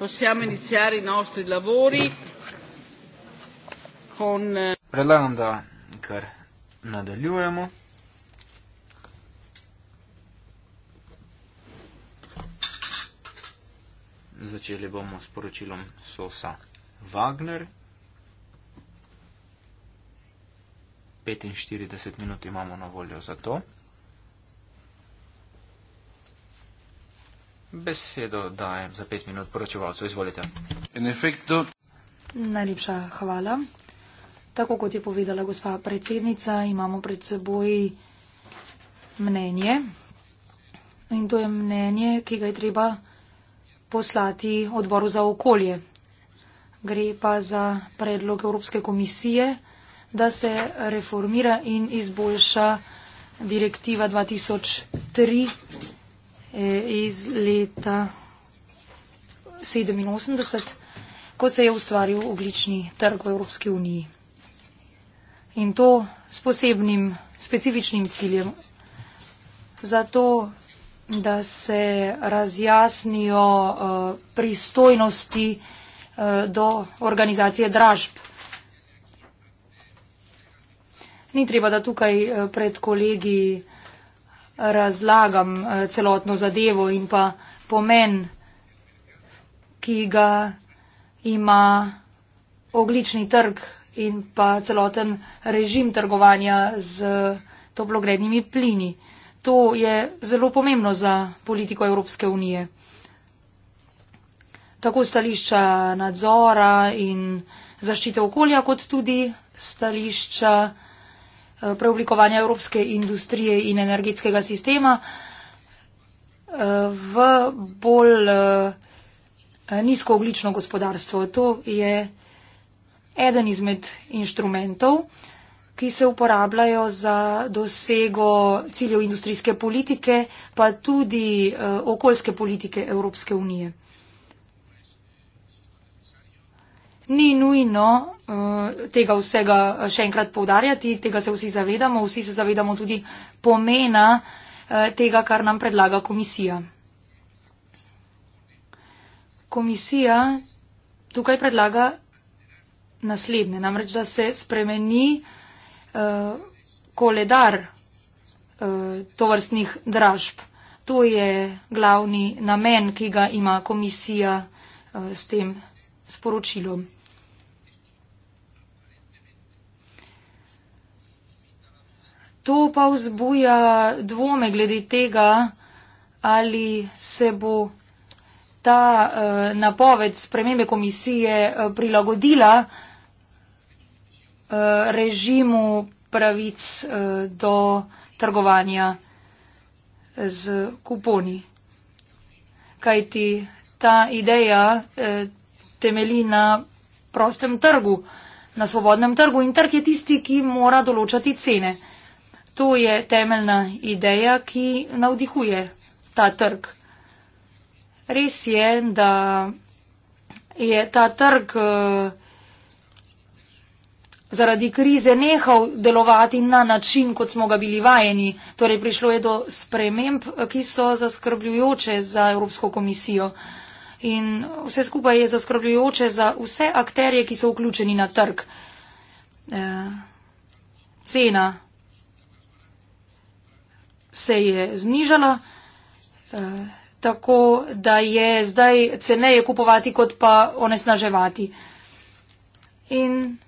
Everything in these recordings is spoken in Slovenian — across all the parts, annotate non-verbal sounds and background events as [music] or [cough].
Possiamo iniziare i nostri lavori con... Eh, Predlagam, da kar nadaljujemo. Začeli bomo s poročilom Sosa Wagner. 45 minut imamo na voljo za to. Besedo dajem za pet minut poročevalcu. Izvolite. Efektu... Najlepša hvala. Tako kot je povedala gospa predsednica, imamo pred seboj mnenje. In to je mnenje, ki ga je treba poslati odboru za okolje. Gre pa za predlog Evropske komisije, da se reformira in izboljša direktiva 2003. E, iz leta 87, ko se je ustvaril oglični trg v Evropski uniji. In to s posebnim, specifičnim ciljem. Zato, da se razjasnijo uh, pristojnosti uh, do organizacije dražb. Ni treba, da tukaj uh, pred kolegi uh, razlagam eh, celotno zadevo in pa pomen, ki ga ima oglični trg in pa celoten režim trgovanja z toplogrednimi plini. To je zelo pomembno za politiko Evropske unije. Tako stališča nadzora in zaščite okolja, kot tudi stališča Eh, preoblikovanja evropske industrije in energetskega sistema eh, v bolj eh, nizkooglično gospodarstvo. To je eden izmed inštrumentov, ki se uporabljajo za dosego ciljev industrijske politike, pa tudi okoljske politike Evropske unije. ni nujno eh, tega vsega eh, še enkrat povdarjati, tega se vsi zavedamo, vsi se zavedamo tudi pomena eh, tega, kar nam predlaga komisija. Komisija tukaj predlaga naslednje, namreč da se spremeni koledar tovrstnih dražb. To je glavni namen, ki ga ima komisija s tem sporočilom. To pa vzbuja dvome glede tega, ali se bo ta uh, napoved spremembe komisije uh, prilagodila uh, režimu pravic uh, do trgovanja z kuponi. Kajti ta ideja uh, temeli na prostem trgu, na svobodnem trgu in trg je tisti, ki mora določati cene. To je temeljna ideja, ki navdihuje ta trg. Res je, da je ta trg eh, zaradi krize nehal delovati na način, kot smo ga bili vajeni. Torej, prišlo je do sprememb, ki so zaskrbljujoče za Evropsko komisijo. In vse skupaj je zaskrbljujoče za vse akterje, ki so vključeni na trg. E, cena se je znižala, eh, tako da je zdaj ceneje kupovati, kot pa onesnaževati. In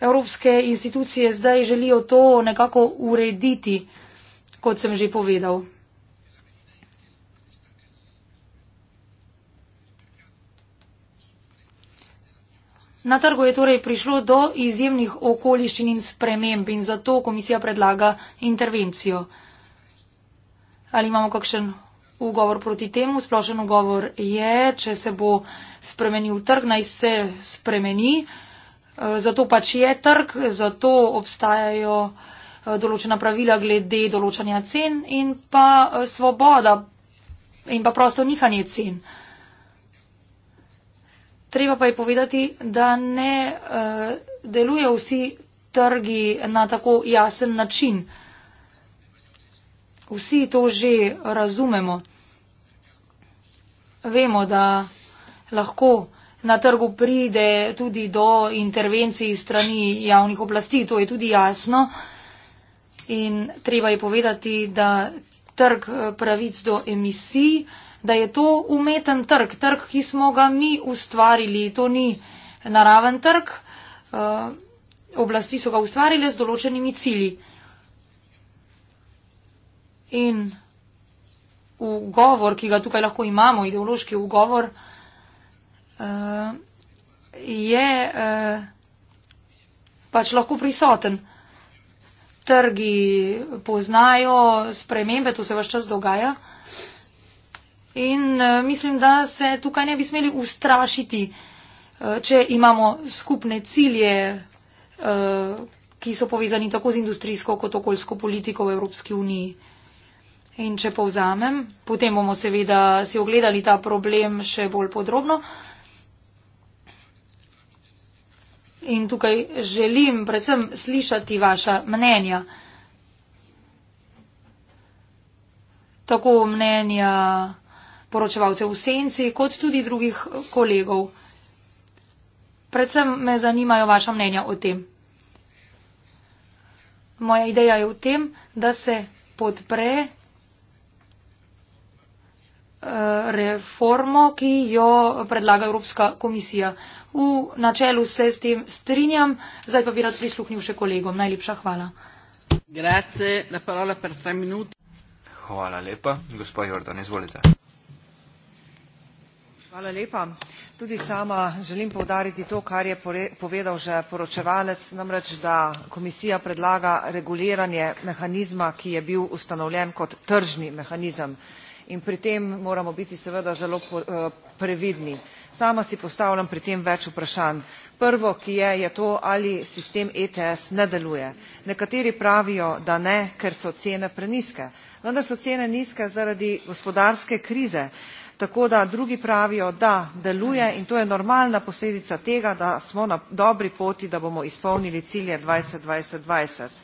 evropske institucije zdaj želijo to nekako urediti, kot sem že povedal. Na trgu je torej prišlo do izjemnih okoliščin in sprememb in zato komisija predlaga intervencijo. Ali imamo kakšen ugovor proti temu? Splošen ugovor je, če se bo spremenil trg, naj se spremeni. E, zato pač je trg, zato obstajajo e, določena pravila glede določanja cen in pa e, svoboda in pa prosto nihanje cen. Treba pa je povedati, da ne uh, delujejo vsi trgi na tako jasen način. Uh, vsi to že razumemo. Vemo, da lahko na trgu pride tudi do intervencij strani javnih oblasti, to je tudi jasno. In treba je povedati, da trg eh, pravic do emisij, da je to umeten trg, trg, ki smo ga mi ustvarili, to ni naraven trg, eh, oblasti so ga ustvarile z določenimi cilji in ugovor, ki ga tukaj lahko imamo, ideološki ugovor, uh, je uh, pač lahko prisoten. Trgi poznajo spremembe, to se vse čas dogaja. In uh, mislim, da se tukaj ne bi smeli ustrašiti, uh, če imamo skupne cilje, uh, ki so povezani tako z industrijsko kot okoljsko politiko v Evropski uniji. In če povzamem, potem bomo seveda si ogledali ta problem še bolj podrobno. In tukaj želim predvsem slišati vaša mnenja. Tako mnenja poročevalcev v senci, kot tudi drugih kolegov. Predvsem me zanimajo vaša mnenja o tem. Moja ideja je v tem, da se podpre Eh, reformo, ki jo predlaga Evropska komisija. V načelu se s tem strinjam, zdaj pa bi rad prisluhnil še kolegom. Najlepša hvala. Grazie, la parola per tre minuti. Hvala lepa. Gospod Jordan, izvolite. Hvala lepa. Tudi sama želim povdariti to, kar je povedal že poročevalec, namreč, da komisija predlaga reguliranje mehanizma, ki je bil ustanovljen kot tržni mehanizem in pri tem moramo biti seveda zelo eh, previdni. Sama si postavljam pri tem več vprašanj. Prvo, ki je, je to, ali sistem ETS ne deluje. Nekateri pravijo, da ne, ker so cene preniske. Vendar so cene nizke zaradi gospodarske krize. Tako da drugi pravijo, da deluje in to je normalna posledica tega, da smo na dobri poti, da bomo izpolnili cilje 2020-2020.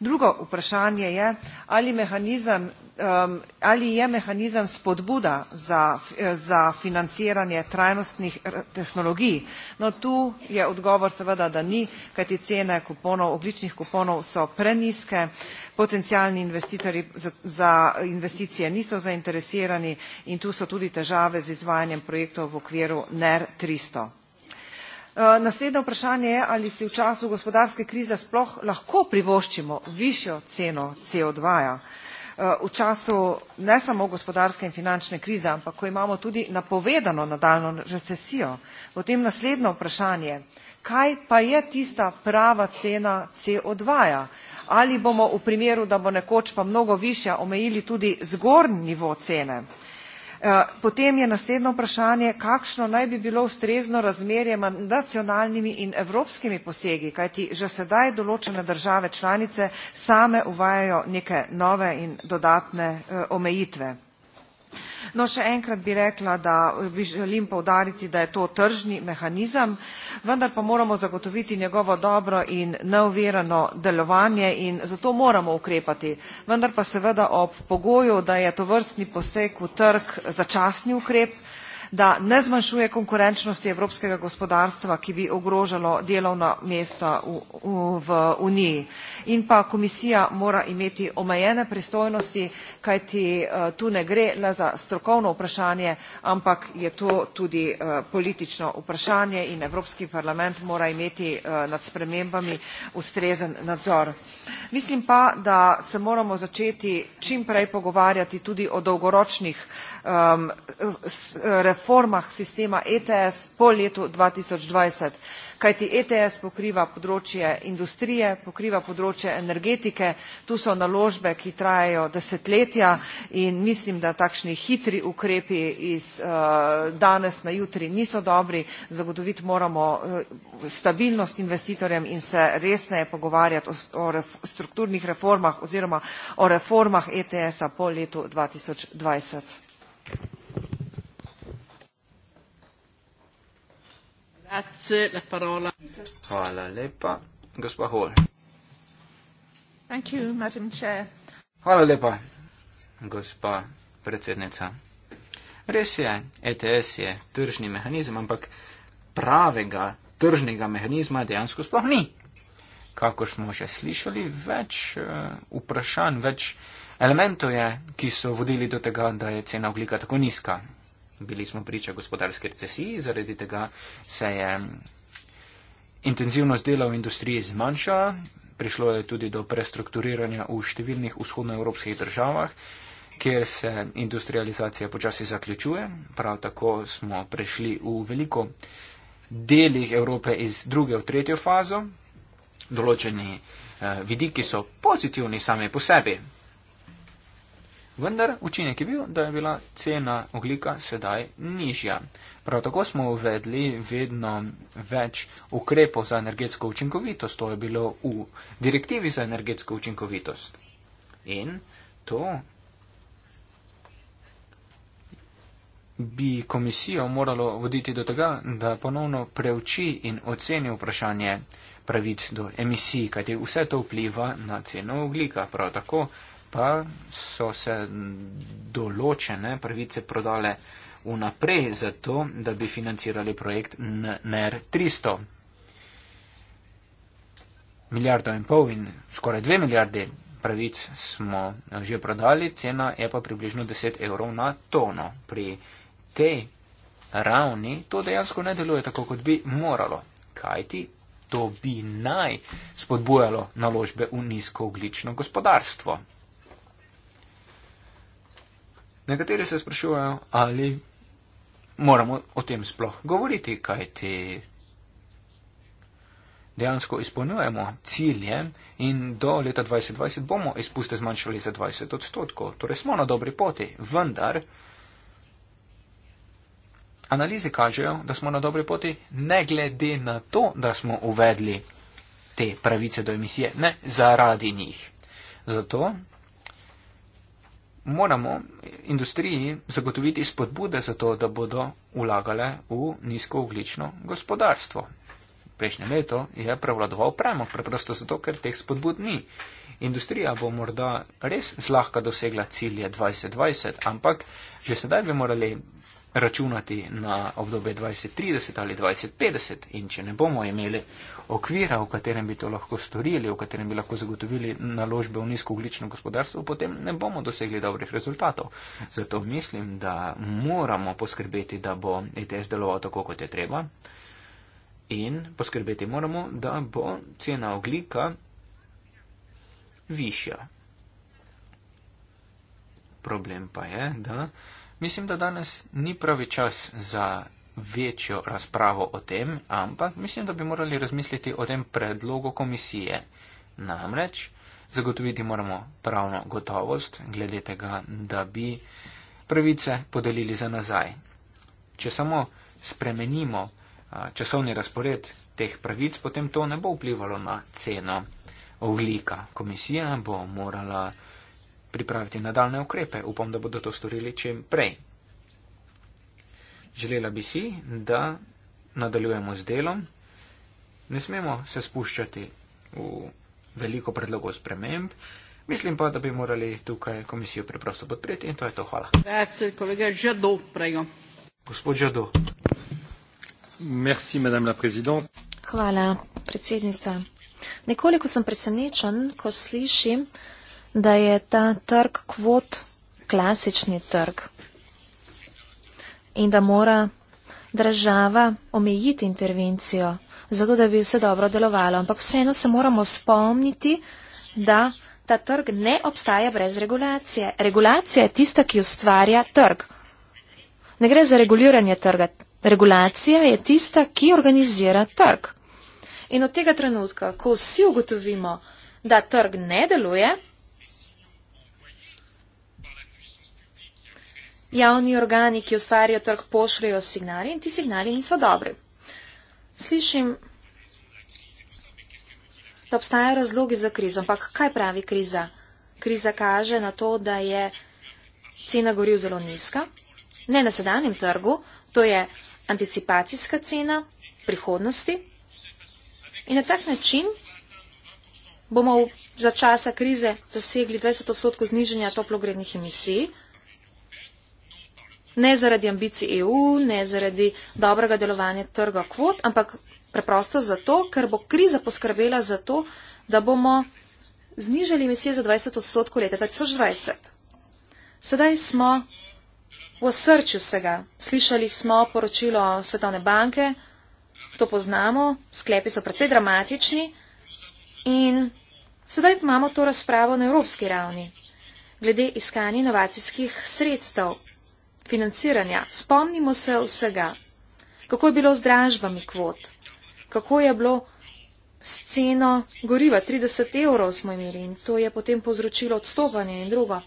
Drugo vprašanje je, ali mehanizem um, ali je mehanizem spodbuda za, za financiranje trajnostnih tehnologij. No, tu je odgovor seveda, da ni, kajti cene kuponov, ogličnih kuponov so preniske, potencijalni investitorji za, za investicije niso zainteresirani in tu so tudi težave z izvajanjem projektov v okviru NER 300. Uh, naslednje vprašanje je, ali si v času gospodarske krize sploh lahko privoščimo višjo ceno CO2. -ja v času ne samo gospodarske in finančne krize, ampak ko imamo tudi napovedano nadaljno recesijo, potem naslednje vprašanje, kaj pa je tista prava cena CO2-ja? Ali bomo v primeru, da bo nekoč pa mnogo višja, omejili tudi zgornji nivo cene? Eh, potem je naslednje vprašanje, kakšno naj bi bilo ustrezno razmerje med nacionalnimi in evropskimi posegi, kajti že sedaj določene države članice same uvajajo neke nove in dodatne eh, omejitve. No, še enkrat bi rekla, da bi želim povdariti, da je to tržni mehanizem, vendar pa moramo zagotoviti njegovo dobro in neoverano delovanje in zato moramo ukrepati. Vendar pa seveda ob pogoju, da je to vrstni poseg v trg začasni ukrep, da ne zmanjšuje konkurenčnosti evropskega gospodarstva, ki bi ogrožalo delovna mesta v, v Uniji. In pa komisija mora imeti omejene pristojnosti, kajti eh, tu ne gre le za strokovno vprašanje, ampak je to tudi eh, politično vprašanje in Evropski parlament mora imeti eh, nad spremembami ustrezen nadzor. Mislim pa, da se moramo začeti čim prej pogovarjati tudi o dolgoročnih um, reformah sistema ETS po letu 2020. Kajti ETS pokriva področje industrije, pokriva področje energetike, tu so naložbe, ki trajajo desetletja in mislim, da takšni hitri ukrepi iz uh, danes na jutri niso dobri. Zagotoviti moramo uh, stabilnost investitorjem in se resneje pogovarjati o, o ref, strukturnih reformah oziroma o reformah ETS-a po letu 2020. Grazie, la parola. Hvala lepa, gospa Hol. Thank you, madam chair. Hvala lepa, gospa predsednica. Res je, ETS je tržni mehanizem, ampak pravega tržnega mehanizma dejansko sploh ni. Kako smo že slišali, več uh, vprašanj, več elementov je, ki so vodili do tega, da je cena oglika tako nizka. Bili smo priča gospodarske recesiji, zaradi tega se je intenzivnost dela v industriji zmanjšala, prišlo je tudi do prestrukturiranja v številnih vzhodnoevropskih državah, kjer se industrializacija počasi zaključuje. Prav tako smo prišli v veliko delih Evrope iz druge v tretjo fazo. Določeni eh, vidiki so pozitivni sami po sebi, Vendar učinek je bil, da je bila cena oglika sedaj nižja. Prav tako smo uvedli vedno več ukrepov za energetsko učinkovitost, to je bilo v direktivi za energetsko učinkovitost. In to bi komisijo moralo voditi do tega, da ponovno preuči in oceni vprašanje pravic do emisij, kajti vse to vpliva na ceno oglika. Prav tako pa so se določene pravice prodale vnaprej za to, da bi financirali projekt NR300. Milijardo in pol in skoraj dve milijarde pravic smo že prodali, cena je pa približno 10 evrov na tono. Pri tej ravni to dejansko ne deluje tako, kot bi moralo. Kajti to bi naj spodbujalo naložbe v nizkooglično gospodarstvo. Nekateri se sprašujejo, ali moramo o tem sploh govoriti, kajti dejansko izpolnjujemo cilje in do leta 2020 bomo izpuste zmanjšali za 20 odstotkov. Torej smo na dobri poti, vendar analize kažejo, da smo na dobri poti, ne glede na to, da smo uvedli te pravice do emisije, ne zaradi njih. Zato moramo industriji zagotoviti spodbude za to, da bodo ulagale v nizkooglično gospodarstvo. Prejšnje leto je prevladoval premog, preprosto zato, ker teh spodbud ni. Industrija bo morda res zlahka dosegla cilje 2020, ampak že sedaj bi morali računati na obdobje 2030 ali 2050 in če ne bomo imeli okvira, v katerem bi to lahko storili, v katerem bi lahko zagotovili naložbe v nizkooglično gospodarstvo, potem ne bomo dosegli dobrih rezultatov. Zato mislim, da moramo poskrbeti, da bo ETS deloval tako, kot je treba in poskrbeti moramo, da bo cena oglika višja. Problem pa je, da Mislim, da danes ni pravi čas za večjo razpravo o tem, ampak mislim, da bi morali razmisliti o tem predlogu komisije. Namreč, zagotoviti moramo pravno gotovost glede tega, da bi pravice podelili za nazaj. Če samo spremenimo časovni razpored teh pravic, potem to ne bo vplivalo na ceno oglika. Komisija bo morala pripraviti nadaljne ukrepe. Upam, da bodo to storili čim prej. Želela bi si, da nadaljujemo z delom. Ne smemo se spuščati v veliko predlogov sprememb. Mislim pa, da bi morali tukaj komisijo preprosto podpreti in to je to. Hvala. Grazie, kolega Žado, prego. Gospod Žado. Merci, madame la president. Hvala, predsednica. Nekoliko sem presenečen, ko slišim, da je ta trg kvot klasični trg in da mora država omejiti intervencijo, zato da bi vse dobro delovalo. Ampak vseeno se moramo spomniti, da ta trg ne obstaja brez regulacije. Regulacija je tista, ki ustvarja trg. Ne gre za reguliranje trga. Regulacija je tista, ki organizira trg. In od tega trenutka, ko vsi ugotovimo, da trg ne deluje, Javni organi, ki ustvarjajo trg, pošljajo signali in ti signali niso dobri. Slišim, da obstajajo razlogi za krizo, ampak kaj pravi kriza? Kriza kaže na to, da je cena goril zelo nizka, ne na sedanjem trgu, to je anticipacijska cena prihodnosti. In na tak način bomo za časa krize dosegli 20 odstotkov zniženja toplogrednih emisij, Ne zaradi ambicij EU, ne zaradi dobrega delovanja trga kvot, ampak preprosto zato, ker bo kriza poskrbela za to, da bomo znižali emisije za 20 odstotkov leta 2020. Sedaj smo v srču vsega. Slišali smo poročilo Svetovne banke, to poznamo, sklepi so precej dramatični in sedaj imamo to razpravo na evropski ravni glede iskanja inovacijskih sredstev financiranja. Spomnimo se vsega, kako je bilo z dražbami kvot, kako je bilo s ceno goriva, 30 evrov smo imeli in to je potem povzročilo odstopanje in drugo.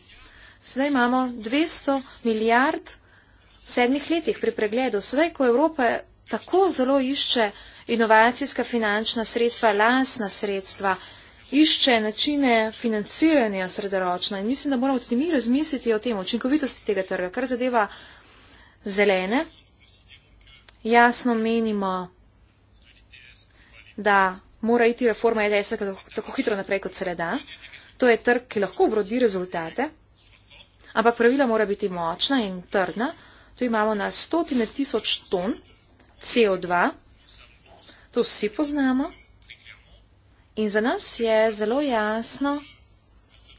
Zdaj imamo 200 milijard v sedmih letih pri pregledu. Sedaj, ko Evropa tako zelo išče inovacijska finančna sredstva, lasna sredstva, išče načine financiranja srednjeročno in mislim, da moramo tudi mi razmisliti o tem, o učinkovitosti tega trga, kar zadeva zelene. Jasno menimo, da mora iti reforma EDS-a tako, tako hitro naprej, kot se le da. To je trg, ki lahko obrodi rezultate, ampak pravila mora biti močna in trdna. Tu imamo na stotine tisoč ton CO2, to vsi poznamo. In za nas je zelo jasno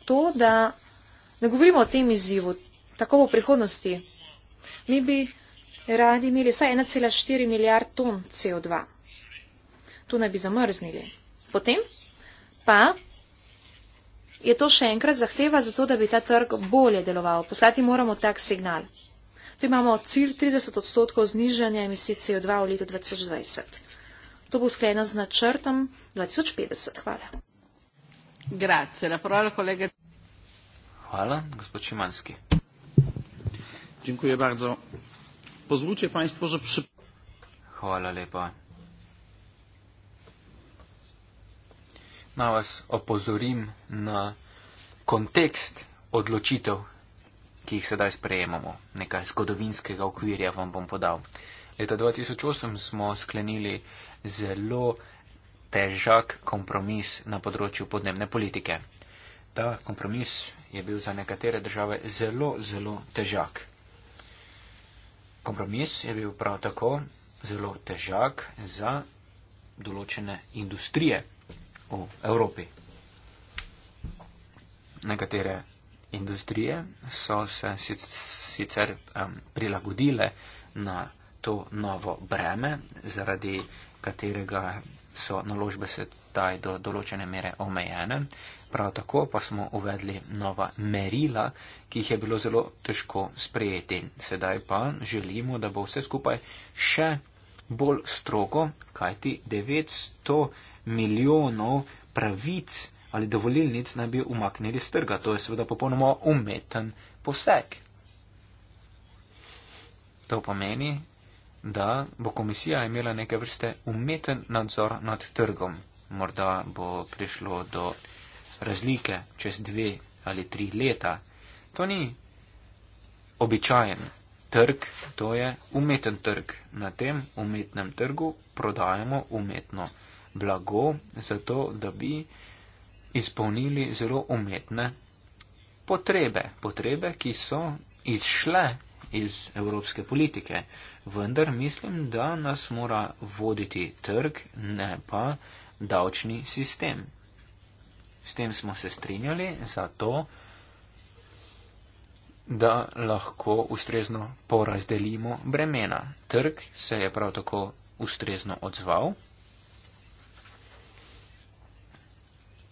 to, da ne govorimo o tem izzivu, tako v prihodnosti. Mi bi radi imeli vsaj 1,4 milijard ton CO2. To naj bi zamrznili. Potem pa je to še enkrat zahteva za to, da bi ta trg bolje deloval. Poslati moramo tak signal. Tu imamo cilj 30 odstotkov znižanja emisij CO2 v letu 2020. To bo skleno z načrtom 2050. Hvala. Grazie, la parola collega. Hvala, gospod Šimanski. Dziękuję bardzo. Pozwólcie państwo, że przy... Hvala lepa. Na vas opozorim na kontekst odločitev, ki jih sedaj sprejemamo. Nekaj zgodovinskega okvirja vam bom podal. Leta 2008 smo sklenili zelo težak kompromis na področju podnebne politike. Ta kompromis je bil za nekatere države zelo, zelo težak. Kompromis je bil prav tako zelo težak za določene industrije v Evropi. Nekatere industrije so se sicer um, prilagodile na to novo breme zaradi katerega so naložbe se taj do določene mere omejene. Prav tako pa smo uvedli nova merila, ki jih je bilo zelo težko sprejeti. Sedaj pa želimo, da bo vse skupaj še bolj strogo, kajti 900 milijonov pravic ali dovolilnic naj bi umaknili z trga. To je seveda popolnoma umeten poseg. To pomeni, da bo komisija imela neke vrste umeten nadzor nad trgom. Morda bo prišlo do razlike čez dve ali tri leta. To ni običajen trg, to je umeten trg. Na tem umetnem trgu prodajamo umetno blago, zato da bi izpolnili zelo umetne potrebe, potrebe, ki so izšle iz evropske politike. Vendar mislim, da nas mora voditi trg, ne pa davčni sistem. S tem smo se strinjali, zato, da lahko ustrezno porazdelimo bremena. Trg se je prav tako ustrezno odzval.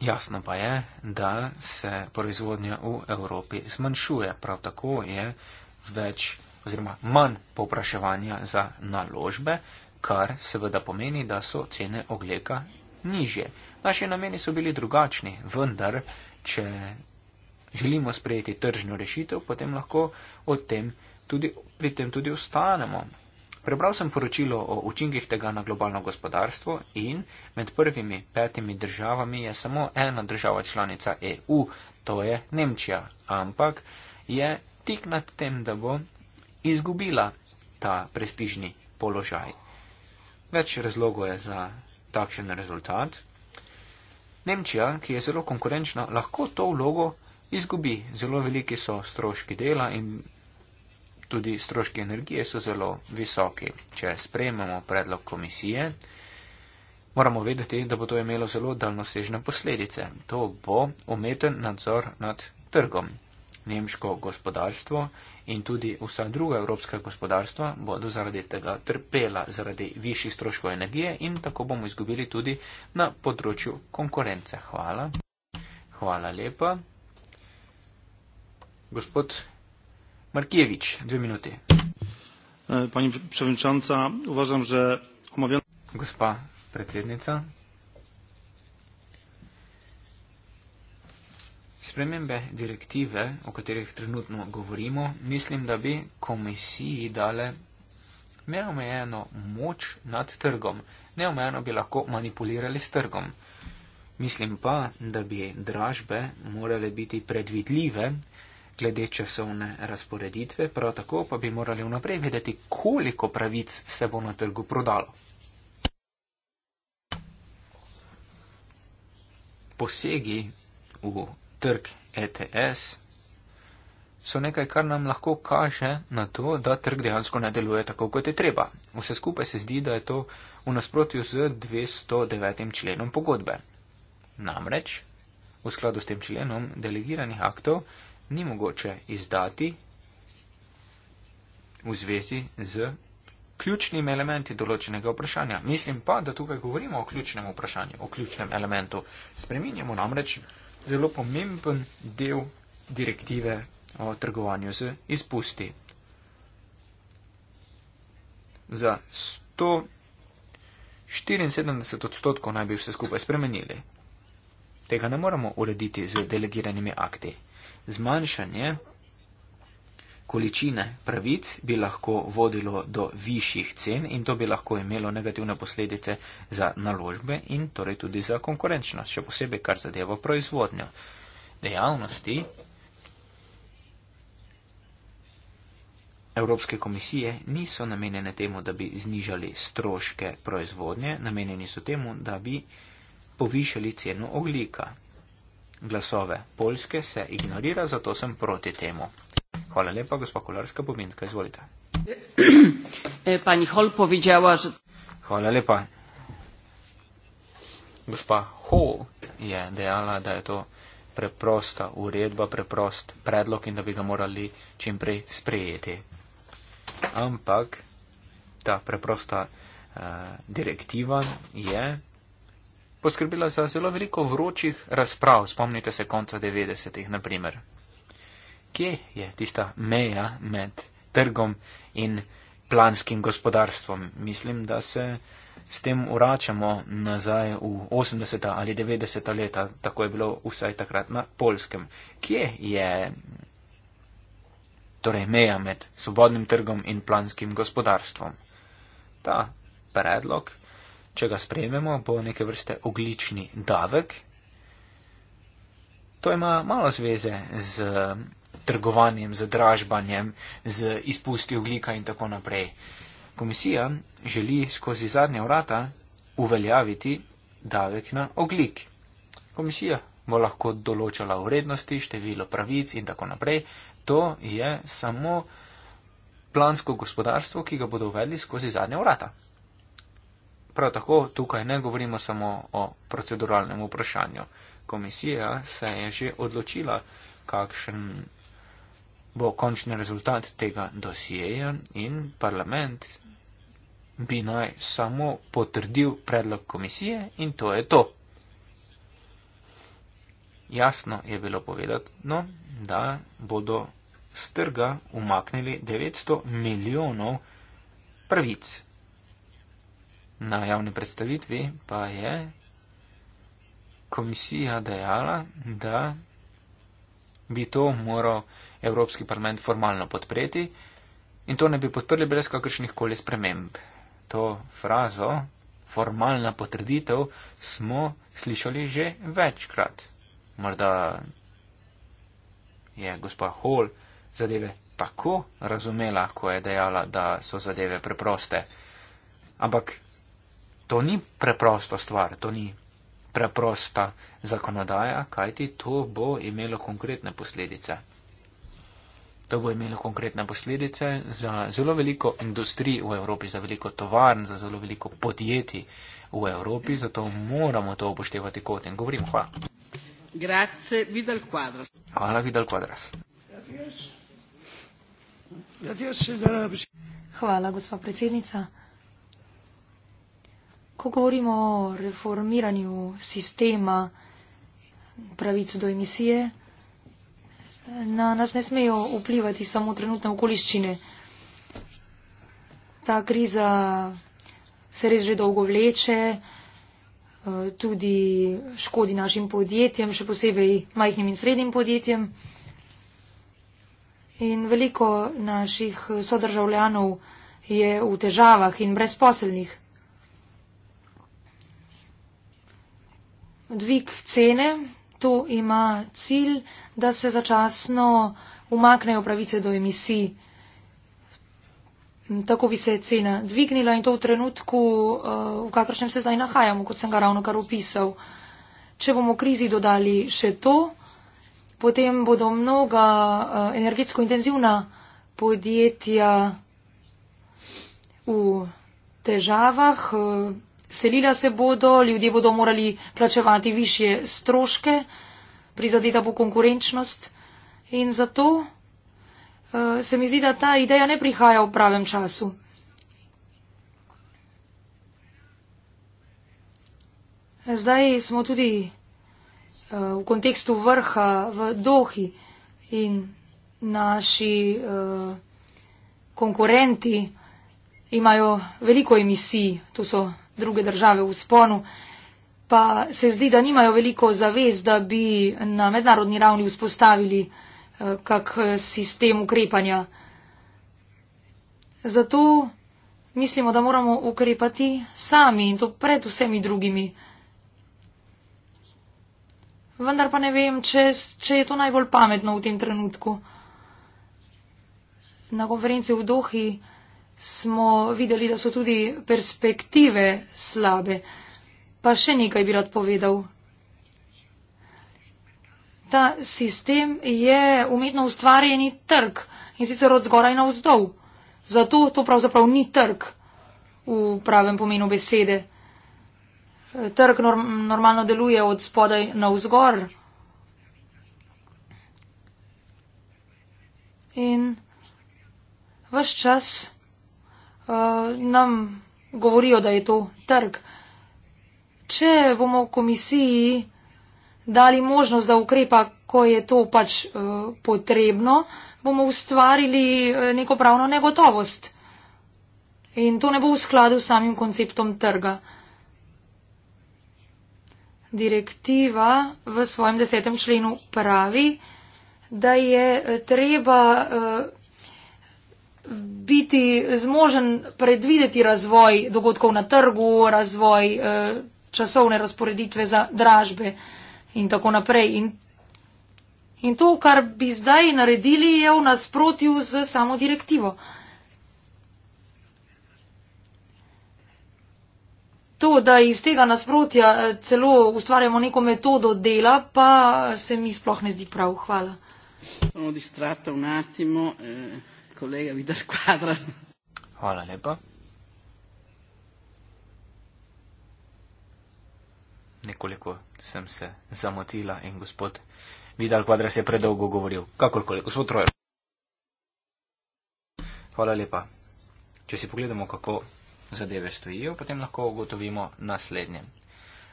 Jasno pa je, da se proizvodnja v Evropi zmanjšuje. Prav tako je več oziroma manj popraševanja za naložbe, kar seveda pomeni, da so cene ogleka nižje. Naši nameni so bili drugačni, vendar, če želimo sprejeti tržno rešitev, potem lahko tem tudi, pri tem tudi ostanemo. Prebral sem poročilo o učinkih tega na globalno gospodarstvo in med prvimi petimi državami je samo ena država članica EU, to je Nemčija, ampak je tik nad tem, da bo izgubila ta prestižni položaj. Več razlogov je za takšen rezultat. Nemčija, ki je zelo konkurenčna, lahko to vlogo izgubi. Zelo veliki so stroški dela in tudi stroški energije so zelo visoki. Če sprejmemo predlog komisije, moramo vedeti, da bo to imelo zelo daljnosežne posledice. To bo umeten nadzor nad trgom nemško gospodarstvo in tudi vsa druga evropska gospodarstva bodo zaradi tega trpela zaradi višjih stroškov energije in tako bomo izgubili tudi na področju konkurence. Hvala. Hvala lepa. Gospod Markijevič, dve minuti. E, pani predsednica, uvažam, že omavljam. Gospa predsednica, Spremembe direktive, o katerih trenutno govorimo, mislim, da bi komisiji dale neomejeno moč nad trgom. Neomejeno bi lahko manipulirali s trgom. Mislim pa, da bi dražbe morale biti predvidljive glede časovne razporeditve, prav tako pa bi morali vnaprej vedeti, koliko pravic se bo na trgu prodalo. Posegi v trg ETS, so nekaj, kar nam lahko kaže na to, da trg dejansko ne deluje tako, kot je treba. Vse skupaj se zdi, da je to v nasprotju z 209. členom pogodbe. Namreč, v skladu s tem členom delegiranih aktov ni mogoče izdati v zvezi z ključnimi elementi določenega vprašanja. Mislim pa, da tukaj govorimo o ključnem vprašanju, o ključnem elementu. Spreminjamo namreč zelo pomemben del direktive o trgovanju z izpusti. Za 174 odstotkov naj bi vse skupaj spremenili. Tega ne moremo urediti z delegiranimi akti. Zmanjšanje količine pravic bi lahko vodilo do višjih cen in to bi lahko imelo negativne posledice za naložbe in torej tudi za konkurenčnost, še posebej kar zadeva proizvodnjo. Dejavnosti Evropske komisije niso namenjene temu, da bi znižali stroške proizvodnje, namenjeni so temu, da bi povišali ceno oglika. Glasove Poljske se ignorira, zato sem proti temu. Hvala lepa, gospod Kolarska Bovinka, izvolite. Pani Hall povedala, že. Hvala lepa. Gospa Hall [clears throat] eh, je dejala, da je to preprosta uredba, preprost predlog in da bi ga morali čimprej sprejeti. Ampak ta preprosta uh, direktiva je poskrbila za zelo veliko vročih razprav. Spomnite se konca 90-ih, na primer kje je tista meja med trgom in planskim gospodarstvom. Mislim, da se s tem vračamo nazaj v 80. ali 90. leta, tako je bilo vsaj takrat na polskem. Kje je torej meja med svobodnim trgom in planskim gospodarstvom? Ta predlog, če ga sprejmemo, bo neke vrste oglični davek. To ima malo zveze z trgovanjem, z dražbanjem, z izpusti oglika in tako naprej. Komisija želi skozi zadnja vrata uveljaviti davek na oglik. Komisija bo lahko določala vrednosti, število pravic in tako naprej. To je samo plansko gospodarstvo, ki ga bodo uvedli skozi zadnja vrata. Prav tako tukaj ne govorimo samo o proceduralnem vprašanju. Komisija se je že odločila, kakšen bo končni rezultat tega dosijeja in parlament bi naj samo potrdil predlog komisije in to je to. Jasno je bilo povedano, da bodo z trga umaknili 900 milijonov pravic. Na javni predstavitvi pa je komisija dejala, da bi to moral Evropski parlament formalno podpreti in to ne bi podprli brez kakršnih koli sprememb. To frazo, formalna potrditev, smo slišali že večkrat. Morda je gospa Hall zadeve tako razumela, ko je dejala, da so zadeve preproste. Ampak to ni preprosta stvar, to ni preprosta zakonodaja, kajti to bo imelo konkretne posledice. To bo imelo konkretne posledice za zelo veliko industrij v Evropi, za veliko tovarn, za zelo veliko podjetij v Evropi, zato moramo to upoštevati kot in govorim. Hvala. Grazie, Vidal Quadras. Hvala, Vidal Quadras. Hvala, gospa predsednica. Ko govorimo o reformiranju sistema pravic do emisije, na nas ne smejo vplivati samo trenutne okoliščine. Ta kriza se res že dolgo vleče, tudi škodi našim podjetjem, še posebej majhnim in srednjim podjetjem. In veliko naših sodržavljanov je v težavah in brezposelnih. dvig cene. To ima cilj, da se začasno umaknejo pravice do emisij. Tako bi se cena dvignila in to v trenutku, eh, v kakršnem se zdaj nahajamo, kot sem ga ravno kar opisal. Če bomo krizi dodali še to, potem bodo mnoga eh, energetsko intenzivna podjetja v težavah, eh, Selila se bodo, ljudje bodo morali plačevati više stroške, prizadeta bo konkurenčnost in zato uh, se mi zdi, da ta ideja ne prihaja v pravem času. Zdaj smo tudi uh, v kontekstu vrha v Dohi in naši uh, konkurenti imajo veliko emisij druge države v sponu, pa se zdi, da nimajo veliko zavez, da bi na mednarodni ravni vzpostavili eh, kak eh, sistem ukrepanja. Zato mislimo, da moramo ukrepati sami in to pred vsemi drugimi. Vendar pa ne vem, če, če je to najbolj pametno v tem trenutku. Na konferenci v Dohi smo videli, da so tudi perspektive slabe. Pa še nekaj bi rad povedal. Ta sistem je umetno ustvarjeni trg in sicer od zgoraj na vzdolj. Zato to pravzaprav ni trg v pravem pomenu besede. Trg norm normalno deluje od spodaj na vzgor. In vse čas uh, nam govorijo, da je to trg. Če bomo komisiji dali možnost, da ukrepa, ko je to pač uh, potrebno, bomo ustvarili eh, neko pravno negotovost. In to ne bo v skladu s samim konceptom trga. Direktiva v svojem desetem členu pravi, da je treba biti zmožen predvideti razvoj dogodkov na trgu, razvoj eh, časovne razporeditve za dražbe in tako naprej. In, in to, kar bi zdaj naredili, je v nasprotju z samo direktivo. To, da iz tega nasprotja eh, celo ustvarjamo neko metodo dela, pa se mi sploh ne zdi prav. Hvala. Odistrata un attimo. Eh kolega Vidar Kvadra. Hvala lepa. Nekoliko sem se zamotila in gospod Vidal Kvadras je predolgo govoril. Kakorkoli, gospod Trojer. Hvala lepa. Če si pogledamo, kako zadeve stojijo, potem lahko ugotovimo naslednje.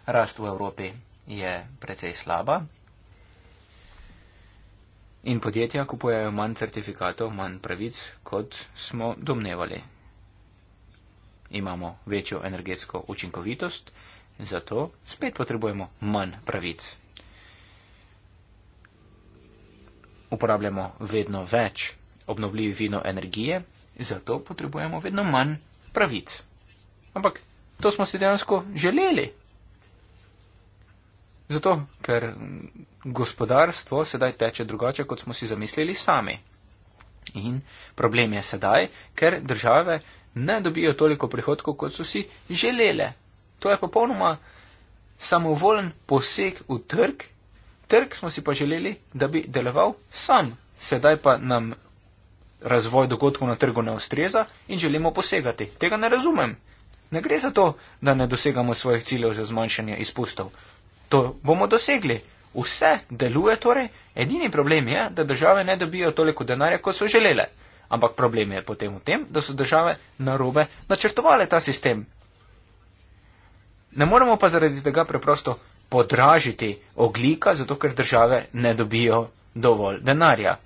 Rast v Evropi je precej slaba, In podjetja kupujejo manj certifikatov, manj pravic, kot smo domnevali. Imamo večjo energetsko učinkovitost, zato spet potrebujemo manj pravic. Uporabljamo vedno več obnovljivih vino energije, zato potrebujemo vedno manj pravic. Ampak to smo si dejansko želeli, Zato, ker gospodarstvo sedaj teče drugače, kot smo si zamislili sami. In problem je sedaj, ker države ne dobijo toliko prihodkov, kot so si želele. To je popolnoma samovoljen poseg v trg. Trg smo si pa želeli, da bi deloval sam. Sedaj pa nam razvoj dogodkov na trgu ne ustreza in želimo posegati. Tega ne razumem. Ne gre za to, da ne dosegamo svojih ciljev za zmanjšanje izpustov to bomo dosegli. Vse deluje torej, edini problem je, da države ne dobijo toliko denarja, kot so želele. Ampak problem je potem v tem, da so države narobe načrtovale ta sistem. Ne moremo pa zaradi tega preprosto podražiti oglika, zato ker države ne dobijo dovolj denarja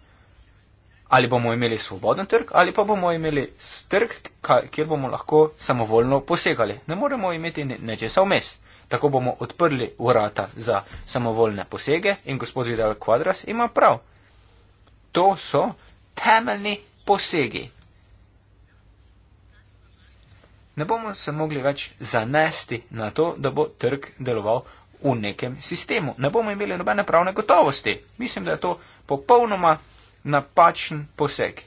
ali bomo imeli svoboden trg, ali pa bomo imeli trg, kjer bomo lahko samovoljno posegali. Ne moremo imeti nečesa vmes. Tako bomo odprli vrata za samovoljne posege in gospod Vidal Quadras ima prav. To so temeljni posegi. Ne bomo se mogli več zanesti na to, da bo trg deloval v nekem sistemu. Ne bomo imeli nobene pravne gotovosti. Mislim, da je to popolnoma napačen poseg.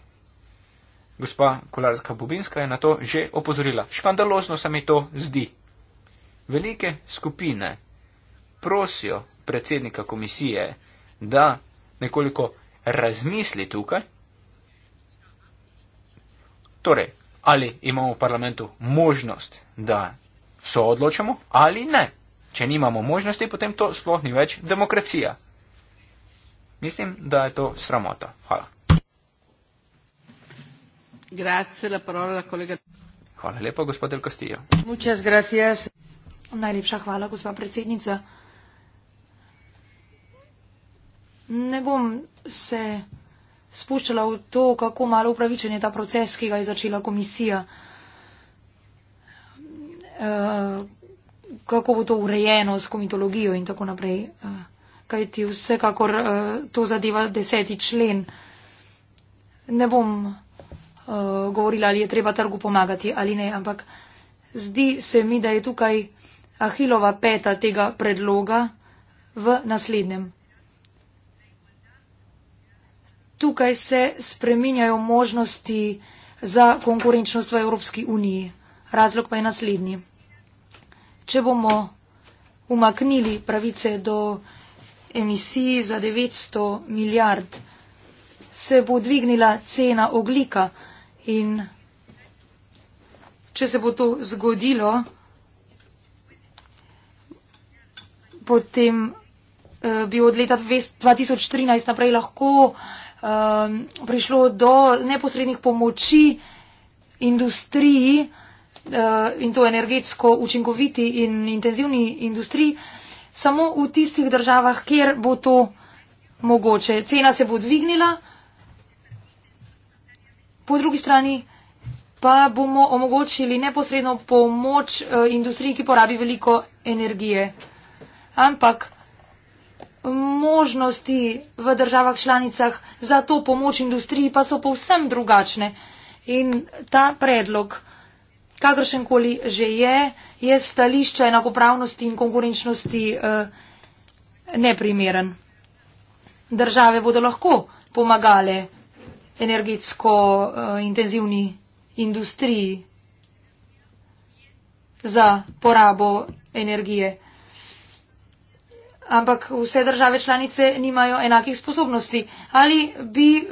Gospa Kolarska Bubinska je na to že opozorila. Škandalozno se mi to zdi. Velike skupine prosijo predsednika komisije, da nekoliko razmisli tukaj. Torej, ali imamo v parlamentu možnost, da so odločamo ali ne. Če nimamo možnosti, potem to sploh ni več demokracija. Mislim, da je to sramota. Hvala. Grazie, la parola, kolega... Hvala lepa, gospod El Castillo. Muchas gracias. Najlepša hvala, gospa predsednica. Ne bom se spuščala v to, kako malo upravičen je ta proces, ki ga je začela komisija. Eh, kako bo to urejeno s komitologijo in tako naprej. Eh, kaj ti vsekakor uh, to zadeva deseti člen. Ne bom uh, govorila, ali je treba trgu pomagati ali ne, ampak zdi se mi, da je tukaj Ahilova peta tega predloga v naslednjem. Tukaj se spreminjajo možnosti za konkurenčnost v Evropski uniji. Razlog pa je naslednji. Če bomo umaknili pravice do emisiji za 900 milijard, se bo dvignila cena oglika in če se bo to zgodilo, potem eh, bi od leta 2013 naprej lahko um, prišlo do neposrednih pomoči industriji uh, in to energetsko učinkoviti in intenzivni industriji, uh, samo v tistih državah, kjer bo to mogoče. Cena se bo dvignila, po drugi strani pa bomo omogočili neposredno pomoč eh, industriji, ki porabi veliko energije. Ampak možnosti v državah članicah za to pomoč industriji pa so povsem drugačne. In ta predlog, kakršen koli že je, je stališče enakopravnosti in konkurenčnosti eh, neprimeren. Države bodo lahko pomagale energetsko eh, intenzivni industriji za porabo energije. Ampak vse države članice nimajo enakih sposobnosti. Ali bi uh, eh,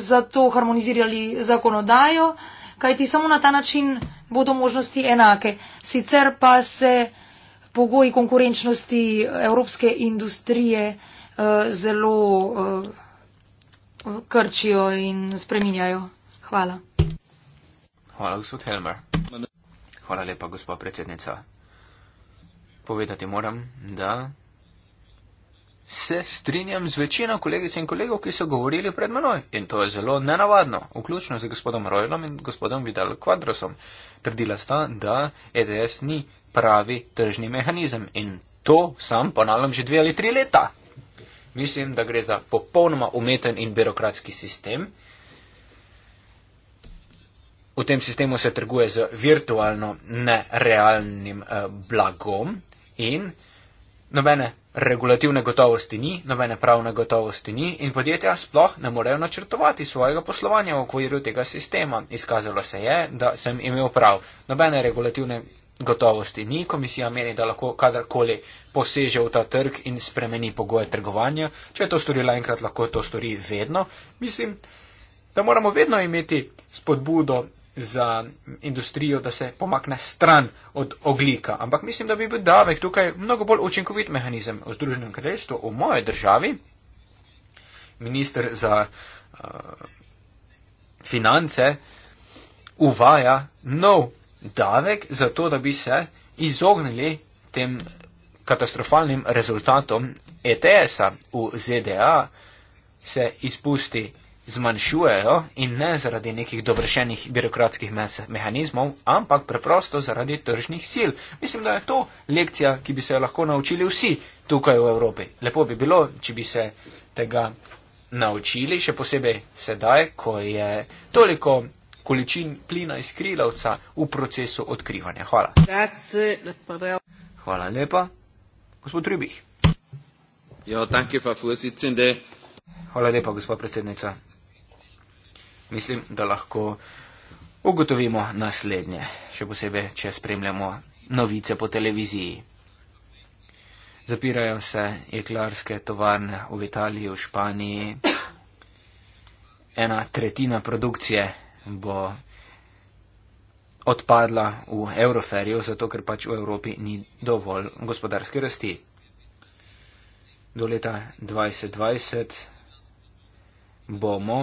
zato harmonizirali zakonodajo, kajti samo na ta način bodo možnosti enake. Sicer pa se pogoji konkurenčnosti evropske industrije uh, zelo uh, krčijo in spreminjajo. Hvala. Hvala, gospod Helmer. Hvala lepa, gospod predsednica. Povedati moram, da se strinjam z večino kolegic in kolegov, ki so govorili pred menoj. In to je zelo nenavadno, vključno z gospodom Rojlom in gospodom Vidal Kvadrosom. Uh, Trdila sta, da ETS ni pravi tržni mehanizem in to sam ponavljam že dve ali tri leta. Mislim, da gre za popolnoma umeten in birokratski sistem. V tem sistemu se trguje z virtualno nerealnim eh, blagom in nobene regulativne gotovosti ni, nobene pravne gotovosti ni in podjetja sploh ne morejo načrtovati svojega poslovanja v okviru tega sistema. Izkazalo se je, da sem imel prav. Nobene regulativne gotovosti ni, komisija meni, da lahko kadarkoli poseže v ta trg in spremeni pogoje trgovanja. Če je to storila enkrat, lahko to stori vedno. Mislim, da moramo vedno imeti spodbudo za industrijo, da se pomakne stran od oglika. Ampak mislim, da bi bil davek tukaj mnogo bolj učinkovit mehanizem. V Združenem kraljestvu, v moje državi, minister za uh, finance uvaja nov davek za to, da bi se izognili tem katastrofalnim rezultatom ETS-a v ZDA, se izpusti zmanjšujejo in ne zaradi nekih dovršenih birokratskih mehanizmov, ampak preprosto zaradi tržnih sil. Mislim, da je to lekcija, ki bi se jo lahko naučili vsi tukaj v Evropi. Lepo bi bilo, če bi se tega naučili, še posebej sedaj, ko je toliko količin plina iz krilavca v procesu odkrivanja. Hvala. Hvala lepa. Gospod Rubih. Ja, Hvala lepa, gospod predsednica mislim, da lahko ugotovimo naslednje, še posebej, če spremljamo novice po televiziji. Zapirajo se jeklarske tovarne v Italiji, v Španiji. Ena tretjina produkcije bo odpadla v Euroferijo, zato ker pač v Evropi ni dovolj gospodarske rasti. Do leta 2020 bomo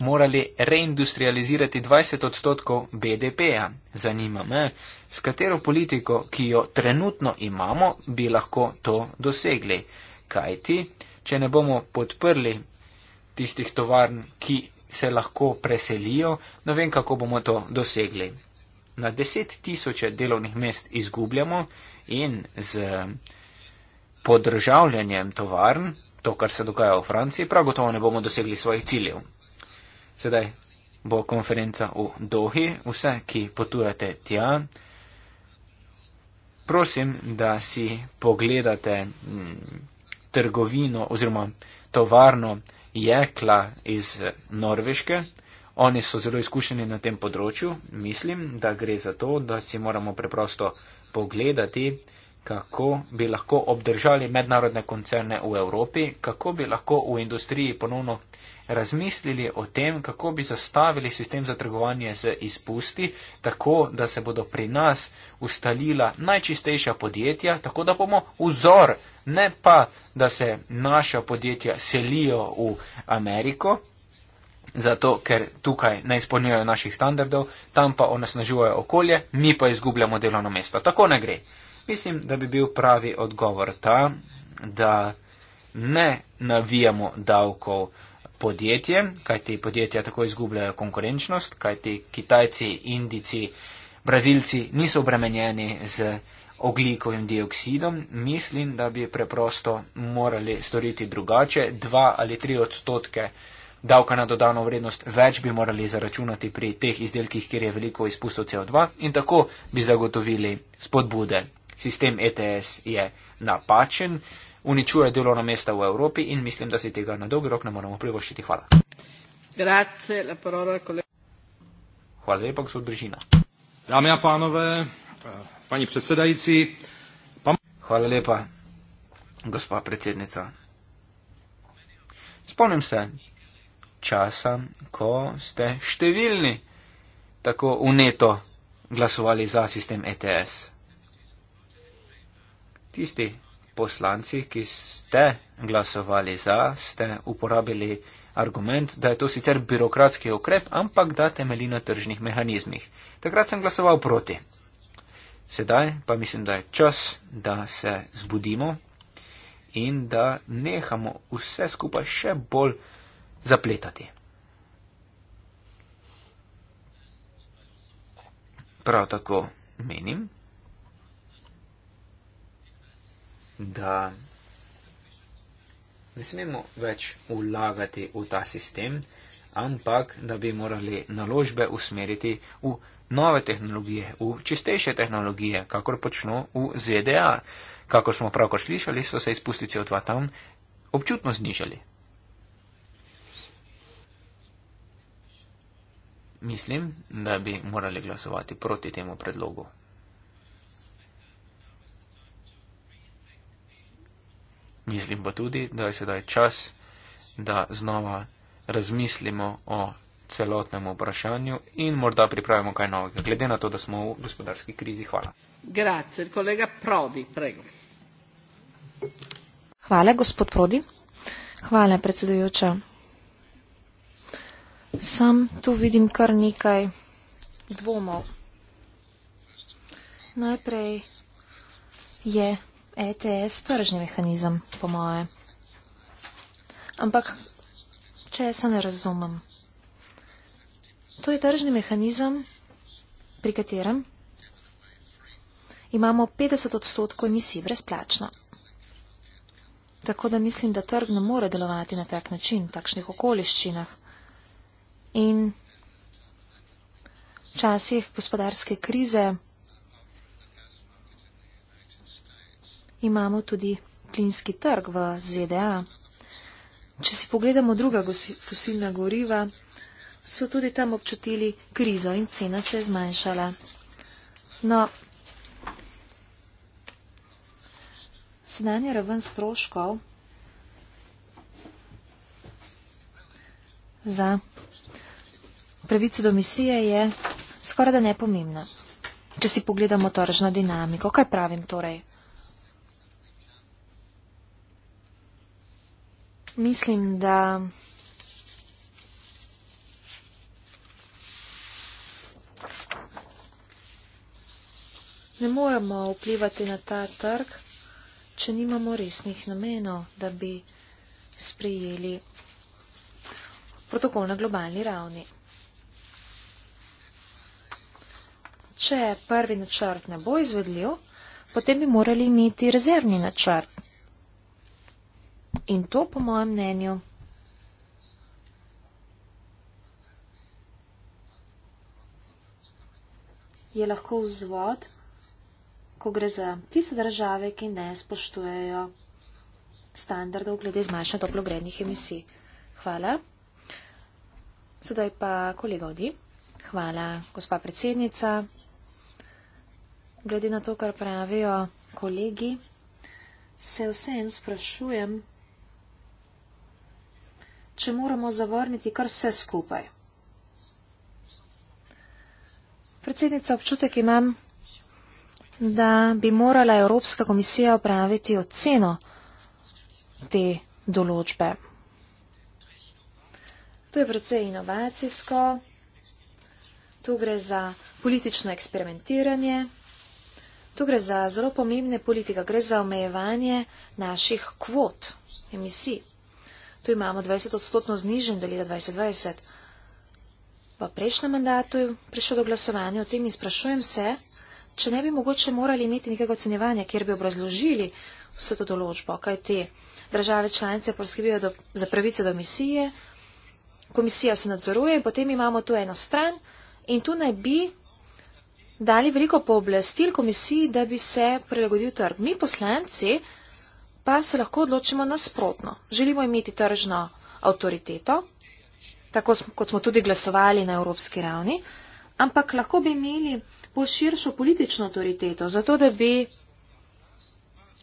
morali reindustrializirati 20 odstotkov BDP-ja. Zanima me, s katero politiko, ki jo trenutno imamo, bi lahko to dosegli. Kaj ti, če ne bomo podprli tistih tovarn, ki se lahko preselijo, ne vem, kako bomo to dosegli. Na deset tisoče delovnih mest izgubljamo in z podržavljanjem tovarn, to, kar se dogaja v Franciji, prav gotovo ne bomo dosegli svojih ciljev. Sedaj bo konferenca v Dohi. Vse, ki potujete tja, prosim, da si pogledate mm, trgovino oziroma tovarno jekla iz eh, Norveške. Oni so zelo izkušeni na tem področju. Mislim, da gre za to, da si moramo preprosto pogledati, kako bi lahko obdržali mednarodne koncerne v Evropi, kako bi lahko v industriji ponovno razmislili o tem, kako bi zastavili sistem za trgovanje z izpusti, tako da se bodo pri nas ustalila najčistejša podjetja, tako da bomo vzor, ne pa, da se naša podjetja selijo v Ameriko. Zato, ker tukaj ne izpolnjujejo naših standardov, tam pa onesnažujejo okolje, mi pa izgubljamo delovno mesto. Tako ne gre. Mislim, da bi bil pravi odgovor ta, da ne navijamo davkov podjetje, kajti podjetja tako izgubljajo konkurenčnost, kajti Kitajci, Indici, Brazilci niso obremenjeni z oglikovim dioksidom. Mislim, da bi preprosto morali storiti drugače. Dva ali tri odstotke davka na dodano vrednost več bi morali zaračunati pri teh izdelkih, kjer je veliko izpustov CO2 in tako bi zagotovili spodbude. Sistem ETS je napačen uničuje delovna mesta v Evropi in mislim, da si tega na dolgi rok ne moremo privoščiti. Hvala. Grazie, la parola, Hvala lepa, gospod Bržina. Dame in panove, pani predsedajci. Pa... Hvala lepa, gospa predsednica. Spomnim se časa, ko ste številni tako uneto glasovali za sistem ETS. Tisti, poslanci, ki ste glasovali za, ste uporabili argument, da je to sicer birokratski okrep, ampak da temelji na tržnih mehanizmih. Takrat sem glasoval proti. Sedaj pa mislim, da je čas, da se zbudimo in da nehamo vse skupaj še bolj zapletati. Prav tako menim, da ne smemo več vlagati v ta sistem, ampak da bi morali naložbe usmeriti v nove tehnologije, v čistejše tehnologije, kakor počno v ZDA. Kakor smo pravkar slišali, so se izpusti CO2 tam občutno znižali. Mislim, da bi morali glasovati proti temu predlogu. Mislim pa tudi, da je sedaj čas, da znova razmislimo o celotnem vprašanju in morda pripravimo kaj novega, glede na to, da smo v gospodarski krizi. Hvala. Grazie, kolega Prodi, prego. Hvala, gospod Prodi. Hvala, predsedujoča. Sam tu vidim kar nekaj dvomov. Najprej je ETS tržni mehanizem, po moje. Ampak, če jaz se ne razumem, to je tržni mehanizem, pri katerem imamo 50 odstotkov emisij brezplačno. Tako da mislim, da trg ne more delovati na tak način, v takšnih okoliščinah. In včasih gospodarske krize. imamo tudi plinski trg v ZDA. Če si pogledamo druga fosilna goriva, so tudi tam občutili krizo in cena se je zmanjšala. No, sedanje raven stroškov za pravice do misije je skorajda nepomembna. Če si pogledamo tržno dinamiko, kaj pravim torej? Mislim, da ne moremo vplivati na ta trg, če nimamo resnih namenov, da bi sprejeli protokol na globalni ravni. Če prvi načrt ne bo izvedljiv, potem bi morali imeti rezervni načrt. In to, po mojem mnenju, je lahko vzvod, ko gre za tiste države, ki ne spoštujejo standardov glede zmanjšanja toplogrednih emisij. Hvala. Sedaj pa kolega Odi. Hvala, gospa predsednica. Glede na to, kar pravijo kolegi, se vseeno sprašujem, če moramo zavrniti kar vse skupaj. Predsednica, občutek imam, da bi morala Evropska komisija opraviti oceno te določbe. To je precej inovacijsko, tu gre za politično eksperimentiranje, tu gre za zelo pomembne politike, gre za omejevanje naših kvot, emisij tu imamo 20 odstotno znižen do leta 2020. V prejšnjem mandatu je prišel do glasovanja o tem in sprašujem se, če ne bi mogoče morali imeti nekega ocenjevanja, kjer bi obrazložili vse to določbo, kaj te države članice poskrbijo do, za pravice do misije, komisija se nadzoruje in potem imamo tu eno stran in tu naj bi dali veliko pooblastil komisiji, da bi se prilagodil trg. Mi poslanci pa se lahko odločimo nasprotno. Želimo imeti tržno avtoriteto, tako kot smo tudi glasovali na evropski ravni, ampak lahko bi imeli po širšo politično avtoriteto, zato da bi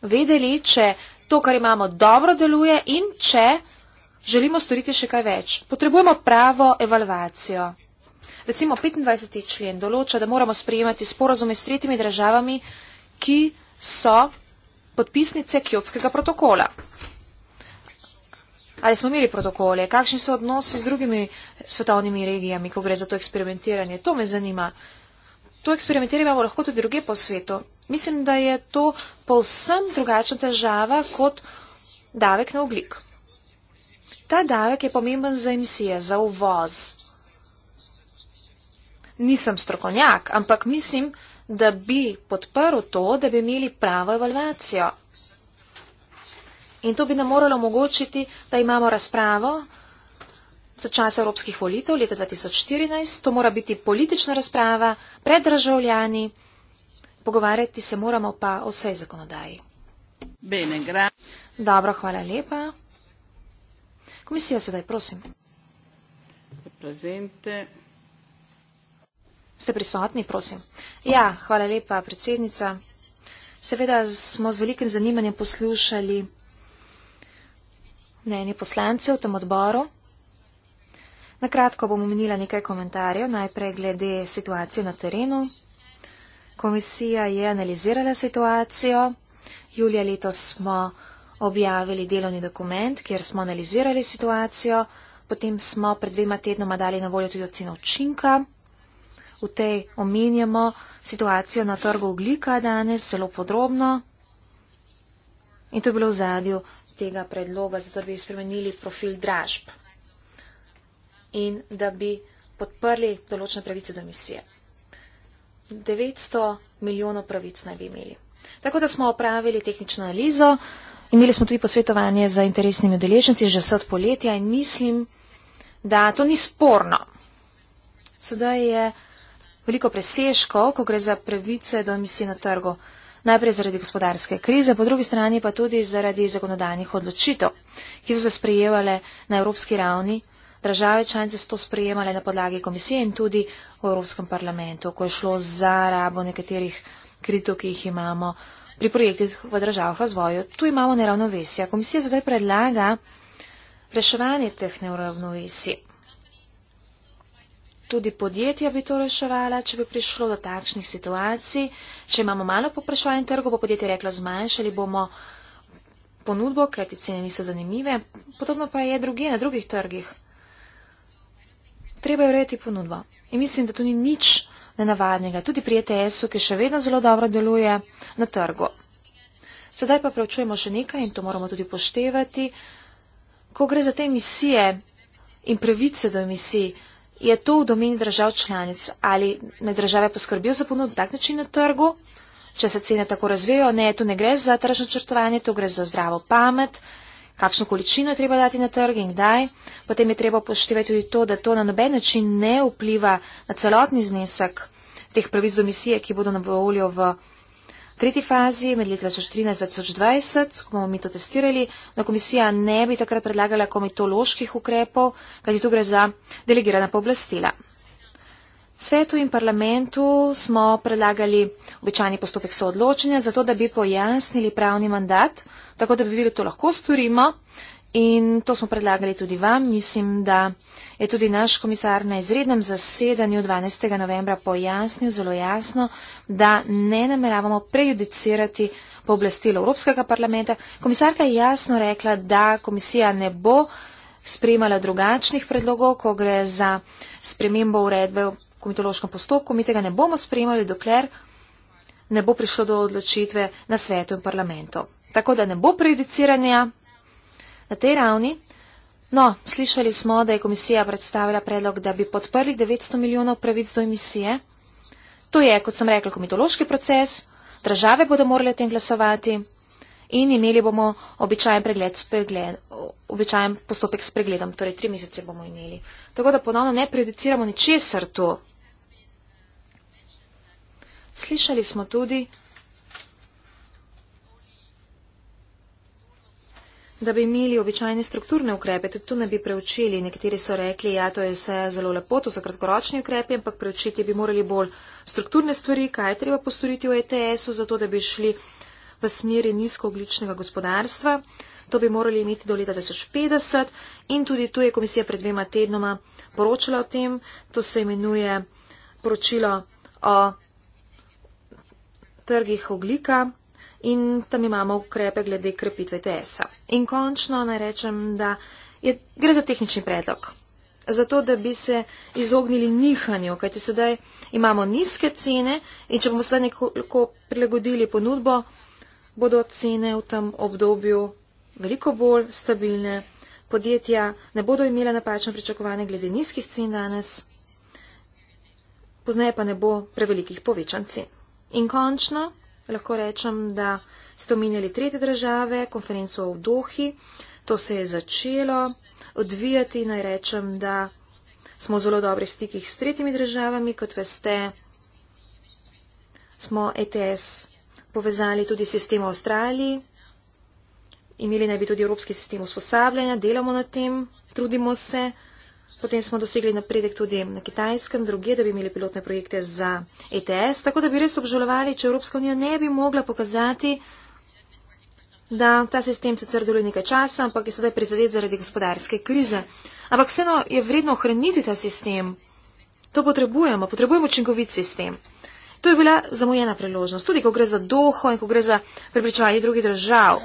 vedeli, če to, kar imamo, dobro deluje in če želimo storiti še kaj več. Potrebujemo pravo evalvacijo. Recimo 25. člen določa, da moramo sprejemati sporozume s tretjimi državami, ki so podpisnice Kjotskega protokola. Ali smo imeli protokole? Kakšni so odnosi z drugimi svetovnimi regijami, ko gre za to eksperimentiranje? To me zanima. To eksperimentiranje imamo lahko tudi druge po svetu. Mislim, da je to povsem drugačna država kot davek na oglik. Ta davek je pomemben za emisije, za uvoz. Nisem strokovnjak, ampak mislim, da da bi podprl to, da bi imeli pravo evalvacijo. In to bi nam moralo omogočiti, da imamo razpravo za čas evropskih volitev leta 2014. To mora biti politična razprava pred državljani. Pogovarjati se moramo pa o vsej zakonodaji. Bene, Dobro, hvala lepa. Komisija sedaj, prosim. Presente. Ste prisotni, prosim? Ja, hvala lepa, predsednica. Seveda smo z velikim zanimanjem poslušali mnenje poslancev v tem odboru. Nakratko bom omenila nekaj komentarjev, najprej glede situacije na terenu. Komisija je analizirala situacijo. Julija letos smo objavili delovni dokument, kjer smo analizirali situacijo. Potem smo pred dvema tednoma dali na voljo tudi oceno učinka v tej omenjamo situacijo na trgu oglika danes zelo podrobno. In to je bilo v zadju tega predloga, zato bi spremenili profil dražb in da bi podprli določene pravice do misije. 900 milijonov pravic naj bi imeli. Tako da smo opravili tehnično analizo, imeli smo tudi posvetovanje za interesnimi udeleženci že vse od poletja in mislim, da to ni sporno. Sedaj je veliko preseškov, ko gre za pravice do emisij na trgu. Najprej zaradi gospodarske krize, po drugi strani pa tudi zaradi zakonodajnih odločitev, ki so se sprejevale na evropski ravni. Države članice so to sprejemale na podlagi komisije in tudi v Evropskem parlamentu, ko je šlo za rabo nekaterih kritov, ki jih imamo pri projektih v državah razvoju. Tu imamo neravnovesja. Komisija zdaj predlaga reševanje teh neravnovesij. Tudi podjetja bi to reševala, če bi prišlo do takšnih situacij. Če imamo malo poprašanja na trgu, bo podjetje reklo, zmanjšali bomo ponudbo, ker ti cene niso zanimive. Podobno pa je druge na drugih trgih. Treba je urediti ponudbo. In mislim, da tu ni nič nenavadnega. Tudi pri ETS-u, ki še vedno zelo dobro deluje na trgu. Sedaj pa preučujemo še nekaj in to moramo tudi poštevati. Ko gre za te emisije in pravice do emisij, je to v domeni držav članic. Ali naj države poskrbijo za ponud tak način na trgu, če se cene tako razvijajo? Ne, tu ne gre za tržno črtovanje, tu gre za zdravo pamet, kakšno količino je treba dati na trg in kdaj. Potem je treba poštevati tudi to, da to na noben način ne vpliva na celotni znesek teh pravic domisije, ki bodo na voljo v tretji fazi, med leti 2013-2020, ko bomo mi to testirali, no komisija ne bi takrat predlagala komitoloških ukrepov, kajti tu gre za delegirana pooblastila. Svetu in parlamentu smo predlagali običajni postopek soodločenja, zato da bi pojasnili pravni mandat, tako da bi videli, da to lahko storimo, In to smo predlagali tudi vam. Mislim, da je tudi naš komisar na izrednem zasedanju 12. novembra pojasnil zelo jasno, da ne nameravamo prejudicirati pooblastilo Evropskega parlamenta. Komisarka je jasno rekla, da komisija ne bo sprejemala drugačnih predlogov, ko gre za spremembo uredbe v komitološkem postopku. Mi tega ne bomo sprejemali, dokler ne bo prišlo do odločitve na svetu in parlamentu. Tako da ne bo prejudiciranja Na tej ravni. No, slišali smo, da je komisija predstavila predlog, da bi podprli 900 milijonov pravic do emisije. To je, kot sem rekla, komitološki proces, države bodo morale o tem glasovati in imeli bomo običajen, pregled, spregled, običajen postopek s pregledom, torej tri mesece bomo imeli. Tako da ponovno ne prejudiciramo ničesar to. Slišali smo tudi, da bi imeli običajne strukturne ukrepe, tudi tu ne bi preučili. Nekateri so rekli, ja, to je vse zelo lepo, to so kratkoročni ukrepi, ampak preučiti bi morali bolj strukturne stvari, kaj je treba postoriti v ETS-u, zato da bi šli v smeri nizkoogličnega gospodarstva. To bi morali imeti do leta 2050 in tudi tu je komisija pred dvema tednoma poročala o tem. To se imenuje poročilo o trgih oglika in tam imamo ukrepe glede krepitve ITS-a. In končno naj rečem, da je, gre za tehnični predlog. Zato, da bi se izognili nihanju, kajti sedaj imamo nizke cene in če bomo sedaj nekoliko prilagodili ponudbo, bodo cene v tem obdobju veliko bolj stabilne. Podjetja ne bodo imela napačno pričakovanje glede nizkih cen danes, pozneje pa ne bo prevelikih povečanci. In končno, lahko rečem, da ste omenjali tretje države, konferenco o Dohi. To se je začelo odvijati. Naj rečem, da smo v zelo dobrih stikih s tretjimi državami. Kot veste, smo ETS povezali tudi s sistemom Avstraliji. Imeli naj bi tudi evropski sistem usposabljanja, delamo na tem, trudimo se. Potem smo dosegli napredek tudi na kitajskem, druge, da bi imeli pilotne projekte za ETS, tako da bi res obžalovali, če Evropska unija ne bi mogla pokazati, da ta sistem sicer deluje nekaj časa, ampak je sedaj prizadet zaradi gospodarske krize. Ampak vseeno je vredno ohraniti ta sistem. To potrebujemo, potrebujemo učinkovit sistem. To je bila zamujena priložnost. Tudi, ko gre za doho in ko gre za prepričevanje drugih držav,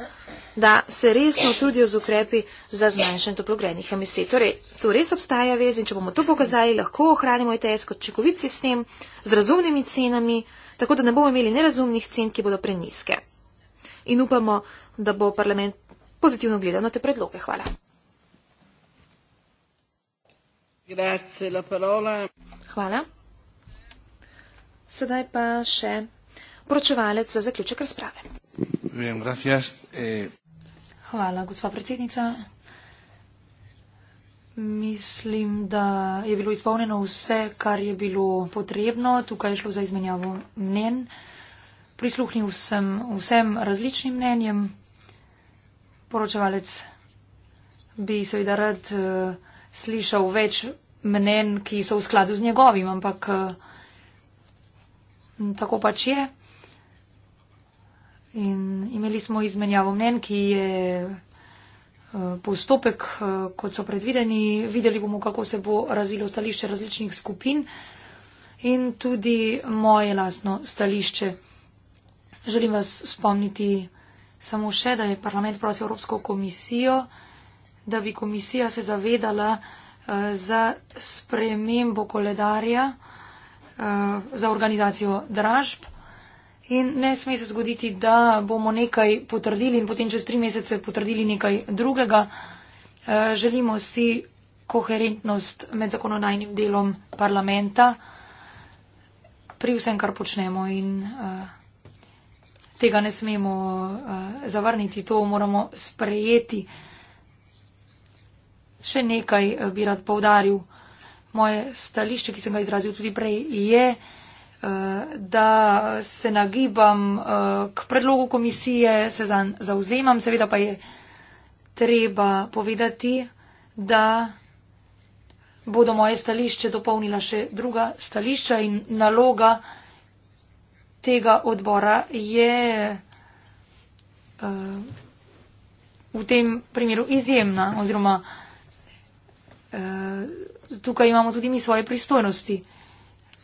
da se resno trudijo z ukrepi za zmanjšanje toplogrednih emisij. Torej, tu res obstaja vez in če bomo to pokazali, lahko ohranimo ITS kot čekovit sistem z razumnimi cenami, tako da ne bomo imeli nerazumnih cen, ki bodo preniske. In upamo, da bo parlament pozitivno gledal na te predloge. Hvala. Hvala. Sedaj pa še poročevalec za zaključek razprave. Bien, gracias, eh. Hvala, gospa predsednica. Mislim, da je bilo izpolnjeno vse, kar je bilo potrebno. Tukaj je šlo za izmenjavo mnen. Prisluhnil sem vsem različnim mnenjem. Poročevalec bi seveda rad uh, slišal več mnen, ki so v skladu z njegovim, ampak. Uh, Mm, tako pač je. In imeli smo izmenjavo mnen, ki je eh, postopek, eh, kot so predvideni. Videli bomo, kako se bo razvilo stališče različnih skupin in tudi moje lastno stališče. Želim vas spomniti samo še, da je parlament prosil Evropsko komisijo, da bi komisija se zavedala eh, za spremembo koledarja. Eh, za organizacijo dražb in ne sme se zgoditi, da bomo nekaj potrdili in potem čez tri mesece potrdili nekaj drugega. Eh, želimo si koherentnost med zakonodajnim delom parlamenta pri vsem, kar počnemo in eh, tega ne smemo zavrniti, to moramo sprejeti. Še nekaj bi rad povdaril moje stališče, ki sem ga izrazil tudi prej, je, eh, da se nagibam eh, k predlogu komisije, se zan zauzemam, seveda pa je treba povedati, da bodo moje stališče dopolnila še druga stališča in naloga tega odbora je eh, v tem primeru izjemna oziroma tukaj imamo tudi mi svoje pristojnosti.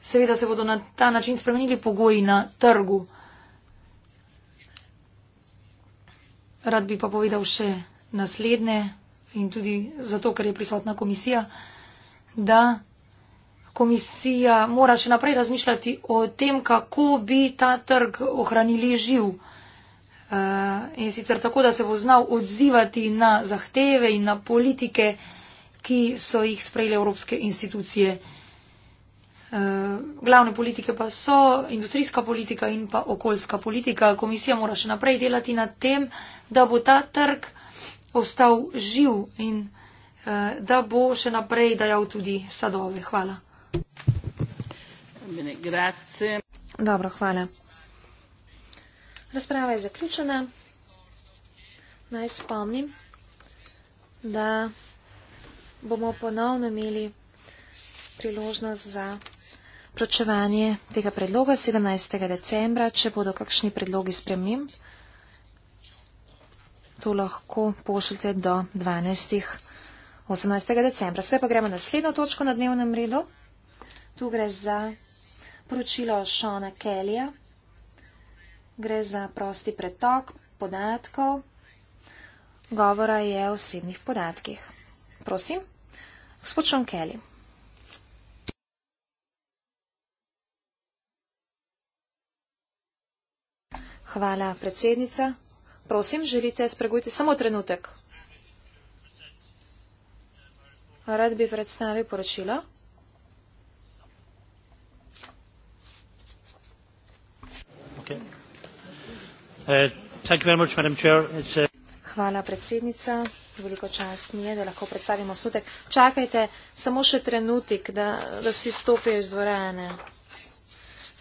Seveda se bodo na ta način spremenili pogoji na trgu. Rad bi pa povedal še naslednje in tudi zato, ker je prisotna komisija, da komisija mora še naprej razmišljati o tem, kako bi ta trg ohranili živ. Eh, in sicer tako, da se bo znal odzivati na zahteve in na politike ki so jih sprejele evropske institucije. Eh, glavne politike pa so industrijska politika in pa okoljska politika. Komisija mora še naprej delati na tem, da bo ta trg ostal živ in eh, da bo še naprej dajal tudi sadove. Hvala. Dobro, hvala. Razprava je zaključena. Naj spomnim, da bomo ponovno imeli priložnost za pročevanje tega predloga 17. decembra. Če bodo kakšni predlogi spremem, to lahko pošljete do 12. 18. decembra. Sedaj pa gremo na naslednjo točko na dnevnem redu. Tu gre za poročilo Šona Kelija. Gre za prosti pretok podatkov. Govora je o osebnih podatkih prosim. Gospod Šonkeli. Hvala, predsednica. Prosim, želite, spregujte samo trenutek. Rad bi predstavil poročilo. Uh, uh, Hvala, predsednica veliko čast mi je, da lahko predstavim osnutek. Čakajte samo še trenutek, da, da vsi stopijo iz dvorane.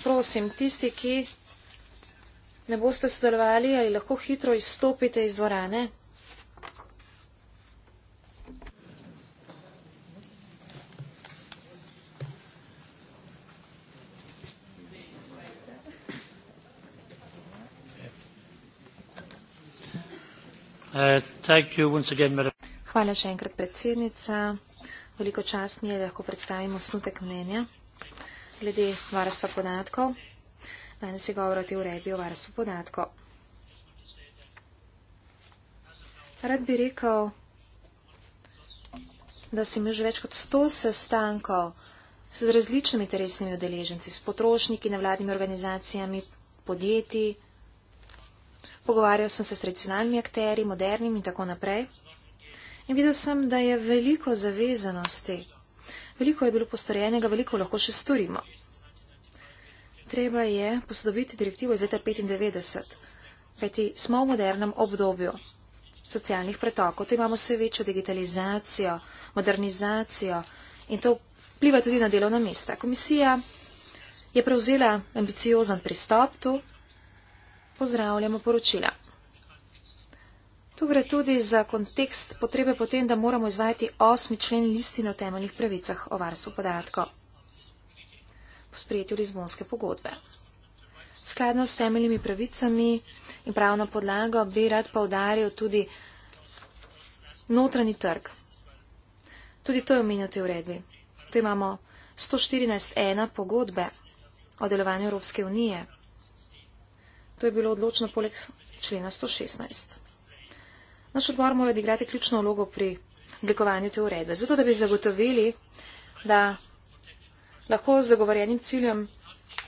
Prosim, tisti, ki ne boste sodelovali, ali lahko hitro izstopite iz dvorane. Uh, Hvala še enkrat, predsednica. Veliko čast mi je, da lahko predstavim osnutek mnenja glede varstva podatkov. Danes je govor o te urebi o varstvu podatkov. Rad bi rekel, da sem že več kot sto sestankov z različnimi interesnimi udeleženci, s potrošniki, nevladnimi organizacijami, podjetji, Pogovarjal sem se s tradicionalnimi akteri, modernim in tako naprej. In videl sem, da je veliko zavezanosti. Veliko je bilo postorjenega, veliko lahko še storimo. Treba je posodobiti direktivo iz leta 95, kajti smo v modernem obdobju socialnih pretokov. Tu imamo vse večjo digitalizacijo, modernizacijo in to pliva tudi na delovna mesta. Komisija je prevzela ambiciozen pristop tu pozdravljamo poročila. Tu gre tudi za kontekst potrebe potem, da moramo izvajati osmi člen listine o temeljnih pravicah o varstvu podatkov po sprejetju Lizbonske pogodbe. Skladno s temeljnimi pravicami in pravno podlago bi rad povdaril tudi notranji trg. Tudi to je omenjate v redvi. Tu imamo 114.1 pogodbe o delovanju Evropske unije To je bilo odločno poleg člena 116. Naš odbor mora odigrati ključno vlogo pri oblikovanju te uredbe, zato da bi zagotovili, da lahko z zagovorjenim ciljem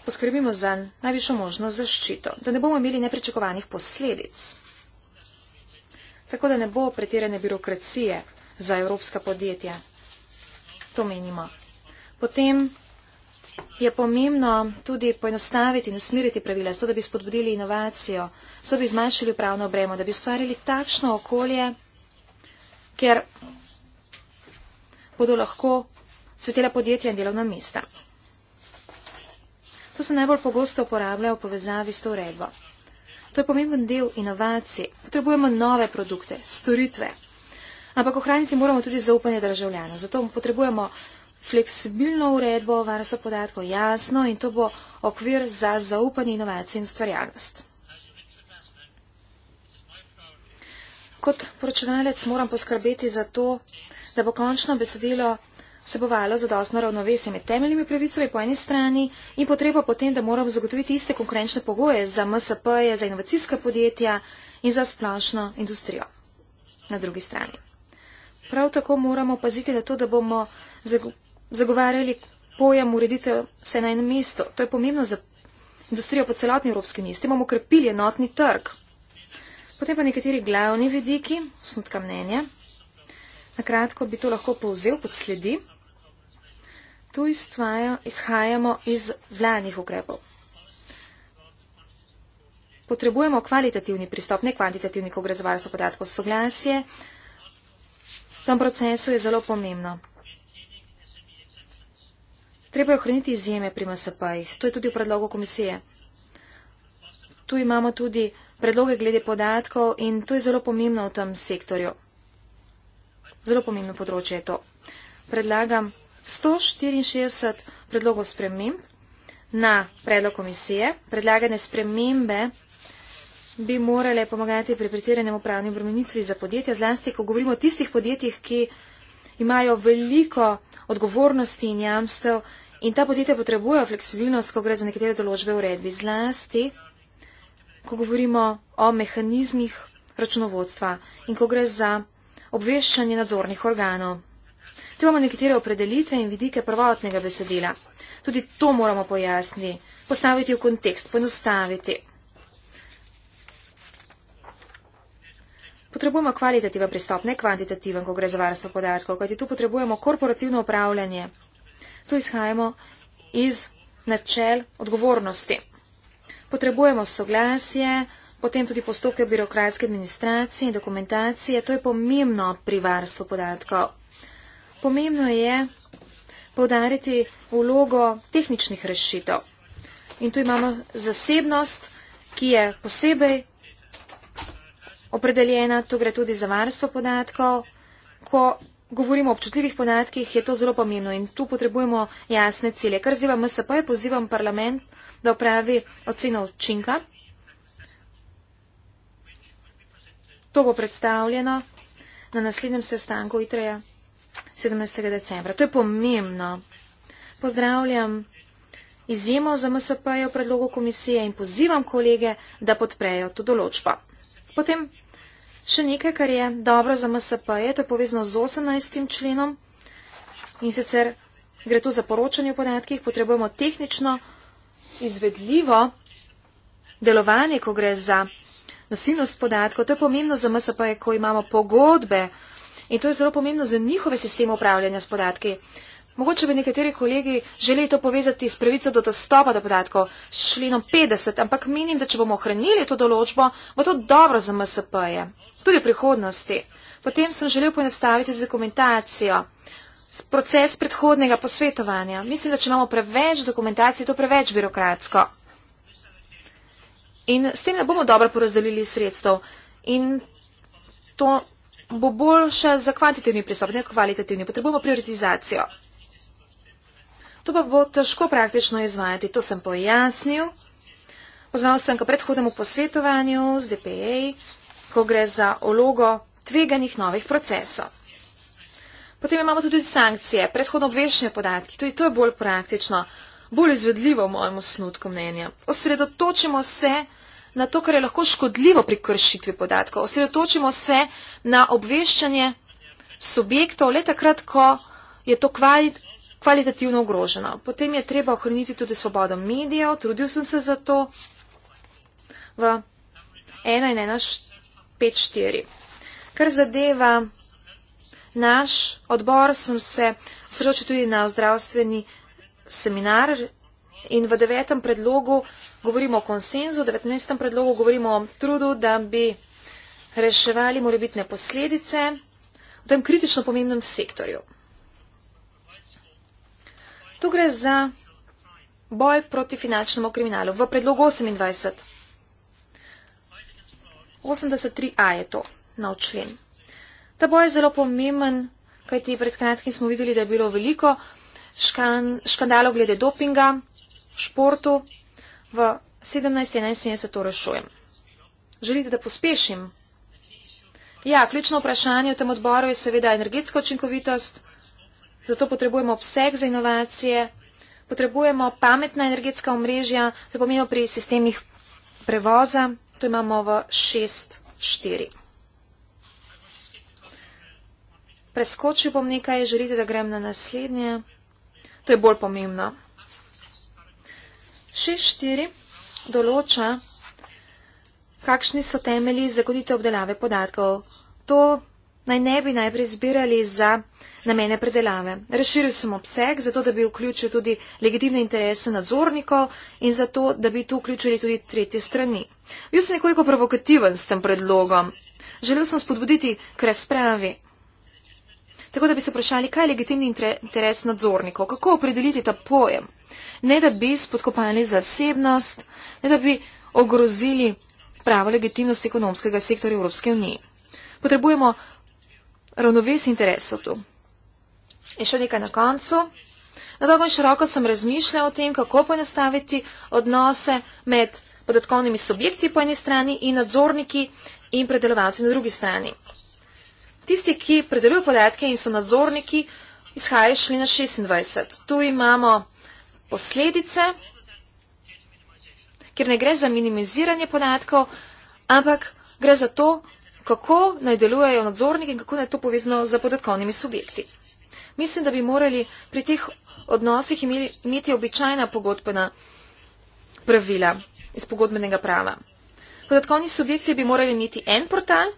poskrbimo za najvišjo možno zaščito, da ne bomo imeli nepričakovanih posledic. Tako da ne bo pretirane birokracije za evropska podjetja. To menimo. Potem je pomembno tudi poenostaviti in usmeriti pravila, zato da bi spodbudili inovacijo, zato bi zmanjšali upravno bremo, da bi ustvarili takšno okolje, ker bodo lahko cvetela podjetja in delovna mesta. To se najbolj pogosto uporablja v povezavi s to uredbo. To je pomemben del inovacij. Potrebujemo nove produkte, storitve. Ampak ohraniti moramo tudi zaupanje državljanov. Zato potrebujemo fleksibilno uredbo o varstvu podatkov jasno in to bo okvir za zaupanje inovacij in ustvarjalnost. Kot poročevalec moram poskrbeti za to, da bo končno besedilo vsebovalo zadostno ravnovesje med temeljnimi pravicami po eni strani in potrebo potem, da moram zagotoviti iste konkurenčne pogoje za MSP-je, za inovacijska podjetja in za splošno industrijo na drugi strani. Prav tako moramo paziti na to, da bomo zagovarjali pojem ureditev vse na enem mestu. To je pomembno za industrijo po celotni Evropski uniji. S tem bomo krepili enotni trg. Potem pa nekateri glavni vidiki, snutka mnenja. Na kratko bi to lahko povzel pod sledi. Tu istvajo, izhajamo iz vladnih ukrepov. Potrebujemo kvalitativni pristop, ne kvantitativni, ko gre za varstvo podatkov. Soglasje v tem procesu je zelo pomembno. Treba je ohraniti izjeme pri MSP-jih. To je tudi v predlogu komisije. Tu imamo tudi predloge glede podatkov in to je zelo pomembno v tem sektorju. Zelo pomembno področje je to. Predlagam 164 predlogov sprememb na predlog komisije. Predlagane spremembe bi morale pomagati pri pretiranem upravnem obremenitvi za podjetja, zlasti, ko govorimo o tistih podjetjih, ki imajo veliko odgovornosti in jamstev, In ta podjetja potrebujejo fleksibilnost, ko gre za nekatere določbe uredbi, zlasti, ko govorimo o mehanizmih računovodstva in ko gre za obveščanje nadzornih organov. Tu imamo nekatere opredelitve in vidike prvotnega besedila. Tudi to moramo pojasniti, postaviti v kontekst, poenostaviti. Potrebujemo kvalitativen pristop, ne kvantitativen, ko gre za varstvo podatkov, kajti tu potrebujemo korporativno upravljanje. Tu izhajamo iz načel odgovornosti. Potrebujemo soglasje, potem tudi postopke birokratske administracije in dokumentacije. To je pomembno pri varstvu podatkov. Pomembno je povdariti vlogo tehničnih rešitev. In tu imamo zasebnost, ki je posebej opredeljena, tu gre tudi za varstvo podatkov, ko govorimo o občutljivih podatkih, je to zelo pomembno in tu potrebujemo jasne cilje. Kar zdaj vam MSP je, pozivam parlament, da opravi oceno učinka. To bo predstavljeno na naslednjem sestanku ITREJA 17. decembra. To je pomembno. Pozdravljam izjemo za MSP-je v predlogu komisije in pozivam kolege, da podprejo to določbo. Potem Še nekaj, kar je dobro za MSP, je to povezano z 18. členom in sicer gre tu za poročanje o podatkih, potrebujemo tehnično izvedljivo delovanje, ko gre za nosilnost podatkov. To je pomembno za MSP, ko imamo pogodbe in to je zelo pomembno za njihove sisteme upravljanja s podatki. Mogoče bi nekateri kolegi želeli to povezati s pravico do dostopa do podatkov s členom 50, ampak menim, da če bomo ohranili to določbo, bo to dobro za MSP-je, tudi v prihodnosti. Potem sem želel poenostaviti tudi dokumentacijo, proces predhodnega posvetovanja. Mislim, da če imamo preveč dokumentacije, to preveč birokratsko. In s tem ne bomo dobro porazdelili sredstev. In to bo boljše za kvantitativni pristop, ne kvalitativni. Potrebujemo prioritizacijo. To pa bo težko praktično izvajati, to sem pojasnil. Pozval sem k predhodnemu posvetovanju z DPA, ko gre za ologo tveganih novih procesov. Potem imamo tudi sankcije, predhodno obveščene podatke, tudi to je bolj praktično, bolj izvedljivo v mojem osnutku mnenja. Osredotočimo se na to, kar je lahko škodljivo pri kršitvi podatkov. Osredotočimo se na obveščanje subjektov le takrat, ko je to kvalit kvalitativno ogrožena. Potem je treba ohraniti tudi svobodo medijev, trudil sem se za to v 1 in 154. Kar zadeva naš odbor, sem se sredočil tudi na zdravstveni seminar in v devetem predlogu govorimo o konsenzu, v devetnestem predlogu govorimo o trudu, da bi reševali morebitne posledice v tem kritično pomembnem sektorju. Tu gre za boj proti finančnemu kriminalu. V predlogu 28. 83a je to nov člen. Ta boj je zelo pomemben, kajti pred kratkim smo videli, da je bilo veliko škan, škandalov glede dopinga v športu. V 17.71 to rešujem. Želite, da pospešim? Ja, ključno vprašanje v tem odboru je seveda energetska očinkovitost zato potrebujemo vseh za inovacije, potrebujemo pametna energetska omrežja, to pomeni pri sistemih prevoza, to imamo v 6.4. Preskočil bom nekaj, želite, da grem na naslednje. To je bolj pomembno. 6.4 določa, kakšni so temelji zagoditev obdelave podatkov. To naj ne bi najprej zbirali za namene predelave. Razširil sem obseg, zato da bi vključil tudi legitimne interese nadzornikov in zato, da bi tu vključili tudi tretje strani. Bil sem nekoliko provokativen s tem predlogom. Želel sem spodbuditi k razpravi. Tako da bi se vprašali, kaj je legitimni interes nadzornikov, kako opredeliti ta pojem. Ne da bi spodkopali zasebnost, ne da bi ogrozili pravo legitimnost ekonomskega sektorja Evropske unije. Potrebujemo ravnovesje interesov tu. In še nekaj na koncu. Na dolgo in široko sem razmišljal o tem, kako poenostaviti odnose med podatkovnimi subjekti po eni strani in nadzorniki in predelovalci na drugi strani. Tisti, ki predelujo podatke in so nadzorniki, izhajajo šli na 26. Tu imamo posledice, ker ne gre za minimiziranje podatkov, ampak gre za to, kako naj delujejo nadzorniki in kako naj to povezano z podatkovnimi subjekti. Mislim, da bi morali pri teh odnosih imeti običajna pogodbena pravila iz pogodbenega prava. Podatkovni subjekti bi morali imeti en portal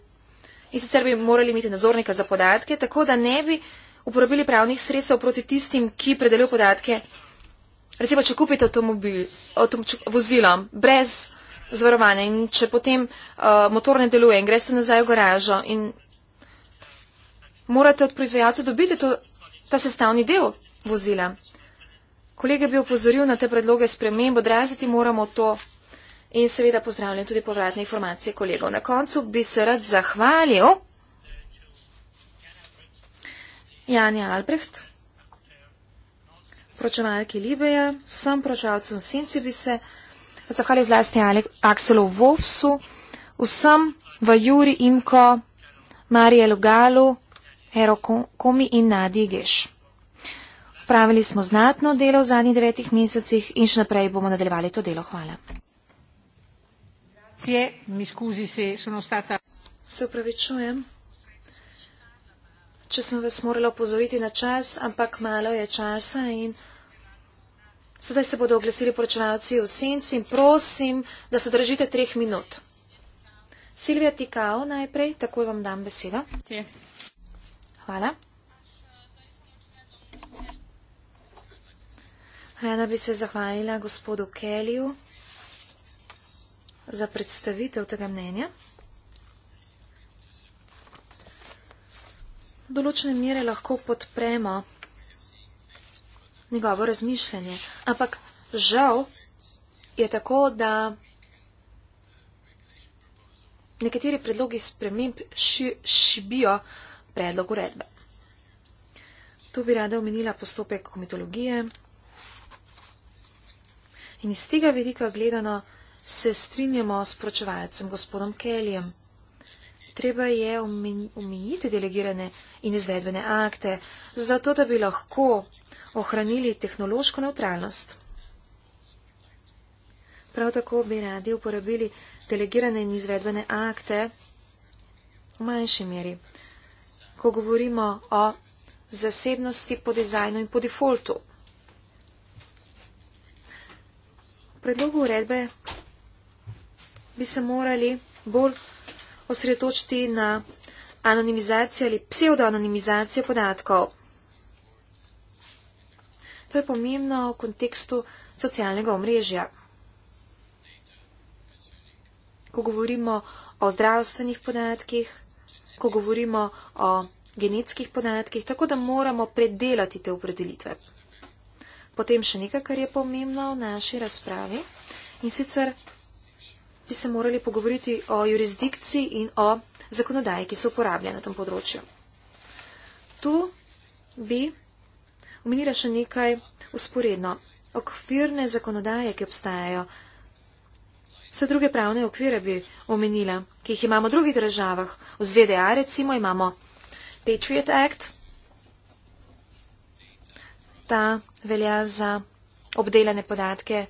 in sicer bi morali imeti nadzornika za podatke, tako da ne bi uporabili pravnih sredstev proti tistim, ki predelijo podatke. Recimo, če kupite avtomobil, avtom, če, vozilo brez zavarovanje. In če potem uh, motor ne deluje in greste nazaj v garažo in morate od proizvajalca dobiti to, ta sestavni del vozila. Kolega bi upozoril na te predloge sprememb, odraziti moramo to in seveda pozdravljam tudi povratne informacije kolegov. Na koncu bi se rad zahvalil Jani Albrecht, pročevalki Libeja, vsem pročevalcem Sinci bi se zahvalil zahvalil zlasti Akselu Vovsu, vsem v Juri Imko, Marije Lugalu, Hero Komi in Nadi Geš. Pravili smo znatno delo v zadnjih devetih mesecih in še naprej bomo nadaljevali to delo. Hvala. Se upravičujem, če sem vas morala opozoriti na čas, ampak malo je časa in. Sedaj se bodo oglasili poročevalci v senci in prosim, da se držite treh minut. Silvija Tikao najprej, takoj vam dam besedo. Hvala. Rada bi se zahvalila gospodu Keliju za predstavitev tega mnenja. Določne mere lahko podpremo njegovo razmišljanje. Ampak žal je tako, da nekateri predlogi sprememb šibijo predlog uredbe. Tu bi rada omenila postopek komitologije. In iz tega vidika gledano se strinjamo s pročevalcem gospodom Kelijem. Treba je omejiti delegirane in izvedbene akte, zato da bi lahko ohranili tehnološko neutralnost. Prav tako bi radi uporabili delegirane in izvedbene akte v manjši meri, ko govorimo o zasebnosti po dizajnu in po defaultu. V predlogu uredbe bi se morali bolj osredotočiti na anonimizacijo ali psevdoanonimizacijo podatkov. To je pomembno v kontekstu socialnega omrežja. Ko govorimo o zdravstvenih podatkih, ko govorimo o genetskih podatkih, tako da moramo predelati te opredelitve. Potem še nekaj, kar je pomembno v naši razpravi. In sicer bi se morali pogovoriti o jurisdikciji in o zakonodaji, ki se uporablja na tem področju. Tu bi omenila še nekaj usporedno. Okvirne zakonodaje, ki obstajajo. Vse druge pravne okvire bi omenila, ki jih imamo v drugih državah. V ZDA recimo imamo Patriot Act. Ta velja za obdelane podatke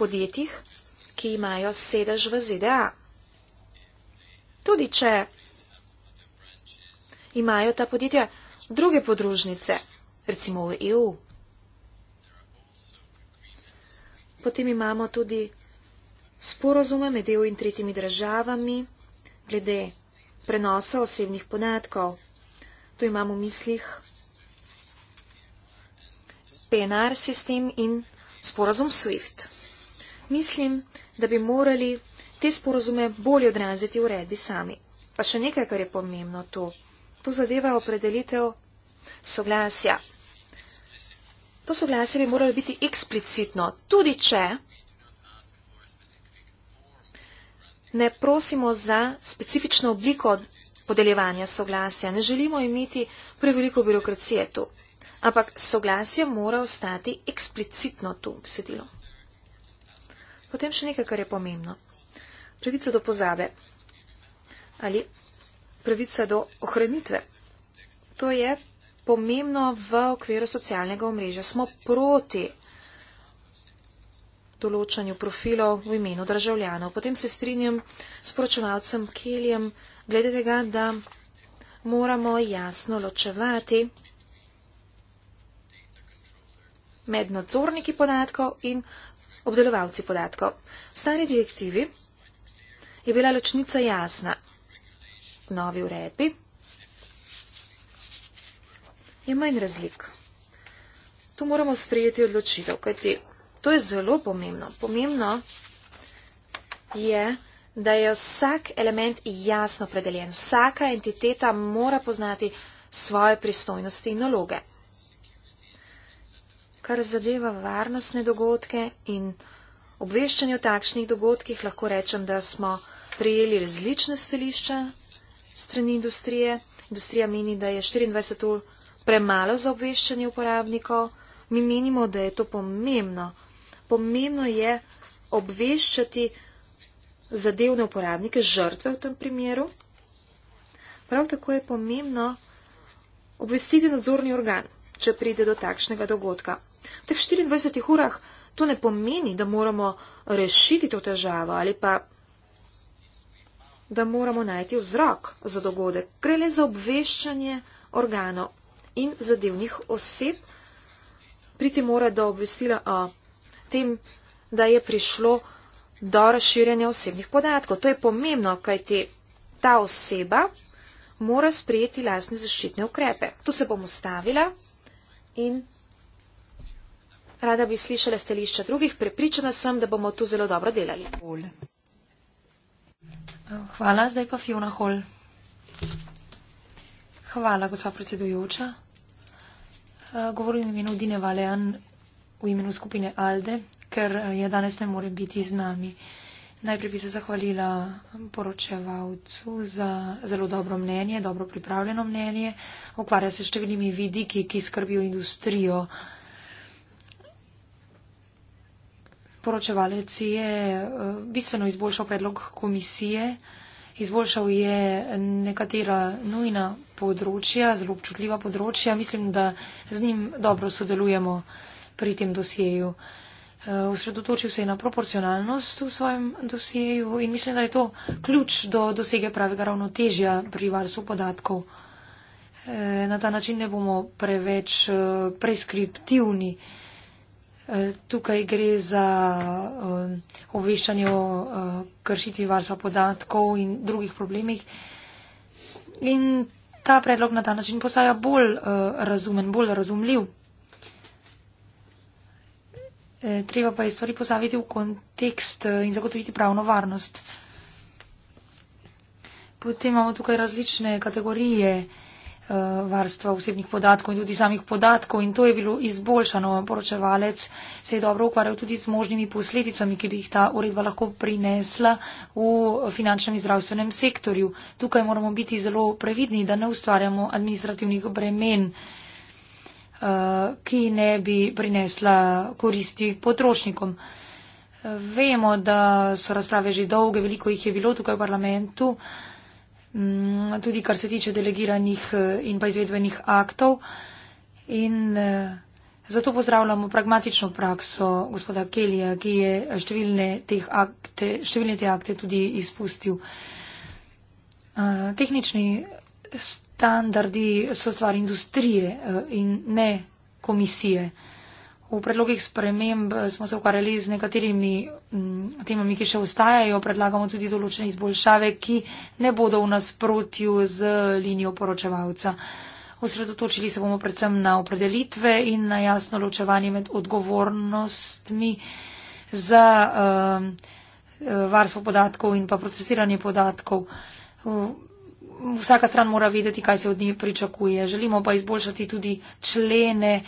podjetjih, ki imajo sedež v ZDA. Tudi če imajo ta podjetja druge podružnice recimo v EU. Potem imamo tudi sporozume med EU in tretjimi državami glede prenosa osebnih podatkov. Tu imamo v mislih PNR sistem in sporozum SWIFT. Mislim, da bi morali te sporozume bolje odraziti v redbi sami. Pa še nekaj, kar je pomembno tu. Tu zadeva opredelitev soglasja. To soglasje bi moralo biti eksplicitno, tudi če ne prosimo za specifično obliko podeljevanja soglasja. Ne želimo imeti preveliko birokracije tu, ampak soglasje mora ostati eksplicitno tu v besedilu. Potem še nekaj, kar je pomembno. Pravica do pozabe ali pravica do ohranitve. To je pomembno v okviru socialnega omrežja. Smo proti določanju profilov v imenu državljanov. Potem se strinjam s poročevalcem Kiljem, glede tega, da moramo jasno ločevati med nadzorniki podatkov in obdelovalci podatkov. V stari direktivi je bila ločnica jasna. V novi uredbi je manj razlik. Tu moramo sprejeti odločitev, kajti to je zelo pomembno. Pomembno je, da je vsak element jasno predeljen. Vsaka entiteta mora poznati svoje pristojnosti in naloge. Kar zadeva varnostne dogodke in obveščanje o takšnih dogodkih, lahko rečem, da smo prijeli različne stališča strani industrije. Industrija meni, da je 24 ur premalo za obveščanje uporabnikov, mi menimo, da je to pomembno. Pomembno je obveščati zadevne uporabnike, žrtve v tem primeru. Prav tako je pomembno obvestiti nadzorni organ, če pride do takšnega dogodka. V teh 24 urah to ne pomeni, da moramo rešiti to težavo ali pa da moramo najti vzrok za dogodek. Gre le za obveščanje organov in zadevnih oseb, priti mora do obvestila o tem, da je prišlo do razširjanja osebnih podatkov. To je pomembno, kajti ta oseba mora sprejeti lastne zaščitne ukrepe. Tu se bom ustavila in rada bi slišala stališča drugih. Prepričana sem, da bomo tu zelo dobro delali. Hvala, zdaj pa Fiona Hol. Hvala, gospa predsedujoča. Eh, Govorim v imenu Dine Valean v imenu skupine Alde, ker eh, je danes ne more biti z nami. Najprej bi se zahvalila poročevalcu za zelo dobro mnenje, dobro pripravljeno mnenje. Ukvarja se s številnimi vidiki, ki skrbijo industrijo. Poročevalec je eh, bistveno izboljšal predlog komisije. Izboljšal je nekatera nujna področja, zelo občutljiva področja. Mislim, da z njim dobro sodelujemo pri tem dosjeju. Eh, osredotočil se je na proporcionalnost v svojem dosjeju in mislim, da je to ključ do dosege pravega ravnotežja pri varstvu podatkov. Eh, na ta način ne bomo preveč eh, preskriptivni. Eh, tukaj gre za eh, obveščanje o eh, kršitvi varstva podatkov in drugih problemih. In ta predlog na ta način postaja bolj razumen, bolj razumljiv. Treba pa je stvari postaviti v kontekst in zagotoviti pravno varnost. Potem imamo tukaj različne kategorije. Eh, varstva osebnih podatkov in tudi samih podatkov in to je bilo izboljšano. Poročevalec se je dobro ukvarjal tudi z možnimi posledicami, ki bi jih ta uredba lahko prinesla v finančnem in zdravstvenem sektorju. Tukaj moramo biti zelo previdni, da ne ustvarjamo administrativnih bremen, eh, ki ne bi prinesla koristi potrošnikom. Vemo, da so razprave že dolge, veliko jih je bilo tukaj v parlamentu. Mm, tudi kar se tiče delegiranih eh, in pa izvedbenih aktov. In eh, zato pozdravljamo pragmatično prakso gospoda Kelija, ki je številne, teh akte, številne te akte tudi izpustil. Eh, tehnični standardi so stvar industrije in ne komisije v predlogih sprememb eh, smo se ukvarjali z nekaterimi mm, temami, ki še ostajajo. Predlagamo tudi določene izboljšave, ki ne bodo v nasprotju z linijo poročevalca. Osredotočili se bomo predvsem na opredelitve in na jasno ločevanje med odgovornostmi za uh, varstvo podatkov in pa procesiranje podatkov. Uh, vsaka stran mora vedeti, kaj se od nje pričakuje. Želimo pa izboljšati tudi člene,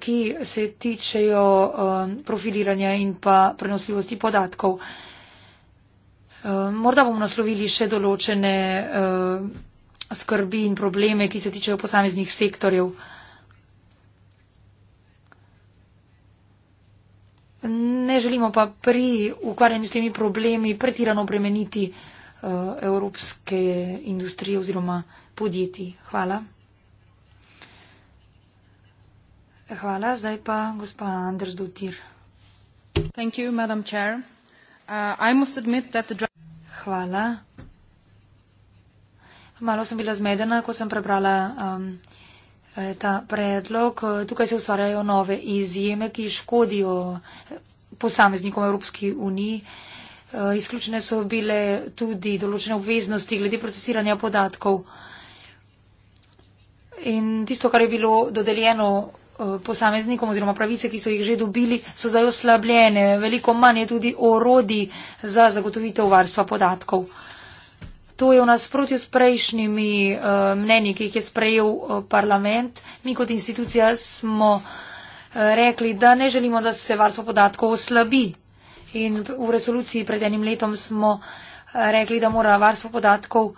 ki se tičejo um, profiliranja in pa prenosljivosti podatkov. Um, morda bomo naslovili še določene um, skrbi in probleme, ki se tičejo posameznih sektorjev. Ne želimo pa pri ukvarjanju s temi problemi pretirano obremeniti. Eh, evropske industrije oziroma podjetij. Hvala. Hvala. Zdaj pa gospa Anders Dotir. Thank you, Madam Chair. Uh, I must admit that the draft. Hvala. Malo sem bila zmedena, ko sem prebrala um, eh, ta predlog. Tukaj se ustvarjajo nove izjeme, ki škodijo eh, posameznikom Evropske unije. Uh, Eh, izključene so bile tudi določene obveznosti glede procesiranja podatkov. In tisto, kar je bilo dodeljeno eh, posameznikom oziroma pravice, ki so jih že dobili, so zdaj oslabljene. Veliko manj je tudi orodi za zagotovitev varstva podatkov. To je v nasprotju s prejšnjimi eh, mnenji, ki jih je sprejel parlament. Mi kot institucija smo rekli, da ne želimo, da se varstvo podatkov oslabi. In v resoluciji pred enim letom smo eh, rekli, da mora varstvo podatkov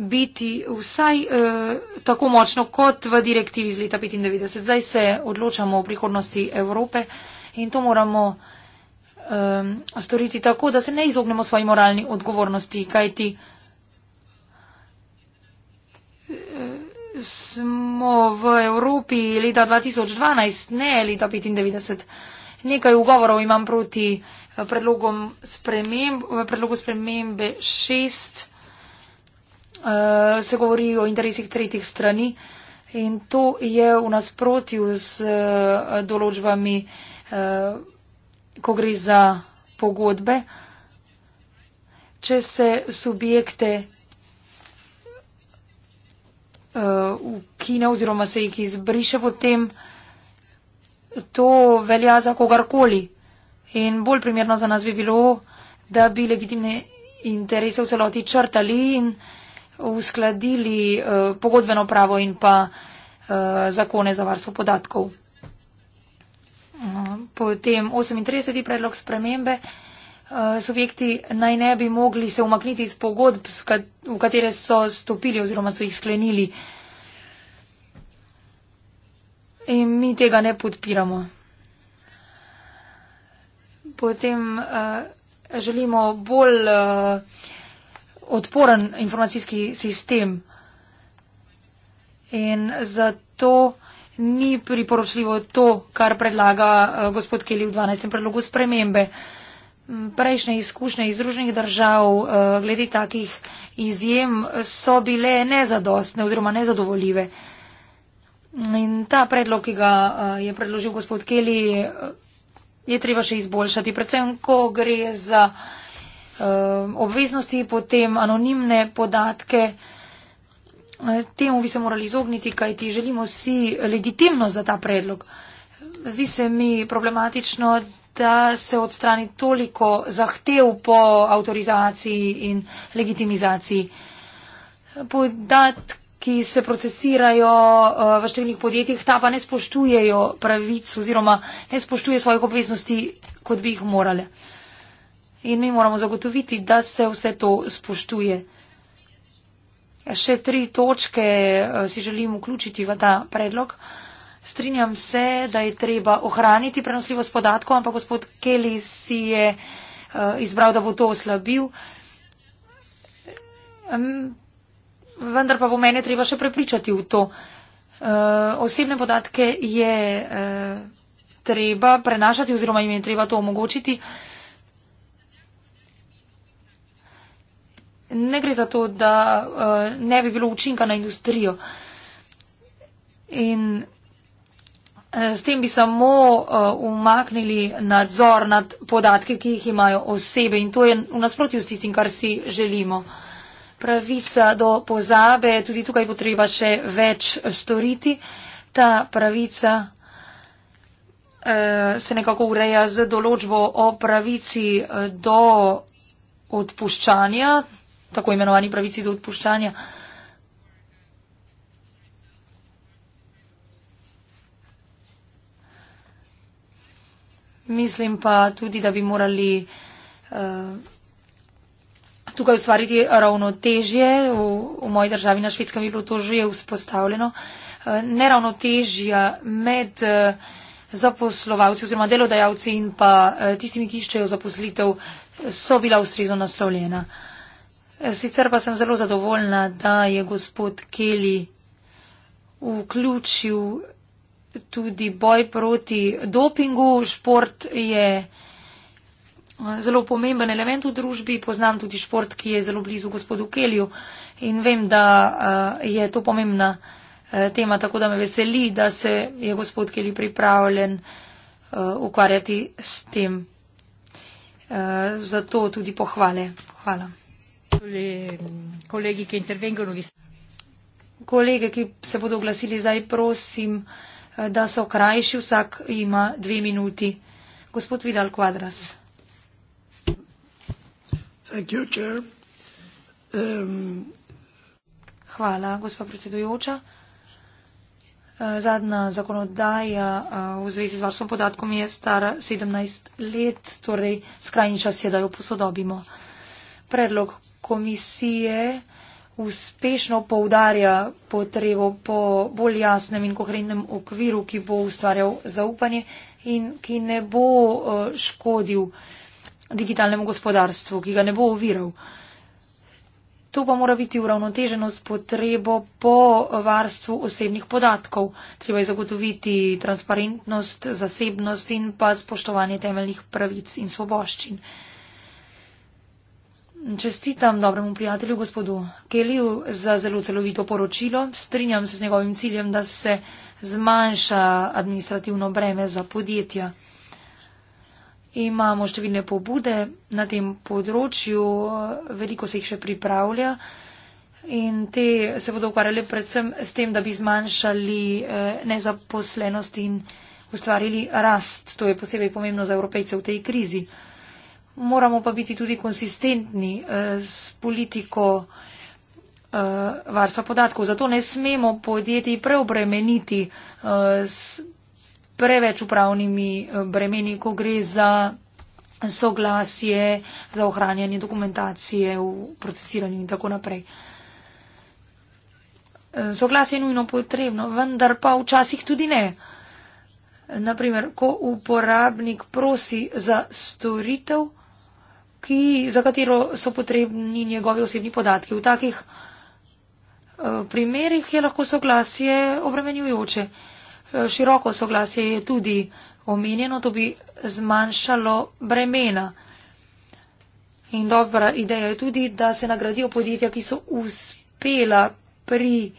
biti vsaj eh, tako močno kot v direktivi iz leta 1995. Zdaj se odločamo o prihodnosti Evrope in to moramo eh, storiti tako, da se ne izognemo svoji moralni odgovornosti, kajti eh, smo v Evropi leta 2012, ne leta 1995. Nekaj ugovorov imam proti predlogom sprememb, predlogu spremembe šest eh, se govori o interesih tretjih strani in to je v nasprotju z eh, določbami, eh, ko gre za pogodbe, če se subjekte ukine oziroma se jih izbriše potem, to velja za kogarkoli. In bolj primerno za nas bi bilo, da bi legitimne interese v celoti črtali in uskladili eh, pogodbeno pravo in pa eh, zakone za varstvo podatkov. Eh, potem 38. predlog spremembe. Eh, subjekti naj ne bi mogli se umakniti iz pogodb, v katere so stopili oziroma so jih sklenili. In mi tega ne podpiramo potem uh, želimo bolj uh, odporen informacijski sistem. In zato ni priporočljivo to, kar predlaga uh, gospod Keli v 12. predlogu spremembe. Mm, prejšnje izkušnje iz družnih držav uh, glede takih izjem so bile nezadostne oziroma nezadovoljive. In ta predlog, ki ga uh, je predložil gospod Keli, uh, je treba še izboljšati. Predvsem, ko gre za um, obveznosti, potem anonimne podatke, eh, temu bi se morali izogniti, kaj ti želimo vsi legitimno za ta predlog. Zdi se mi problematično, da se odstrani toliko zahtev po avtorizaciji in legitimizaciji. Podatki ki se procesirajo eh, v številnih podjetjih, ta pa ne spoštujejo pravic oziroma ne spoštuje svojih obveznosti, kot bi jih morale. In mi moramo zagotoviti, da se vse to spoštuje. Še tri točke eh, si želim vključiti v ta predlog. Strinjam se, da je treba ohraniti prenosljivost podatkov, ampak gospod Kelly si je eh, izbral, da bo to oslabil vendar pa bo mene treba še prepričati v to. Uh, osebne podatke je uh, treba prenašati oziroma jim je treba to omogočiti. Ne gre za to, da uh, ne bi bilo učinka na industrijo. In S tem bi samo uh, umaknili nadzor nad podatke, ki jih imajo osebe in to je v nasprotju s tistim, kar si želimo. Uh, pravica do pozabe, tudi tukaj bo treba še več storiti. Ta pravica eh, se nekako ureja z določbo o pravici eh, do odpuščanja, tako imenovani pravici do odpuščanja. Mislim pa tudi, da bi morali. Eh, tukaj ustvariti ravnotežje, v, v moji državi na švedskem je bilo to že vzpostavljeno, eh, neravnotežje med eh, zaposlovalci oziroma delodajalci in pa eh, tistimi, ki iščejo zaposlitev, so bila ustrezno naslovljena. Sicer pa sem zelo zadovoljna, da je gospod Keli vključil tudi boj proti dopingu. Šport je zelo pomemben element v družbi, poznam tudi šport, ki je zelo blizu gospodu Kelju in vem, da eh, je to pomembna eh, tema, tako da me veseli, da se je gospod Kelj pripravljen eh, ukvarjati s tem. Zato tudi pohvale. Hvala. Mm, kolegi, ki, Kolege, ki se bodo oglasili zdaj, prosim, da so krajši, vsak ima dve minuti. Gospod Vidal Kvadras. Um, Hvala, gospod predsedujoča. Eh, zadnja zakonodaja eh, v zvezi z varstvom podatkom je stara 17 let, torej skrajni čas je, da jo posodobimo. Predlog komisije uspešno poudarja potrebo po bolj jasnem in koherentnem okviru, ki bo ustvarjal zaupanje in ki ne bo eh, škodil digitalnemu gospodarstvu, ki ga ne bo oviral. To pa mora biti uravnoteženo s potrebo po varstvu osebnih podatkov. Treba je zagotoviti transparentnost, zasebnost in pa spoštovanje temeljnih pravic in svoboščin. Čestitam dobremu prijatelju gospodu Keliju za zelo celovito poročilo. Strinjam se z njegovim ciljem, da se zmanjša administrativno breme za podjetja. Imamo številne pobude na tem področju, veliko se jih še pripravlja in te se bodo ukvarjali predvsem s tem, da bi zmanjšali eh, nezaposlenost in ustvarili rast. To je posebej pomembno za evropejce v tej krizi. Moramo pa biti tudi konsistentni eh, s politiko eh, varstva podatkov. Zato ne smemo podjetij preobremeniti s preveč upravnimi eh, bremeni, ko gre za soglasje, za ohranjanje dokumentacije v procesiranju in tako naprej. Eh, soglasje je nujno potrebno, vendar pa včasih tudi ne. Naprimer, ko uporabnik prosi za storitev, ki, za katero so potrebni njegovi osebni podatki. V takih uh, primerih je lahko soglasje obremenjujoče. Uh, široko soglasje je tudi omenjeno, to bi zmanjšalo bremena. In dobra ideja je tudi, da se nagradijo podjetja, ki so uspela pri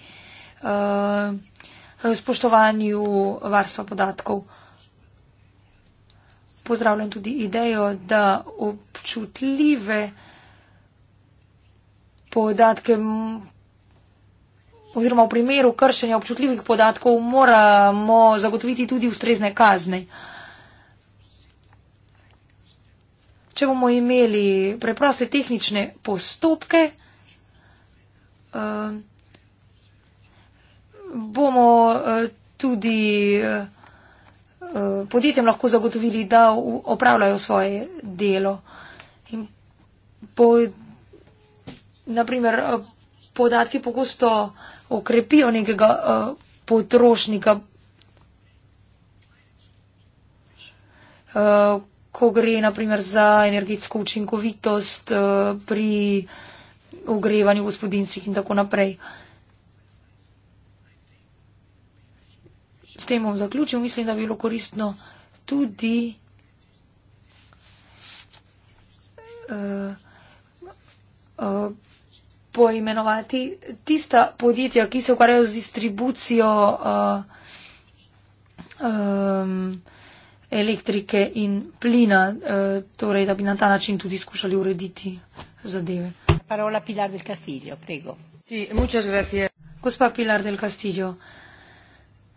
uh, spoštovanju varstva podatkov. Pozdravljam tudi idejo, da občutljive podatke oziroma v primeru kršenja občutljivih podatkov moramo zagotoviti tudi ustrezne kazne. Če bomo imeli preproste tehnične postopke, eh, bomo eh, tudi eh, podjetjem lahko zagotovili, da opravljajo svoje delo. In po, naprimer, podatki pogosto okrepijo nekega uh, potrošnika, uh, ko gre naprimer za energetsko učinkovitost uh, pri ogrevanju gospodinstvih in tako naprej. S tem bom zaključil. Mislim, da bi bilo koristno tudi. Uh, uh, poimenovati tista podjetja, ki se ukvarjajo z distribucijo uh, um, elektrike in plina, uh, torej da bi na ta način tudi skušali urediti zadeve. Parola Pilar del Castillo, prego. Si, muchas gracias. Gospa Pilar del Castillo,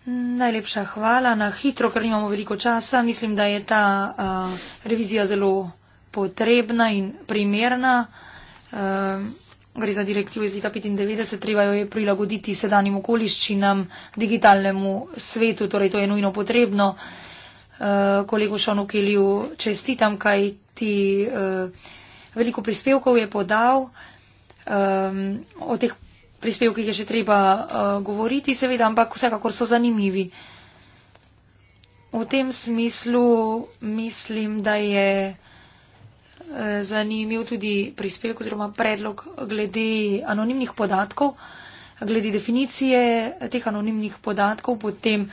najlepša hvala na hitro, ker nimamo veliko časa. Mislim, da je ta uh, revizija zelo potrebna in primerna. Uh, Gre za direktivo iz leta 1995, treba jo je prilagoditi sedanjim okoliščinam, digitalnemu svetu, torej to je nujno potrebno. Eh, kolegu Šonu Kelju čestitam, kaj ti eh, veliko prispevkov je podal. Ehm, o teh prispevkih je še treba eh, govoriti, seveda, ampak vsekakor so zanimivi. V tem smislu mislim, da je zanimil tudi prispevek oziroma predlog glede anonimnih podatkov, glede definicije teh anonimnih podatkov, potem,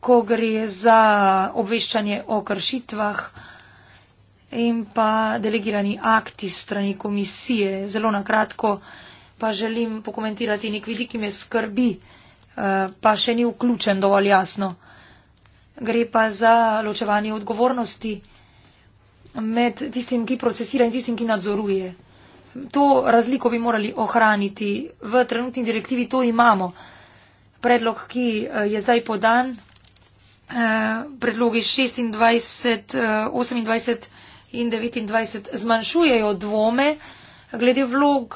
ko gre za obveščanje o kršitvah in pa delegirani akti strani komisije. Zelo na kratko pa želim pokomentirati nek vidik, ki me skrbi, eh, pa še ni vključen dovolj jasno. Gre pa za ločevanje odgovornosti med tistim, ki procesira in tistim, ki nadzoruje. To razliko bi morali ohraniti. V trenutni direktivi to imamo. Predlog, ki eh, je zdaj podan, eh, predlogi 26, 28 eh, in 29 zmanjšujejo dvome glede vlog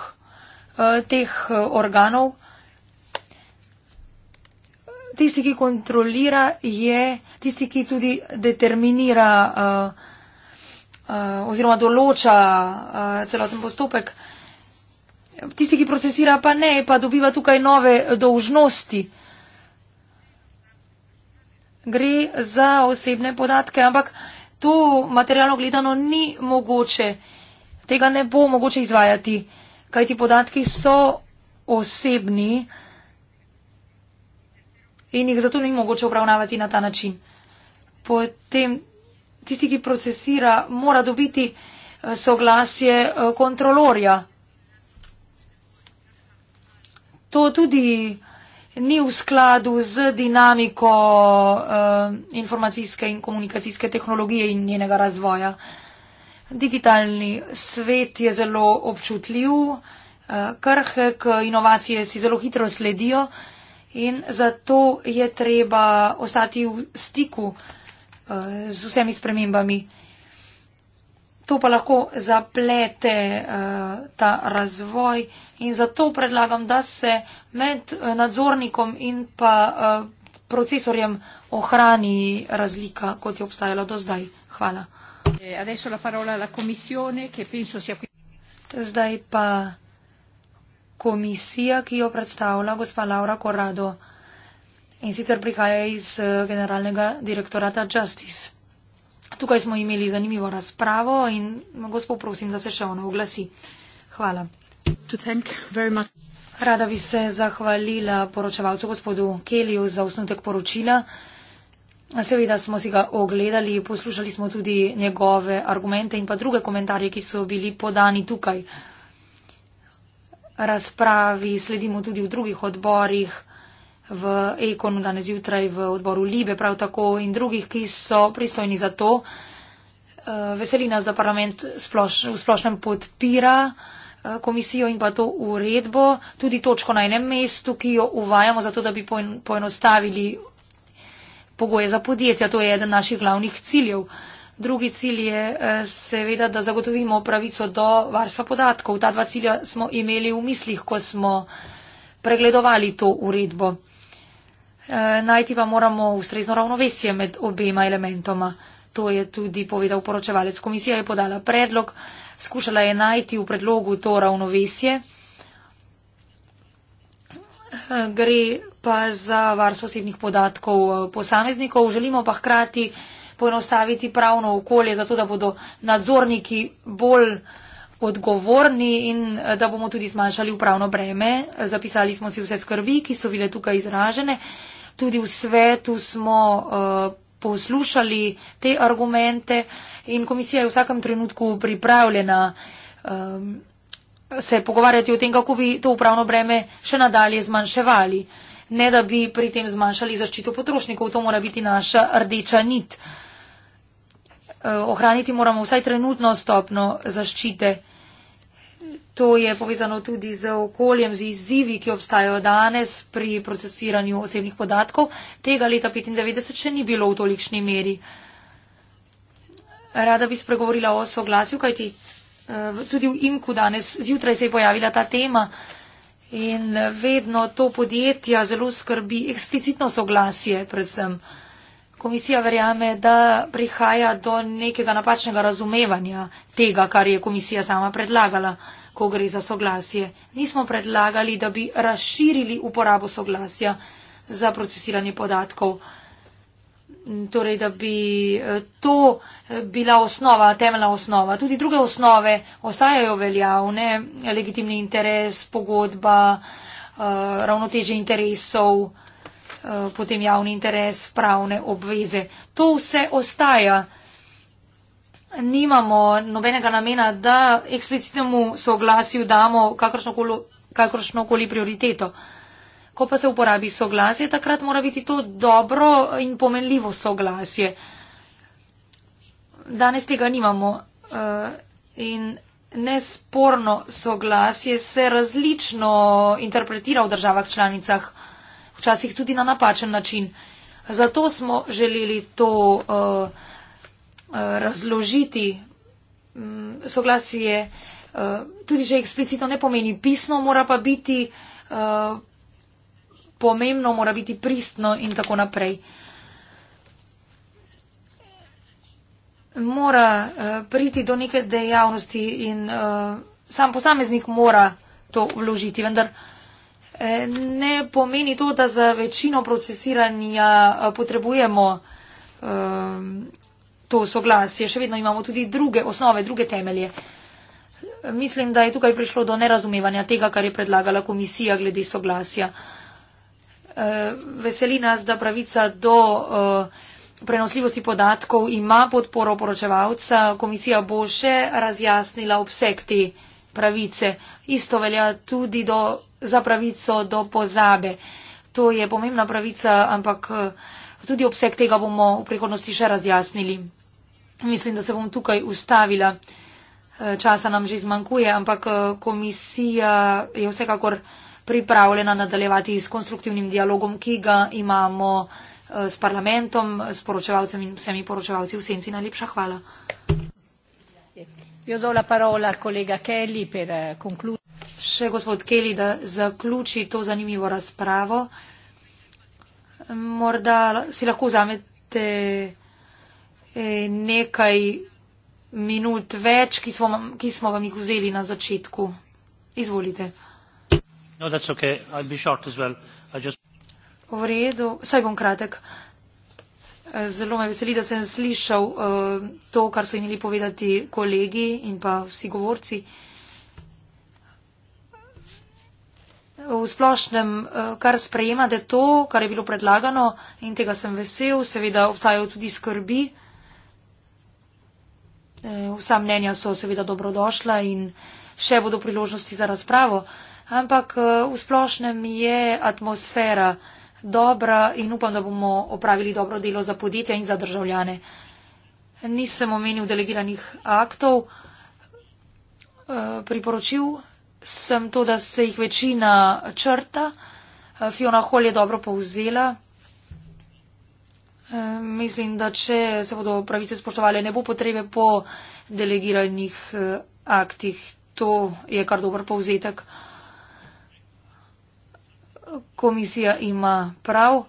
teh organov. Tisti, ki kontrolira, je tisti, ki tudi determinira. Uh, Eh, oziroma določa uh, celoten postopek. Tisti, ki procesira, pa ne, pa dobiva tukaj nove dolžnosti. Gre za osebne podatke, ampak to materialno gledano ni mogoče. Tega ne bo mogoče izvajati, kaj ti podatki so osebni in jih zato ni mogoče obravnavati na ta način. Potem tisti, ki procesira, mora dobiti eh, soglasje eh, kontrolorja. To tudi ni v skladu z dinamiko eh, informacijske in komunikacijske tehnologije in njenega razvoja. Digitalni svet je zelo občutljiv, eh, krhek, inovacije si zelo hitro sledijo in zato je treba ostati v stiku eh, Eh, z vsemi spremembami. To pa lahko zaplete eh, ta razvoj in zato predlagam, da se med eh, nadzornikom in pa procesorjem ohrani razlika, kot je obstajala do zdaj. Hvala. Zdaj pa komisija, ki jo predstavlja gospa Laura Korado in sicer prihaja iz eh, generalnega direktorata Justice. Tukaj smo imeli zanimivo razpravo in gospod prosim, da se še ona oglasi. Hvala. Rada bi se zahvalila poročevalcu gospodu Keliju za osnutek poročila. Seveda smo si ga ogledali, poslušali smo tudi njegove argumente in pa druge komentarje, ki so bili podani tukaj. Razpravi sledimo tudi v drugih odborih v Ekonu danes jutraj, v odboru Libe prav tako in drugih, ki so pristojni za to. Eh, veseli nas, da parlament sploš, v splošnem podpira eh, komisijo in pa to uredbo, tudi točko na enem mestu, ki jo uvajamo zato, da bi poenostavili pogoje za podjetja. To je eden naših glavnih ciljev. Drugi cilj je eh, seveda, da zagotovimo pravico do varstva podatkov. Ta dva cilja smo imeli v mislih, ko smo pregledovali to uredbo. Eh, najti pa moramo ustrezno ravnovesje med obema elementoma. To je tudi povedal poročevalec. Komisija je podala predlog, skušala je najti v predlogu to ravnovesje. Eh, gre pa za varstvo osebnih podatkov eh, posameznikov. Želimo pa hkrati poenostaviti pravno okolje, zato da bodo nadzorniki bolj odgovorni in da bomo tudi zmanjšali upravno breme. Zapisali smo si vse skrbi, ki so bile tukaj izražene tudi v svetu smo eh, poslušali te argumente in komisija je v vsakem trenutku pripravljena eh, se pogovarjati o tem, kako bi to upravno breme še nadalje zmanjševali, ne da bi pri tem zmanjšali zaščito potrošnikov. To mora biti naša rdeča nit. Eh, ohraniti moramo vsaj trenutno stopno zaščite. To je povezano tudi z okoljem, z izzivi, ki obstajajo danes pri procesiranju osebnih podatkov. Tega leta 1995 še ni bilo v tolikšni meri. Rada bi spregovorila o soglasju, kajti eh, tudi v Imku danes zjutraj se je pojavila ta tema in eh, vedno to podjetja zelo skrbi eksplicitno soglasje predvsem. Komisija verjame, da prihaja do nekega napačnega razumevanja tega, kar je komisija sama predlagala ko gre za soglasje. Nismo predlagali, da bi razširili uporabo soglasja za procesiranje podatkov. Torej, da bi eh, to bila osnova, temeljna osnova. Tudi druge osnove ostajajo veljavne, legitimni interes, pogodba, eh, ravnoteže interesov, eh, potem javni interes, pravne obveze. To vse ostaja nimamo nobenega namena, da eksplicitnemu soglasju damo kakršno koli prioriteto. Ko pa se uporabi soglasje, takrat mora biti to dobro in pomenljivo soglasje. Danes tega nimamo eh, in nesporno soglasje se različno interpretira v državah članicah, včasih tudi na napačen način. Zato smo želeli to uh, Eh, razložiti. Mm, soglasje eh, tudi že eksplicitno ne pomeni pismo, mora pa biti eh, pomembno, mora biti pristno in tako naprej. Mora priti do neke dejavnosti in sam posameznik mora to vložiti, vendar ne pomeni to, da za večino procesiranja potrebujemo to soglasje, še vedno imamo tudi druge osnove, druge temelje. Mislim, da je tukaj prišlo do nerazumevanja tega, kar je predlagala komisija glede soglasja. E, veseli nas, da pravica do e, prenosljivosti podatkov ima podporo poročevalca. Komisija bo še razjasnila obseg te pravice. Isto velja tudi do, za pravico do pozabe. To je pomembna pravica, ampak. Uh, tudi obseg tega bomo v prihodnosti še razjasnili. Mislim, da se bom tukaj ustavila. E, časa nam že izmanjkuje, ampak e, komisija je vsekakor pripravljena nadaljevati s konstruktivnim dialogom, ki ga imamo e, s parlamentom, s poročevalcem in vsemi poročevalci v senci. Najlepša hvala. Eh, še gospod Kelly, da zaključi to zanimivo razpravo morda si lahko vzamete eh, nekaj minut več, ki smo, ki smo vam jih vzeli na začetku. Izvolite. No, that's okay. I'll be short as well. I just... V redu, saj bom kratek. Zelo me veseli, da sem slišal uh, to, kar so imeli povedati kolegi in pa vsi govorci. Uh, v splošnem eh, kar sprejemate to, kar je bilo predlagano in tega sem vesel, seveda obstajajo tudi skrbi. Eh, vsa mnenja so seveda dobrodošla in še bodo priložnosti za razpravo, ampak eh, v splošnem je atmosfera dobra in upam, da bomo opravili dobro delo za podjetja in za državljane. Nisem omenil delegiranih aktov, priporočil sem to, da se jih večina črta. Fiona Hall je dobro povzela. E, mislim, da če se bodo pravice spoštovali, ne bo potrebe po delegiranih e, aktih. To je kar dober povzetek. Komisija ima prav.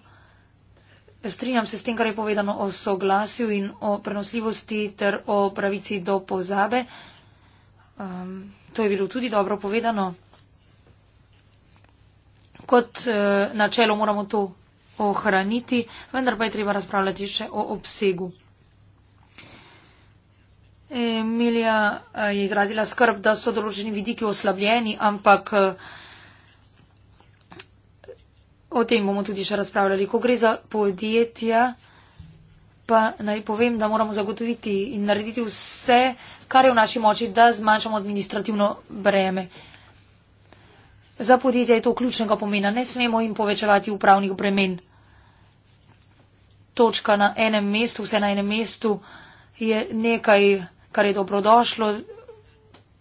Strinjam se s tem, kar je povedano o soglasju in o prenosljivosti ter o pravici do pozabe. Um, to je bilo tudi dobro povedano. Kot e, načelo moramo to ohraniti, vendar pa je treba razpravljati še o obsegu. Emilija eh, je izrazila skrb, da so določeni vidiki oslabljeni, ampak eh, o tem bomo tudi še razpravljali. Ko gre za podjetja, pa naj povem, da moramo zagotoviti in narediti vse, kar je v naši moči, da zmanjšamo administrativno breme. Za podjetja je to ključnega pomena. Ne smemo jim povečevati upravnih bremen. Točka na enem mestu, vse na enem mestu je nekaj, kar je dobrodošlo.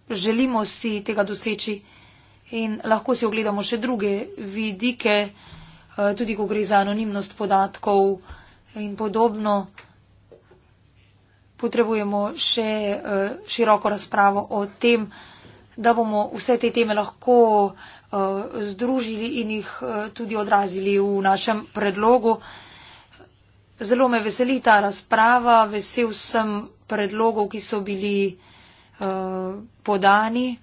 Želimo si tega doseči in lahko si ogledamo še druge vidike, eh, tudi ko gre za anonimnost podatkov in podobno potrebujemo še uh, široko razpravo o tem, da bomo vse te teme lahko uh, združili in jih uh, tudi odrazili v našem predlogu. Zelo me veseli ta razprava, vesel sem predlogov, ki so bili uh, podani.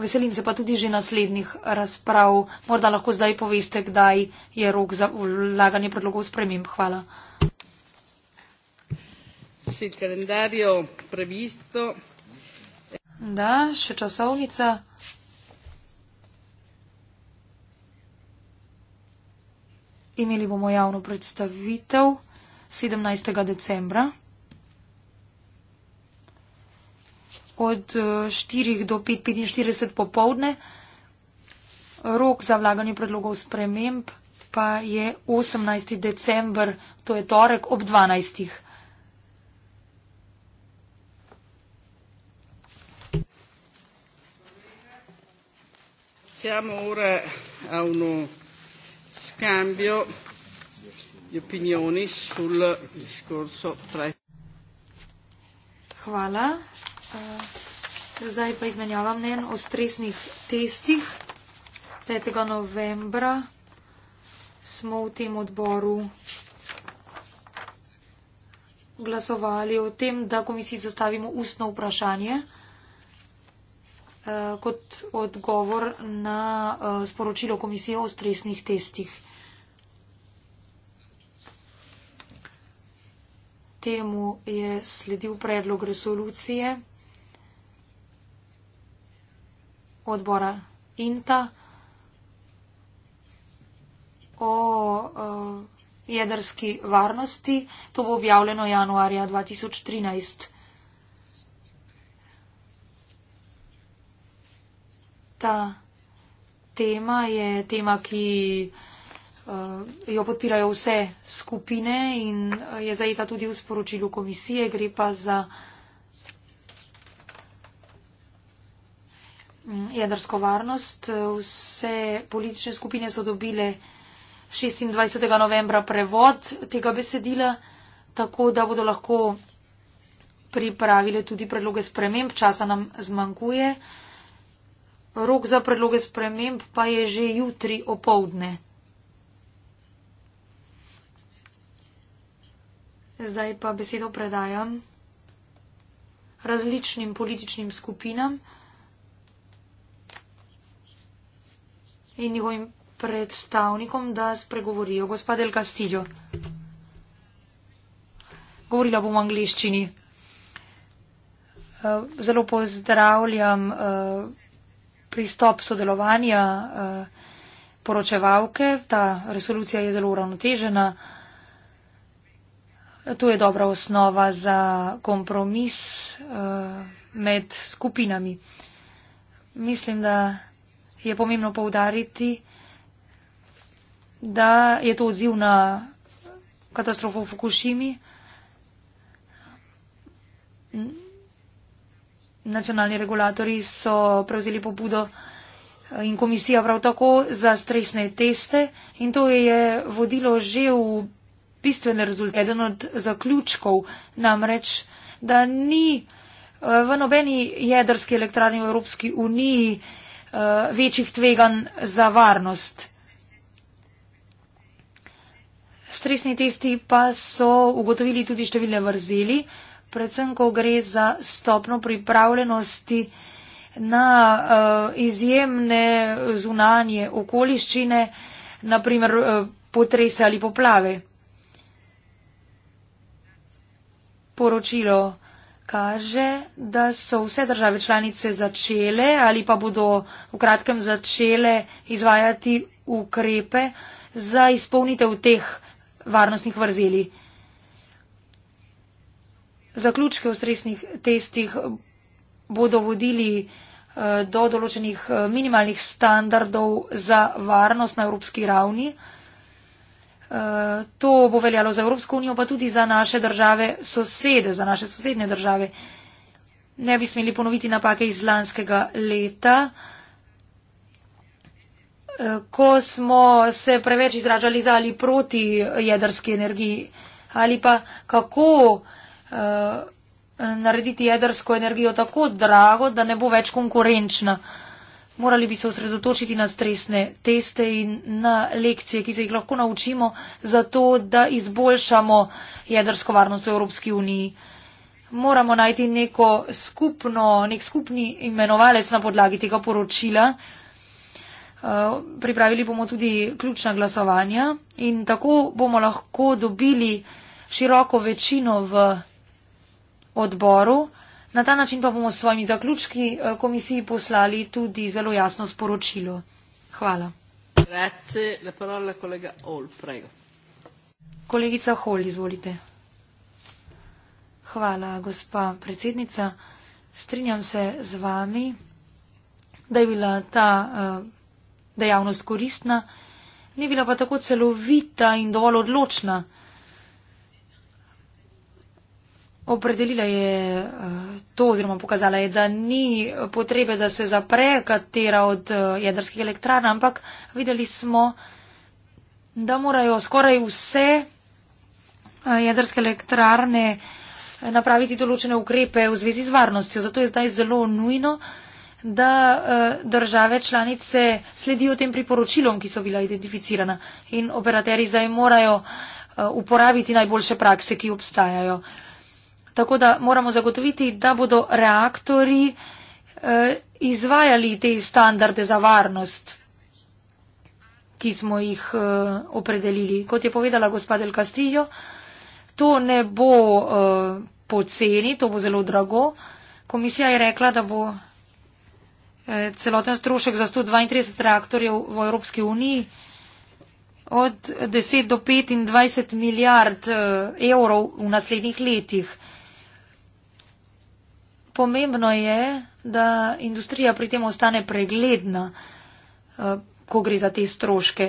Veselim se pa tudi že naslednjih razprav. Morda lahko zdaj poveste, kdaj je rok za vlaganje predlogov sprememb. Hvala. Sì, calendario previsto. Da, še časovnica. Imeli bomo javno predstavitev 17. decembra. Od 4 eh, do 5.45 popoldne. Rok za vlaganje predlogov sprememb pa je 18. december, to je torek ob 12. Siamo ora a uno scambio di opinioni sul discorso tra. Hvala. Eh, zdaj pa izmenjavam mnen o stresnih testih. 5. novembra smo v tem odboru glasovali o tem, da komisiji zastavimo ustno vprašanje. Eh, kot odgovor na eh, sporočilo komisije o stresnih testih. Temu je sledil predlog resolucije odbora INTA o eh, jedrski varnosti. To bo objavljeno januarja 2013. ta tema je tema, ki eh, jo podpirajo vse skupine in eh, je zajeta tudi v sporočilu komisije. Gre pa za mm, jedrsko varnost. Vse politične skupine so dobile 26. novembra prevod tega besedila, tako da bodo lahko pripravile tudi predloge sprememb. Časa nam zmanjkuje. Rok za predloge sprememb pa je že jutri opovdne. Zdaj pa besedo predajam različnim političnim skupinam in njihovim predstavnikom, da spregovorijo. Gospa Del Castillo, govorila bom v angliščini. Eh, zelo pozdravljam eh, pristop sodelovanja eh, poročevalke. Ta resolucija je zelo uravnotežena. Tu je dobra osnova za kompromis eh, med skupinami. Mislim, da je pomembno povdariti, da je to odziv na katastrofo v Fukushimi nacionalni regulatori so prevzeli pobudo eh, in komisija prav tako za stresne teste in to je vodilo že v bistvene rezultate. Eden od zaključkov namreč, da ni eh, v nobeni jedrski elektrarni v Evropski uniji eh, večjih tveganj za varnost. Stresni testi pa so ugotovili tudi številne vrzeli, predvsem, ko gre za stopno pripravljenosti na uh, izjemne zunanje okoliščine, naprimer uh, eh, potrese ali poplave. Poročilo kaže, da so vse države članice začele ali pa bodo v kratkem začele izvajati ukrepe za izpolnitev teh varnostnih vrzeli zaključke v stresnih testih bodo vodili eh, do določenih eh, minimalnih standardov za varnost na evropski ravni. Eh, to bo veljalo za Evropsko unijo, pa tudi za naše države sosede, za naše sosednje države. Ne bi smeli ponoviti napake iz lanskega leta, ko smo se preveč izražali za ali proti jedrski energiji ali pa kako uh, narediti jedrsko energijo tako drago, da ne bo več konkurenčna. Morali bi se osredotočiti na stresne teste in na lekcije, ki se jih lahko naučimo, zato da izboljšamo jedrsko varnost v Evropski uniji. Moramo najti neko skupno, nek skupni imenovalec na podlagi tega poročila. Eh, pripravili bomo tudi ključna glasovanja in tako bomo lahko dobili široko večino v odboru. Na ta način pa bomo s svojimi zaključki eh, komisiji poslali tudi zelo jasno sporočilo. Hvala. Grazie, la parola kolega Hall, prego. Kolegica Hall, izvolite. Hvala, gospa predsednica. Strinjam se z vami, da je bila ta eh, dejavnost koristna, ni bila pa tako celovita in dovolj odločna. Opredelila je eh, to oziroma pokazala je, da ni potrebe, da se zapre katera od eh, jedrskih elektran, ampak videli smo, da morajo skoraj vse eh, jedrske elektrarne napraviti določene ukrepe v zvezi z varnostjo. Zato je zdaj zelo nujno, da države članice sledijo tem priporočilom, ki so bila identificirana in operateri zdaj morajo uporabiti najboljše prakse, ki obstajajo tako da moramo zagotoviti, da bodo reaktori eh, izvajali te standarde za varnost, ki smo jih eh, opredelili. Kot je povedala gospa Del Castillo, to ne bo eh, poceni, to bo zelo drago. Komisija je rekla, da bo celoten strošek za 132 reaktorjev v Evropski uniji od 10 do 25 milijard evrov v naslednjih letih pomembno je, da industrija pri tem ostane pregledna, eh, ko gre za te stroške.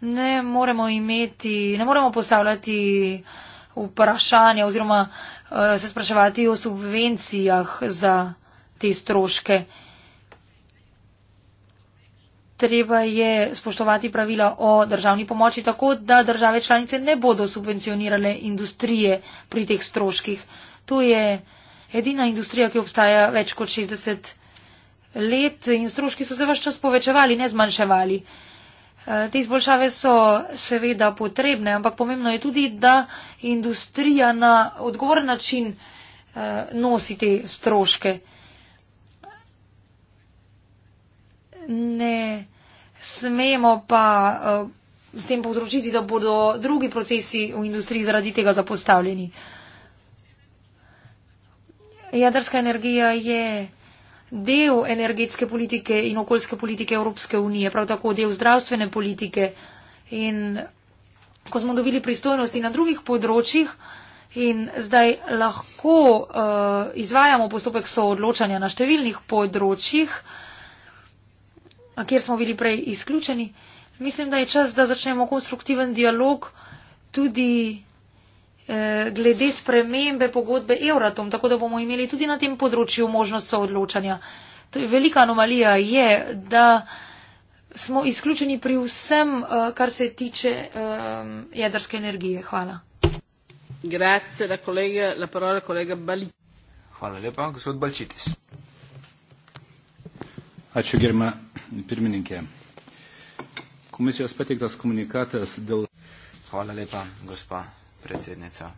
Ne moremo imeti, ne moremo postavljati vprašanja oziroma eh, se spraševati o subvencijah za te stroške treba je spoštovati pravila o državni pomoči, tako da države članice ne bodo subvencionirale industrije pri teh stroških. To je edina industrija, ki obstaja več kot 60 let in stroški so se vaš čas povečevali, ne zmanjševali. E, te izboljšave so seveda potrebne, ampak pomembno je tudi, da industrija na odgovoren način e, nosi te stroške. ne smemo pa eh, s tem povzročiti, da bodo drugi procesi v industriji zaradi tega zapostavljeni. Jadrska energija je del energetske politike in okoljske politike Evropske unije, prav tako del zdravstvene politike. In ko smo dobili pristojnosti na drugih področjih in zdaj lahko uh, izvajamo postopek soodločanja na številnih področjih, uh, kjer smo bili prej izključeni. Mislim, da je čas, da začnemo konstruktiven dialog tudi eh, glede spremembe pogodbe Euratom, tako da bomo imeli tudi na tem področju možnost soodločanja. Velika anomalija je, da smo izključeni pri vsem, eh, kar se tiče eh, jedrske energije. Hvala. Grazie, la collega, la parola collega Bali. Hvala lepa, gospod Balčitis. Ačiū gerima pirmininkė. Komisijos pateiktas komunikatas dėl. Hvala lepa, gospa predsednica.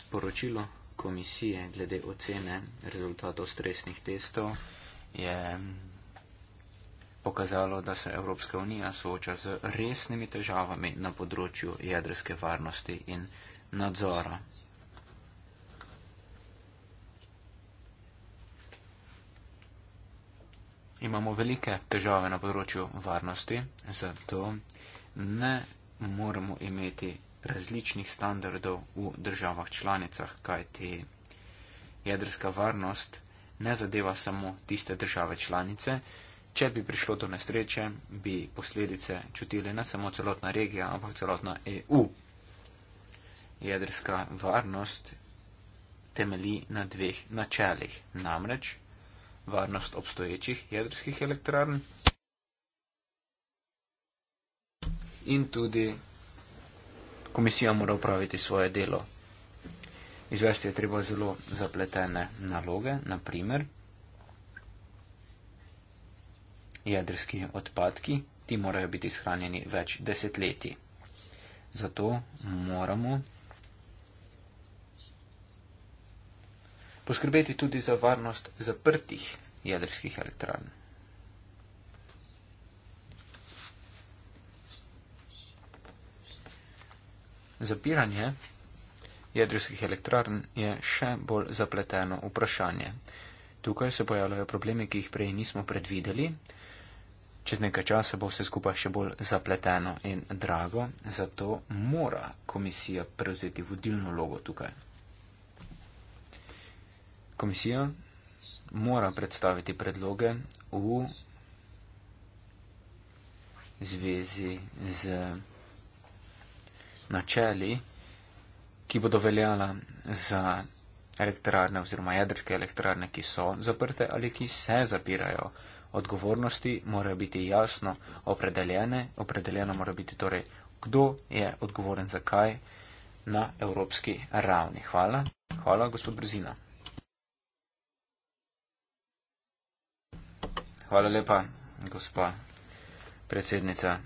Sporočilo komisije glede ocene rezultatov stresnih testov je pokazalo, da se Evropska unija sooča z resnimi težavami na področju jedrske varnosti in nadzora. imamo velike težave na področju varnosti, zato ne moramo imeti različnih standardov v državah članicah, kajti jedrska varnost ne zadeva samo tiste države članice. Če bi prišlo do nesreče, bi posledice čutili ne samo celotna regija, ampak celotna EU. Jedrska varnost temelji na dveh načelih, namreč varnost obstoječih jedrskih elektrarn in tudi komisija mora upraviti svoje delo. Izvesti je treba zelo zapletene naloge, naprimer jedrski odpadki, ti morajo biti shranjeni več desetletij. Zato moramo poskrbeti tudi za varnost zaprtih jedrskih elektran. Zapiranje jedrskih elektrarn je še bolj zapleteno vprašanje. Tukaj se pojavljajo problemi, ki jih prej nismo predvideli. Čez nekaj časa bo vse skupaj še bolj zapleteno in drago, zato mora komisija prevzeti vodilno logo tukaj. Komisija mora predstaviti predloge v zvezi z načeli, ki bodo veljala za elektrarne oziroma jedrske elektrarne, ki so zaprte ali ki se zapirajo. Odgovornosti morajo biti jasno opredeljene, opredeljeno mora biti torej, kdo je odgovoren za kaj na evropski ravni. Hvala. Hvala, gospod Brzina. Hvala lepa, gospa predsednica.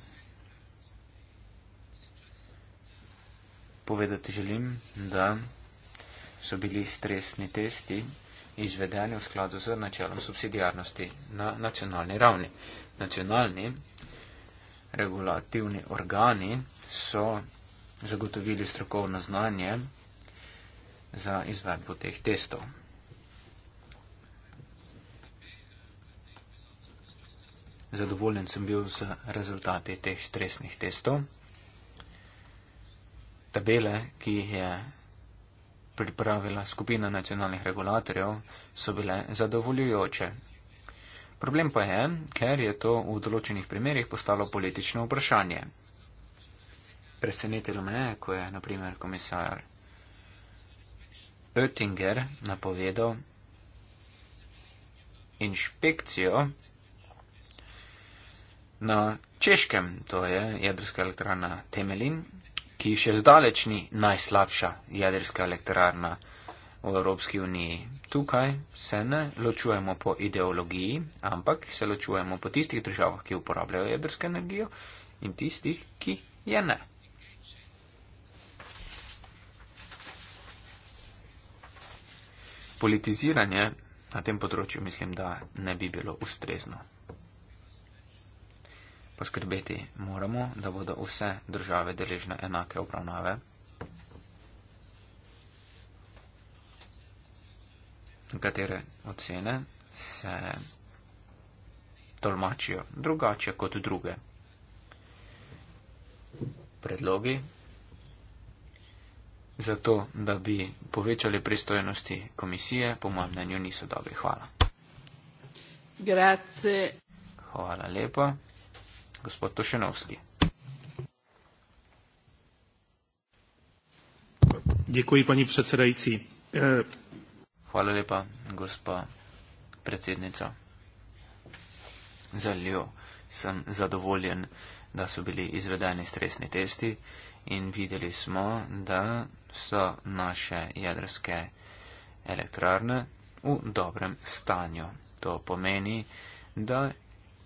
Povedati želim, da so bili stresni testi izvedeni v skladu z načelom subsidijarnosti na nacionalni ravni. Nacionalni regulativni organi so zagotovili strokovno znanje za izvedbo teh testov. zadovoljen sem bil z rezultati teh stresnih testov. Tabele, ki jih je pripravila skupina nacionalnih regulatorjev, so bile zadovoljujoče. Problem pa je, ker je to v določenih primerjih postalo politično vprašanje. Presenetilo me je, ko je naprimer komisar Oettinger napovedal inšpekcijo Na češkem to je jedrska elektrarna Temelin, ki še zdaleč ni najslabša jedrska elektrarna v Evropski uniji. Tukaj se ne ločujemo po ideologiji, ampak se ločujemo po tistih državah, ki uporabljajo jedrsko energijo in tistih, ki je ne. Politiziranje na tem področju mislim, da ne bi bilo ustrezno. Poskrbeti moramo, da bodo vse države deležne enake obravnave. Nekatere ocene se tolmačijo drugače kot druge. Predlogi za to, da bi povečali pristojnosti komisije, po mojem mnenju niso dobri. Hvala. Grazie. Hvala lepa gospod Tošenovski. Děkuji, paní předsedající. Eh, Hvala lepa, gospa predsednica. Zaljo sem zadovoljen, da so bili izvedeni stresni testi in videli smo, da so naše jedrske elektrarne v dobrem stanju. To pomeni, da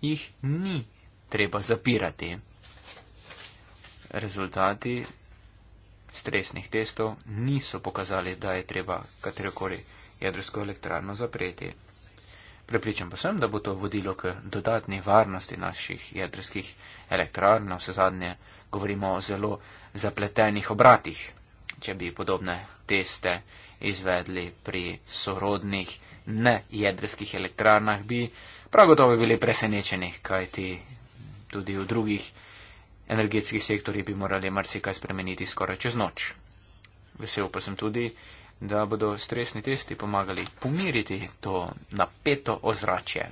jih ni treba zapirati. Rezultati stresnih testov niso pokazali, da je treba katerokoli jedrsko elektrarno zapreti. Prepričan pa sem, da bo to vodilo k dodatni varnosti naših jedrskih elektrarn, vse zadnje govorimo o zelo zapletenih obratih, če bi podobne teste izvedli pri sorodnih nejedrskih elektrarnah, bi prav gotovo bili presenečeni, kajti tudi v drugih energetskih sektorjih bi morali marsikaj spremeniti skoraj čez noč. Vesel pa sem tudi, da bodo stresni testi pomagali pomiriti to napeto ozračje.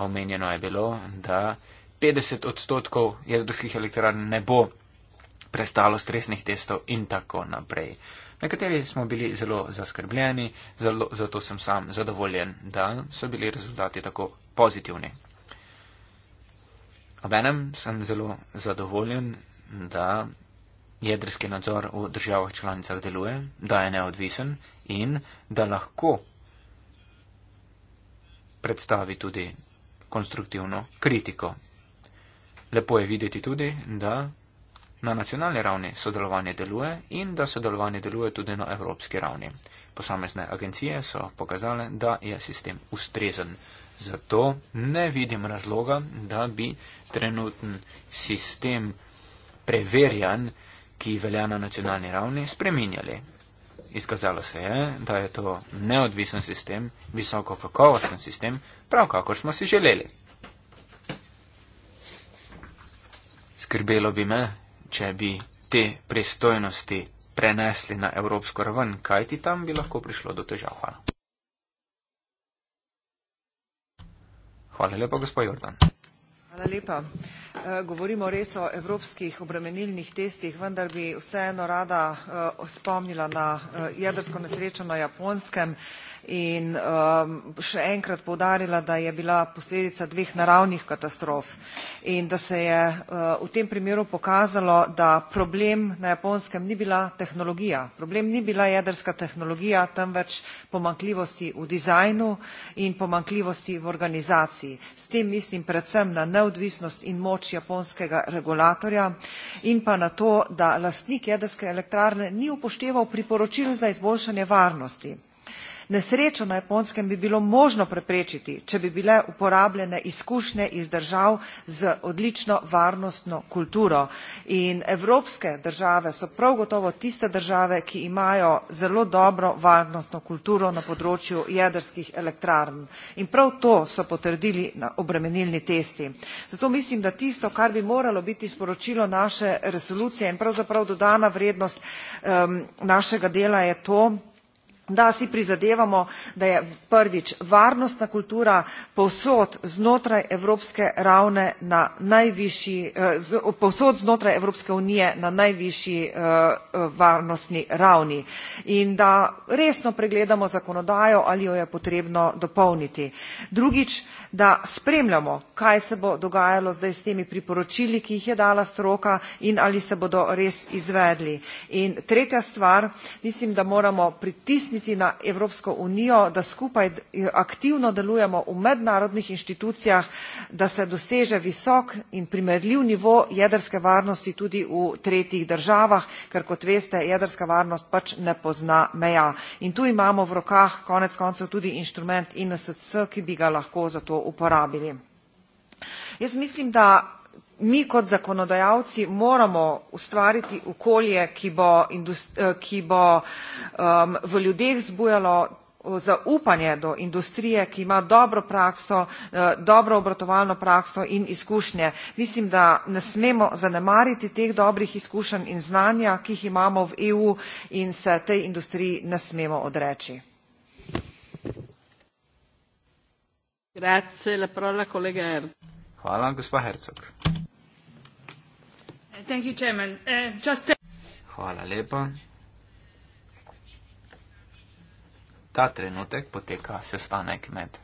Omenjeno je bilo, da 50 odstotkov jedrskih elektrarn ne bo prestalo stresnih testov in tako naprej. Nekateri smo bili zelo zaskrbljeni, zelo, zato sem sam zadovoljen, da so bili rezultati tako pozitivni. Obenem sem zelo zadovoljen, da jedrski nadzor v državah članicah deluje, da je neodvisen in da lahko predstavi tudi konstruktivno kritiko. Lepo je videti tudi, da Na nacionalni ravni sodelovanje deluje in da sodelovanje deluje tudi na evropski ravni. Posamezne agencije so pokazale, da je sistem ustrezen. Zato ne vidim razloga, da bi trenutni sistem preverjan, ki velja na nacionalni ravni, spreminjali. Izkazalo se je, da je to neodvisen sistem, visoko kakovosten sistem, prav kakor smo si želeli. Skrbelo bi me, če bi te pristojnosti prenesli na evropsko raven, kaj ti tam bi lahko prišlo do težav. Hvala. Hvala lepa, gospod Jordan. Hvala lepa. Eh, govorimo res o evropskih obremenilnih testih, vendar bi vseeno rada eh, spomnila na eh, jedrsko nesrečo na japonskem in um, še enkrat poudarila, da je bila posledica dveh naravnih katastrof in da se je uh, v tem primeru pokazalo, da problem na Japonskem ni bila tehnologija. Problem ni bila jedrska tehnologija, temveč pomankljivosti v dizajnu in pomankljivosti v organizaciji. S tem mislim predvsem na neodvisnost in moč japonskega regulatorja in pa na to, da lastnik jedrske elektrarne ni upošteval priporočil za izboljšanje varnosti. Nesrečo na japonskem bi bilo možno preprečiti, če bi bile uporabljene izkušnje iz držav z odlično varnostno kulturo. In evropske države so prav gotovo tiste države, ki imajo zelo dobro varnostno kulturo na področju jedrskih elektrarn. In prav to so potrdili na obremenilni testi. Zato mislim, da tisto, kar bi moralo biti sporočilo naše resolucije in pravzaprav dodana vrednost um, našega dela je to, da si prizadevamo, da je prvič varnostna kultura povsod znotraj Evropske ravne na najvišji, eh, povsod znotraj Evropske unije na najvišji eh, eh, varnostni ravni in da resno pregledamo zakonodajo, ali jo je potrebno dopolniti. Drugič, da spremljamo, kaj se bo dogajalo zdaj s temi priporočili, ki jih je dala stroka in ali se bodo res izvedli. In tretja stvar, mislim, da moramo pritisniti na Evropsko unijo, da skupaj aktivno delujemo v mednarodnih inštitucijah, da se doseže visok in primerljiv nivo jedrske varnosti tudi v tretjih državah, ker kot veste, jedrska varnost pač ne pozna meja. In tu imamo v rokah konec koncev tudi inštrument INSC, ki bi ga lahko za to uporabili. Jaz mislim, da mi kot zakonodajalci moramo ustvariti okolje, ki bo, eh, ki bo um, v ljudeh zbujalo zaupanje do industrije, ki ima dobro prakso, eh, dobro obratovalno prakso in izkušnje. Mislim, da ne smemo zanemariti teh dobrih izkušenj in znanja, ki jih imamo v EU in se tej industriji ne smemo odreči. Grazie, la parola collega Herzog. Hvala, gospa Herzog. Thank you, Chairman. Uh, just... Hvala lepa. Ta trenutek poteka sestanek med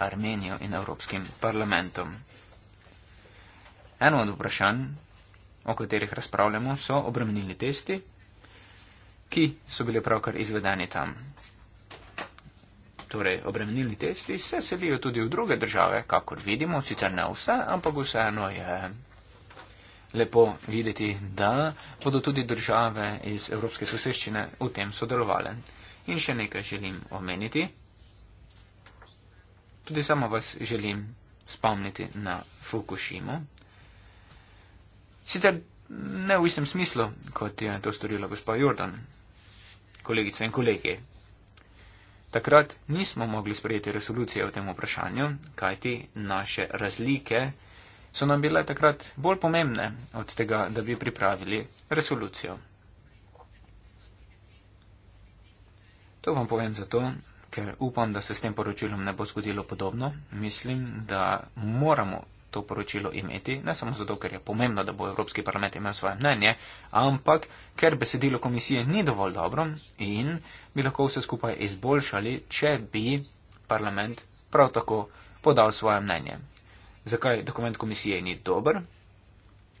Armenijo in Evropskim parlamentom. Eno od vprašanj, o katerih razpravljamo, so obremenili testi, ki so bili pravkar izvedeni tam torej obremenili testi, se selijo tudi v druge države, kakor vidimo, sicer ne vse, ampak vseeno je lepo videti, da bodo tudi države iz Evropske soseščine v tem sodelovali. In še nekaj želim omeniti. Tudi samo vas želim spomniti na Fukushimo. Sicer ne v istem smislu, kot je to storila gospa Jordan. Kolegice in kolegi, Takrat nismo mogli sprejeti resolucije o tem vprašanju, kajti naše razlike so nam bile takrat bolj pomembne od tega, da bi pripravili resolucijo. To vam povem zato, ker upam, da se s tem poročilom ne bo zgodilo podobno. Mislim, da moramo to poročilo imeti, ne samo zato, ker je pomembno, da bo Evropski parlament imel svoje mnenje, ampak ker besedilo komisije ni dovolj dobro in bi lahko vse skupaj izboljšali, če bi parlament prav tako podal svoje mnenje. Zakaj dokument komisije ni dober?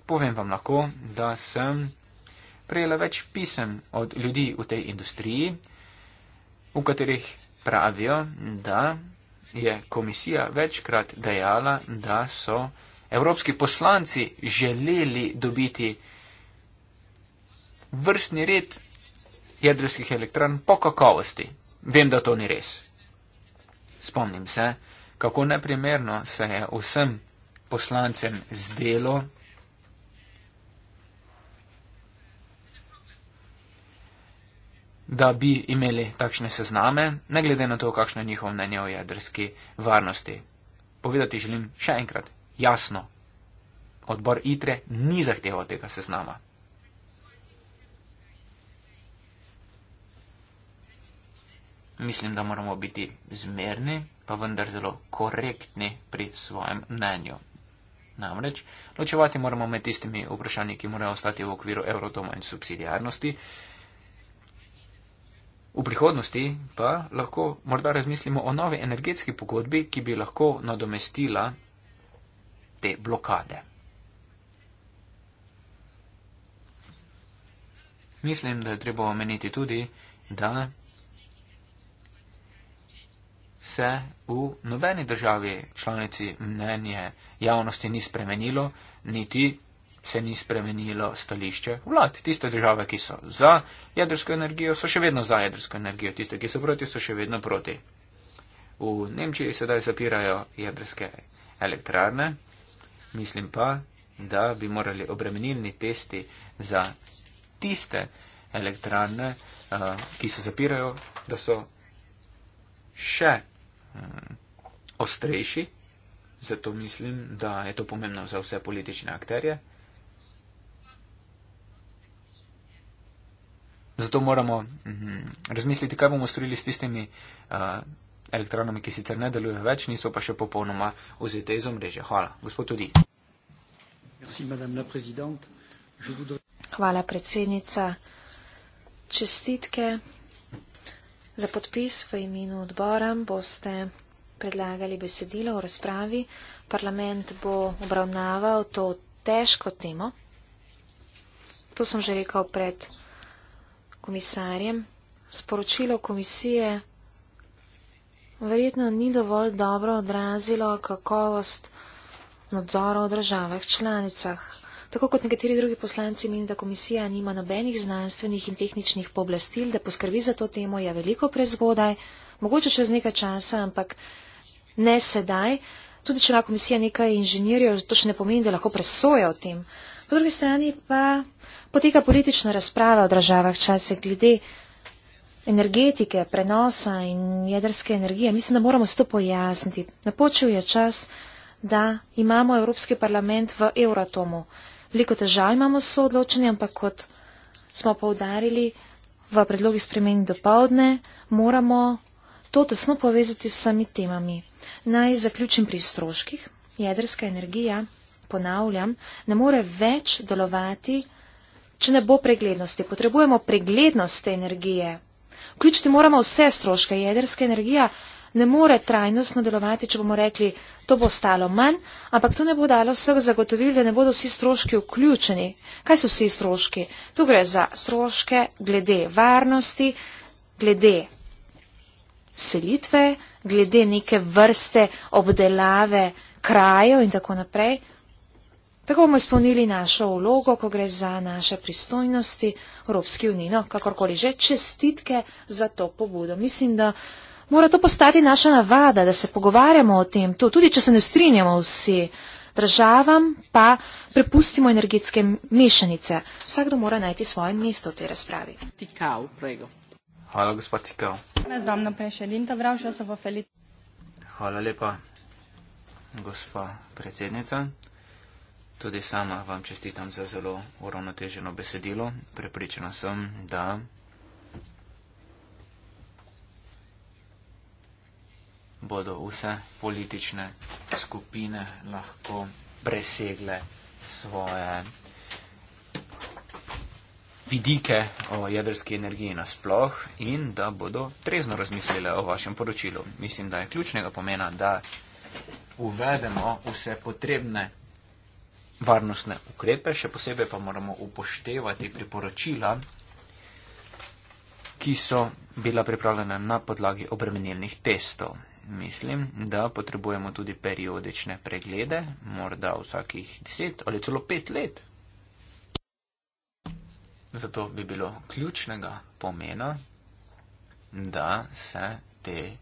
Povem vam lahko, da sem prejela več pisem od ljudi v tej industriji, v katerih pravijo, da je komisija večkrat dejala, da so evropski poslanci želeli dobiti vrstni red jedrskih elektran po kakovosti. Vem, da to ni res. Spomnim se, kako neprimerno se je vsem poslancem zdelo, da bi imeli takšne sezname, ne glede na to, kakšno je njihovo mnenje o jedrski varnosti. Povedati želim še enkrat, jasno, odbor ITRE ni zahteval tega seznama. Mislim, da moramo biti zmerni, pa vendar zelo korektni pri svojem mnenju. Namreč, ločevati moramo med tistimi vprašanji, ki morajo ostati v okviru evrotoma in subsidijarnosti, V prihodnosti pa lahko morda razmislimo o novi energetski pogodbi, ki bi lahko nadomestila te blokade. Mislim, da je treba omeniti tudi, da se v nobeni državi članici mnenje javnosti ni spremenilo, niti se ni spremenilo stališče vlad. Tiste države, ki so za jedrsko energijo, so še vedno za jedrsko energijo. Tiste, ki so proti, so še vedno proti. V Nemčiji sedaj zapirajo jedrske elektrarne. Mislim pa, da bi morali obremenilni testi za tiste elektrarne, eh, ki se zapirajo, da so še eh, ostrejši. Zato mislim, da je to pomembno za vse politične akterje. Zato moramo mm, razmisliti, kaj bomo storili s tistimi uh, elektronami, ki sicer ne delujejo več, niso pa še popolnoma vzete iz omrežja. Hvala. Gospod Tudi. Hvala, predsednica. Čestitke za podpis v imenu odbora boste predlagali besedilo o razpravi. Parlament bo obravnaval to težko temo. To sem že rekel pred komisarjem, sporočilo komisije verjetno ni dovolj dobro odrazilo kakovost nadzora v državah članicah. Tako kot nekateri drugi poslanci meni, da komisija nima nobenih znanstvenih in tehničnih pooblastil, da poskrbi za to temo, je veliko prezgodaj, mogoče čez nekaj časa, ampak ne sedaj. Tudi če ima komisija nekaj inženirjev, to še ne pomeni, da lahko presoja o tem. Po drugi strani pa poteka politična razprava v državah čase glede energetike, prenosa in jedrske energije. Mislim, da moramo se to pojasniti. Napočil je čas, da imamo Evropski parlament v Euratomu. Veliko težav imamo s soodločenjem, ampak kot smo poudarili v predlogi spremeni do povdne, moramo to tesno povezati s sami temami. Naj zaključim pri stroških. Jedrska energija, ponavljam, ne more več delovati če ne bo preglednosti. Potrebujemo preglednost te energije. Vključiti moramo vse stroške. Jedrska energija ne more trajnostno delovati, če bomo rekli, to bo stalo manj, ampak to ne bo dalo vseh zagotovil, da ne bodo vsi stroški vključeni. Kaj so vsi stroški? Tu gre za stroške glede varnosti, glede selitve, glede neke vrste obdelave krajev in tako naprej. Tako bomo izpolnili našo vlogo, ko gre za naše pristojnosti Evropski uniji, no, kakorkoli že, čestitke za to pobudo. Mislim, da mora to postati naša navada, da se pogovarjamo o tem, to, tudi če se ne strinjamo vsi državam, pa prepustimo energetske mešanice. Vsakdo mora najti svoje mesto v tej razpravi. Hvala, gospod Cikav. Hvala lepa, gospa predsednica. Tudi sama vam čestitam za zelo uravnoteženo besedilo. Prepričana sem, da. bodo vse politične skupine lahko presegle svoje vidike o jedrski energiji nasploh in da bodo trezno razmislile o vašem poročilu. Mislim, da je ključnega pomena, da uvedemo vse potrebne varnostne ukrepe, še posebej pa moramo upoštevati priporočila, ki so bila pripravljena na podlagi obremenilnih testov. Mislim, da potrebujemo tudi periodične preglede, morda vsakih deset ali celo pet let. Zato bi bilo ključnega pomena, da se te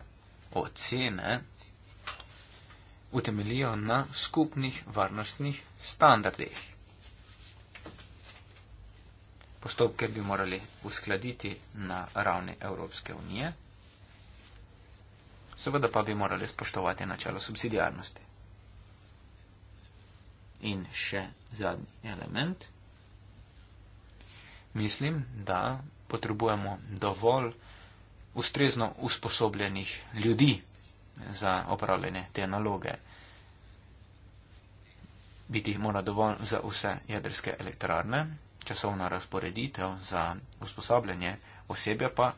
ocene utemeljijo na skupnih varnostnih standardih. Postopke bi morali uskladiti na ravni Evropske unije, seveda pa bi morali spoštovati načelo subsidijarnosti. In še zadnji element. Mislim, da potrebujemo dovolj ustrezno usposobljenih ljudi za opravljanje te naloge. Biti jih mora dovolj za vse jedrske elektrarne, časovna razporeditev za usposabljanje osebja pa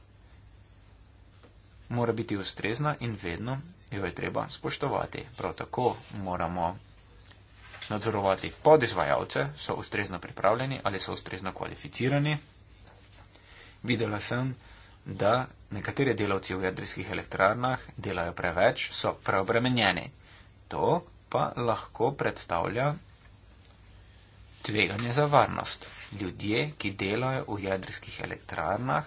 mora biti ustrezna in vedno jo je treba spoštovati. Prav tako moramo nadzorovati podizvajalce, so ustrezno pripravljeni ali so ustrezno kvalificirani. Videla sem, da nekateri delavci v jedrskih elektrarnah delajo preveč, so preobremenjeni. To pa lahko predstavlja tveganje za varnost. Ljudje, ki delajo v jedrskih elektrarnah,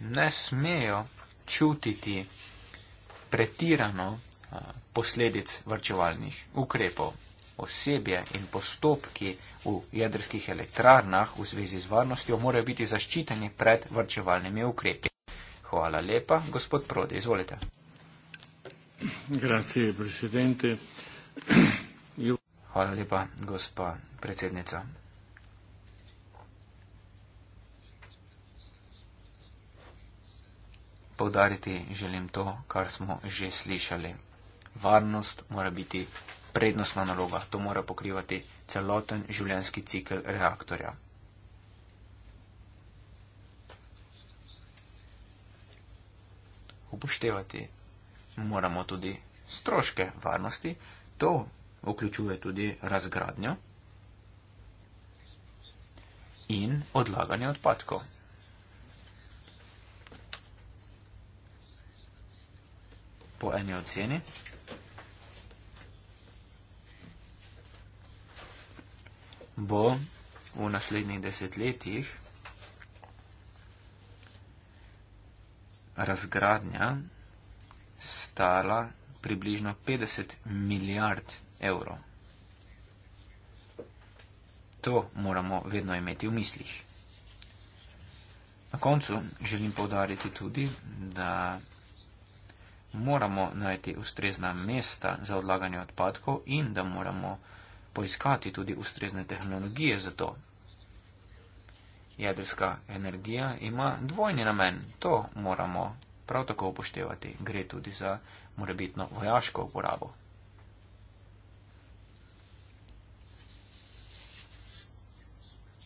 ne smejo čutiti pretirano eh, posledic vrčevalnih ukrepov osebje in postopki v jedrskih elektrarnah v zvezi z varnostjo morajo biti zaščiteni pred vrčevalnimi ukrepi. Hvala lepa, gospod Prodi, izvolite. Grazie, presidente. Hvala lepa, gospa predsednica. Povdariti želim to, kar smo že slišali. Varnost mora biti prednostna naloga, to mora pokrivati celoten življenski cikl reaktorja. Upoštevati moramo tudi stroške varnosti, to vključuje tudi razgradnjo in odlaganje odpadkov. Po eni oceni bo v naslednjih desetletjih razgradnja stala približno 50 milijard evrov. To moramo vedno imeti v mislih. Na koncu želim povdariti tudi, da moramo najti ustrezna mesta za odlaganje odpadkov in da moramo poiskati tudi ustrezne tehnologije za to. Jedrska energija ima dvojni namen, to moramo prav tako upoštevati. Gre tudi za morebitno vojaško uporabo.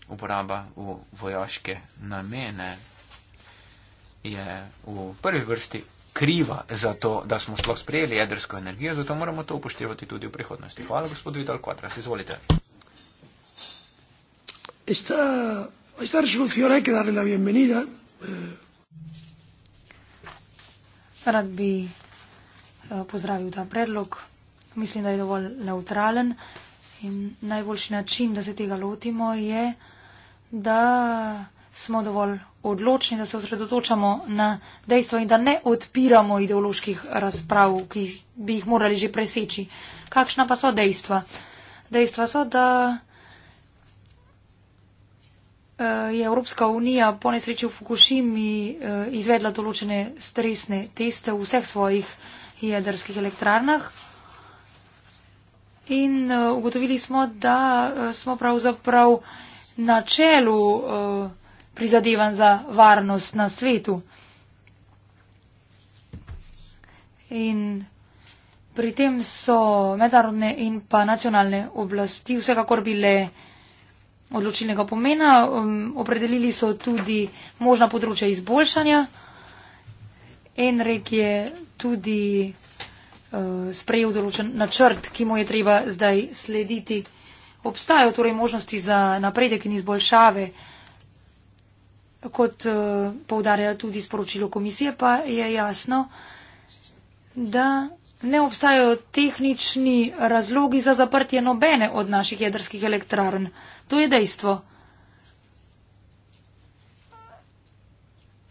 Uporaba v vojaške namene je v prvi vrsti kriva za to, da smo sploh sprejeli jedrsko energijo, zato moramo to upoštevati tudi v prihodnosti. Hvala, gospod Vidal Quadras, izvolite. Esta, esta eh. Rad bi eh, pozdravil ta predlog. Mislim, da je dovolj neutralen in najboljši način, da se tega lotimo, je, da smo dovolj odločni, da se osredotočamo na dejstvo in da ne odpiramo ideoloških razprav, ki bi jih morali že preseči. Kakšna pa so dejstva? Dejstva so, da eh, je Evropska unija po nesreči v Fukushimi eh, izvedla določene stresne teste v vseh svojih jedrskih elektrarnah. In eh, ugotovili smo, da smo pravzaprav na čelu uh, prizadevanj za varnost na svetu. In pri tem so mednarodne in pa nacionalne oblasti vsekakor bile odločilnega pomena. Um, opredelili so tudi možna področja izboljšanja. Enrik je tudi uh, sprejel določen načrt, ki mu je treba zdaj slediti. Obstajajo torej možnosti za napredek in izboljšave. Uh, kot eh, poudarja tudi sporočilo komisije, pa je jasno, da ne obstajajo tehnični razlogi za zaprtje nobene od naših jedrskih elektrarn. To je dejstvo.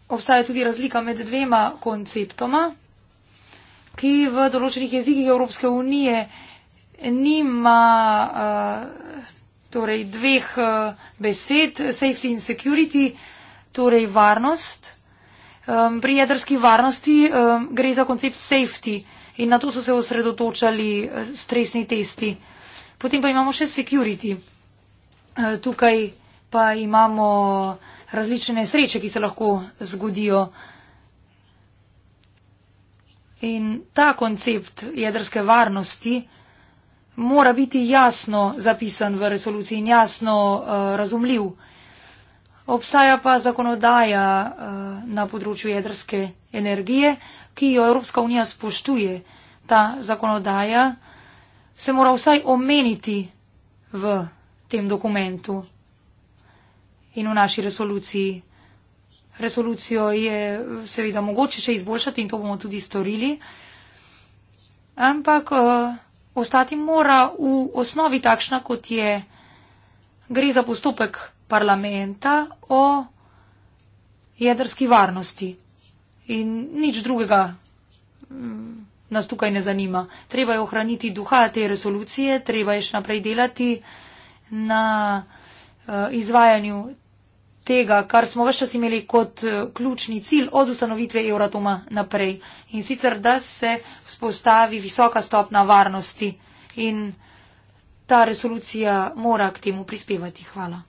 Obstaja tudi razlika med dvema konceptoma, ki v določenih jezikih Evropske unije nima uh, torej dveh uh, besed, safety in security, uh, torej varnost. Um, pri jedrski varnosti um, gre za koncept safety in na to so se osredotočali uh, stresni testi. Potem pa imamo še security. Uh, tukaj pa imamo različne sreče, ki se lahko zgodijo. In ta koncept jedrske varnosti mora biti jasno zapisan v resoluciji in jasno uh, razumljiv. Obstaja pa zakonodaja eh, na področju jedrske energije, ki jo Evropska unija spoštuje. Ta zakonodaja se mora vsaj omeniti v tem dokumentu in v naši resoluciji. Resolucijo je seveda mogoče še izboljšati in to bomo tudi storili, ampak eh, ostati mora v osnovi takšna, kot je. Gre za postopek parlamenta o jedrski varnosti. In nič drugega mm, nas tukaj ne zanima. Treba je ohraniti duha te resolucije, treba je še naprej delati na eh, izvajanju tega, kar smo vse čas imeli kot eh, ključni cilj od ustanovitve Euratoma naprej. In sicer, da se vzpostavi visoka stopna varnosti. In ta resolucija mora k temu prispevati. Hvala.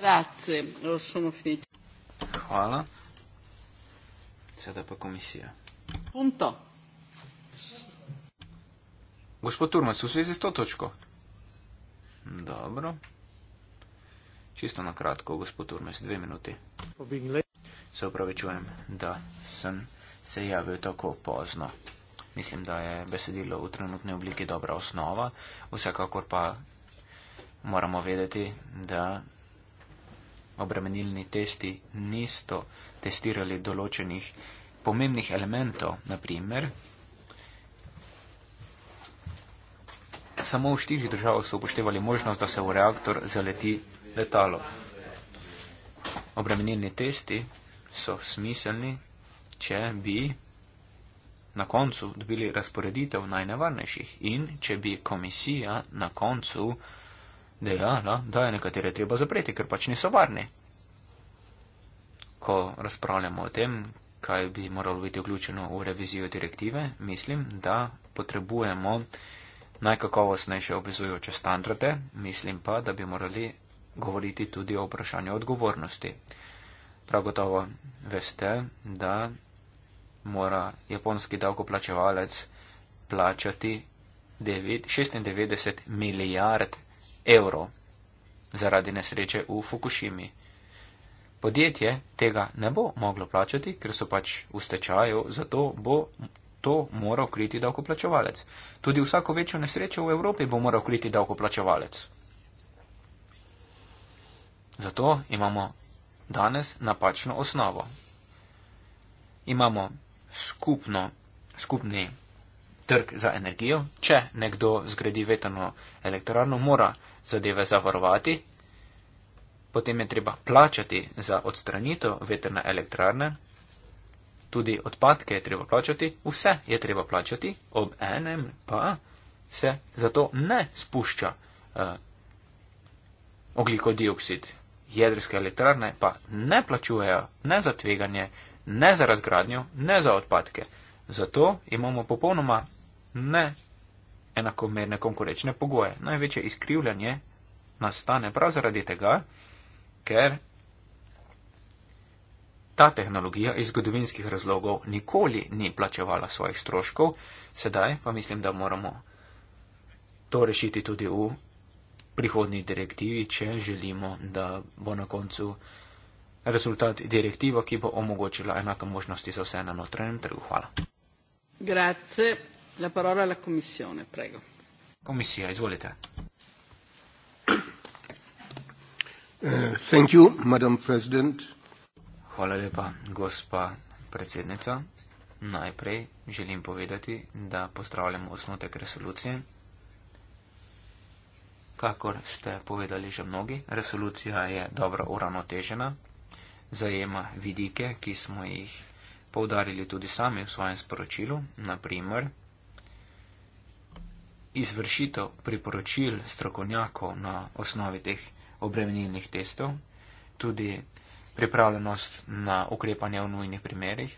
Grazie, sono finito. Hvala. Sedaj pa komisija. Punto. Gospod Turmac, v zvezi s to točko. Dobro. Čisto na kratko, gospod Turmes, dve minuti. Se upravičujem, da sem se javil tako pozno. Mislim, da je besedilo v trenutni obliki dobra osnova. Vsekakor pa moramo vedeti, da obremenilni testi nisto testirali določenih pomembnih elementov, naprimer, samo v štirih državah so upoštevali možnost, da se v reaktor zaleti letalo. Obremenilni testi so smiselni, če bi na koncu dobili razporeditev najnevarnejših in če bi komisija na koncu da ja, no, da je nekatere treba zapreti, ker pač niso varne. Ko razpravljamo o tem, kaj bi moralo biti vključeno v revizijo direktive, mislim, da potrebujemo najkakovostnejše obvezujoče standarde, mislim pa, da bi morali govoriti tudi o vprašanju odgovornosti. Prav gotovo veste, da mora japonski davkoplačevalec plačati 96 milijard evrov zaradi nesreče v Fukushimi. Podjetje tega ne bo moglo plačati, ker so pač v stečaju, zato bo to moral kriti davkoplačevalec. Tudi vsako večjo nesrečo v Evropi bo moral kriti davkoplačevalec. Zato imamo danes napačno osnovo. Imamo skupno, skupni trg za energijo. Če nekdo zgradi vetrno elektrarno, mora zadeve zavarovati, potem je treba plačati za odstranitev vetrne elektrarne, tudi odpadke je treba plačati, vse je treba plačati, ob enem pa se zato ne spušča eh, ogliko dioksid. Jedrske elektrarne pa ne plačujejo ne za tveganje, ne za razgradnjo, ne za odpadke. Zato imamo popolnoma ne enakomerne konkurenčne pogoje. Največje izkrivljanje nastane prav zaradi tega, ker ta tehnologija iz zgodovinskih razlogov nikoli ni plačevala svojih stroškov, sedaj pa mislim, da moramo to rešiti tudi v prihodnji direktivi, če želimo, da bo na koncu rezultat direktiva, ki bo omogočila enake možnosti za vse na notranjem trgu. Hvala. Grazie. La parola alla Commissione, prego. Commissia, izvolite. Uh, thank you, Madam President. Hvala lepa, gospa predsednica. Najprej želim povedati, da pozdravljamo osnotek resolucije. Kakor ste povedali že mnogi, resolucija je dobro uravnotežena, zajema vidike, ki smo jih poudarili tudi sami v svojem sporočilu, naprimer, izvršitev priporočil strokovnjakov na osnovi teh obremenilnih testov, tudi pripravljenost na ukrepanje v nujnih primerih,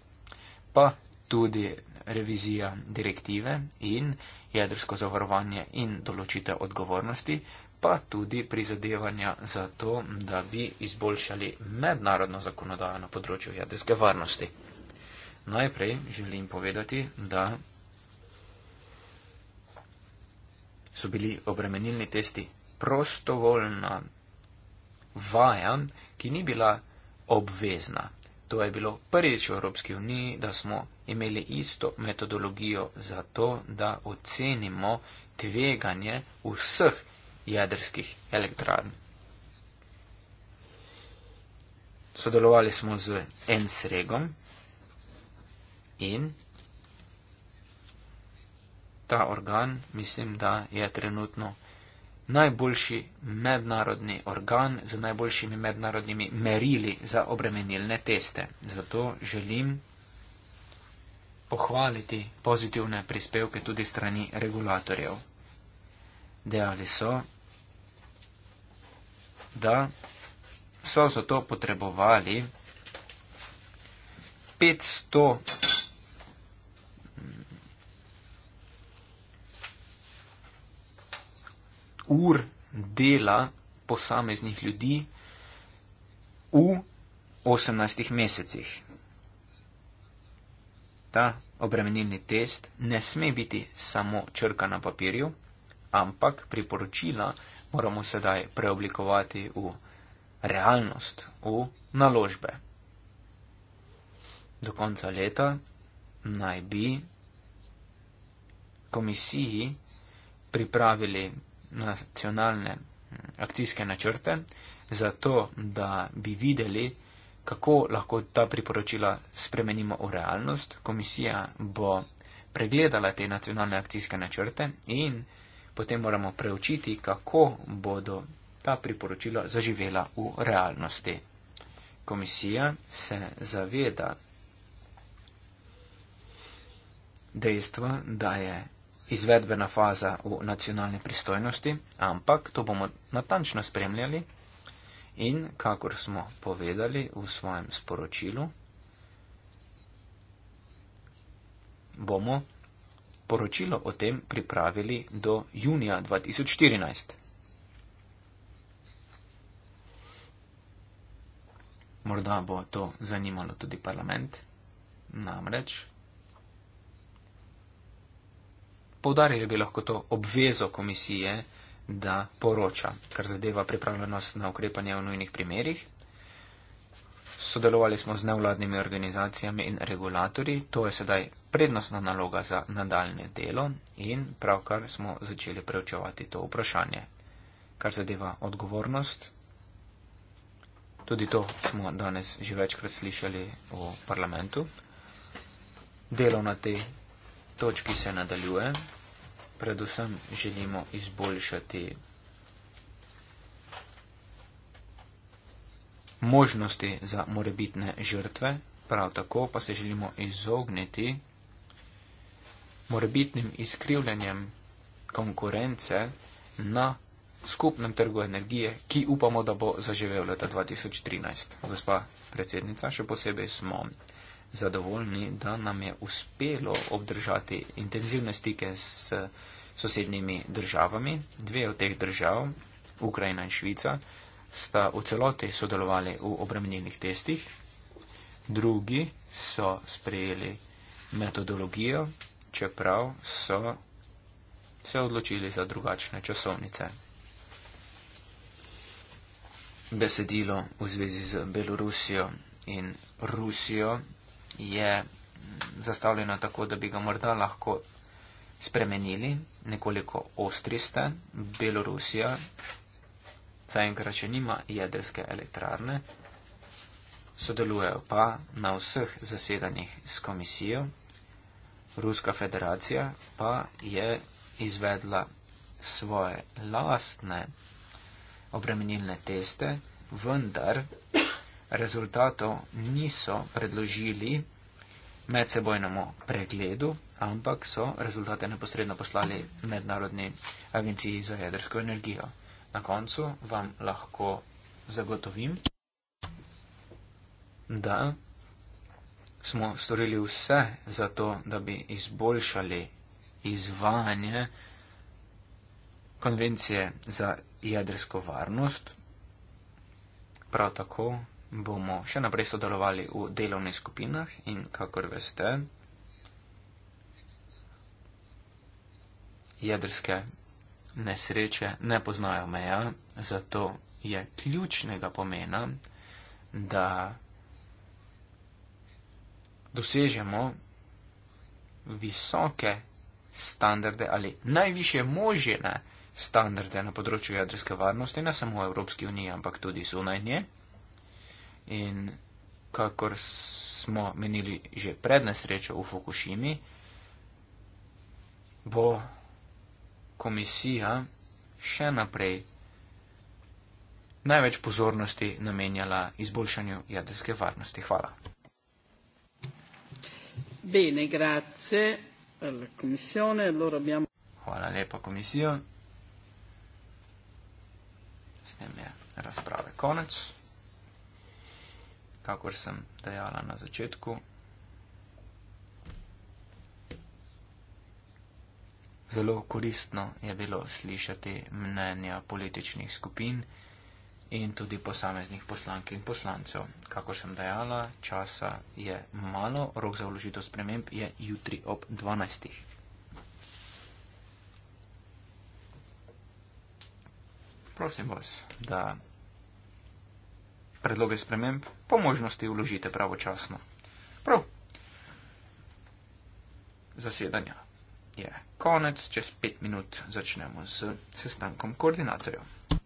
pa tudi revizija direktive in jedrsko zavarovanje in določitev odgovornosti, pa tudi prizadevanja za to, da bi izboljšali mednarodno zakonodajo na področju jedrske varnosti. Najprej želim povedati, da so bili obremenilni testi prostovoljna vaja, ki ni bila obvezna. To je bilo prvič v Evropski uniji, da smo imeli isto metodologijo za to, da ocenimo tveganje vseh jedrskih elektrarn. Sodelovali smo z Ensregom in ta organ, mislim, da je trenutno najboljši mednarodni organ z najboljšimi mednarodnimi merili za obremenilne teste. Zato želim pohvaliti pozitivne prispevke tudi strani regulatorjev. Dejali so, da so zato potrebovali 500 ur dela posameznih ljudi v 18 mesecih. Ta obremenilni test ne sme biti samo črka na papirju, ampak priporočila moramo sedaj preoblikovati v realnost, v naložbe. Do konca leta naj bi komisiji pripravili nacionalne mm, akcijske načrte, zato da bi videli, kako lahko ta priporočila spremenimo v realnost. Komisija bo pregledala te nacionalne akcijske načrte in potem moramo preučiti, kako bodo ta priporočila zaživela v realnosti. Komisija se zaveda dejstva, da je izvedbena faza v nacionalni pristojnosti, ampak to bomo natančno spremljali in, kakor smo povedali v svojem sporočilu, bomo poročilo o tem pripravili do junija 2014. Morda bo to zanimalo tudi parlament, namreč Poudarili bi lahko to obvezo komisije, da poroča, kar zadeva pripravljenost na ukrepanje v nujnih primerjih. Sodelovali smo z nevladnimi organizacijami in regulatorji, to je sedaj prednostna naloga za nadaljne delo in pravkar smo začeli preučevati to vprašanje. Kar zadeva odgovornost, tudi to smo danes že večkrat slišali v parlamentu. Delo na tej točki se nadaljuje. Predvsem želimo izboljšati možnosti za morebitne žrtve, prav tako pa se želimo izogniti morebitnim izkrivljanjem konkurence na skupnem trgu energije, ki upamo, da bo zaživel leta 2013. Gospa predsednica, še posebej smo zadovoljni, da nam je uspelo obdržati intenzivne stike s sosednjimi državami. Dve od teh držav, Ukrajina in Švica, sta v celoti sodelovali v obremenjenih testih, drugi so sprejeli metodologijo, čeprav so se odločili za drugačne časovnice. Besedilo v zvezi z Belorusijo in Rusijo je zastavljeno tako, da bi ga morda lahko spremenili, nekoliko ostri ste. Belorusija zaenkrat še nima jedrske elektrarne, sodelujejo pa na vseh zasedanjih s komisijo. Ruska federacija pa je izvedla svoje lastne obremenilne teste, vendar rezultatov niso predložili medsebojnemu pregledu, ampak so rezultate neposredno poslali Mednarodni agenciji za jedrsko energijo. Na koncu vam lahko zagotovim, da smo storili vse za to, da bi izboljšali izvajanje konvencije za jedrsko varnost. Prav tako bomo še naprej sodelovali v delovnih skupinah in kakor veste, jedrske nesreče ne poznajo meja, zato je ključnega pomena, da dosežemo visoke standarde ali najviše možene standarde na področju jedrske varnosti, ne samo v Evropski uniji, ampak tudi zunaj nje. In kakor smo menili že pred nesrečo v Fukushimi, bo komisija še naprej največ pozornosti namenjala izboljšanju jedrske varnosti. Hvala. Bene, grazie alla Commissione. Allora abbiamo... Hvala lepa, Komisijo. S tem je razprave konec kakor sem dejala na začetku. Zelo koristno je bilo slišati mnenja političnih skupin in tudi posameznih poslank in poslancev. Kako sem dejala, časa je malo, rok za vložitev sprememb je jutri ob 12. Prosim vas, da predloge sprememb po možnosti vložite pravočasno. Prav. Zasedanja je konec, čez pet minut začnemo s sestankom koordinatorjev.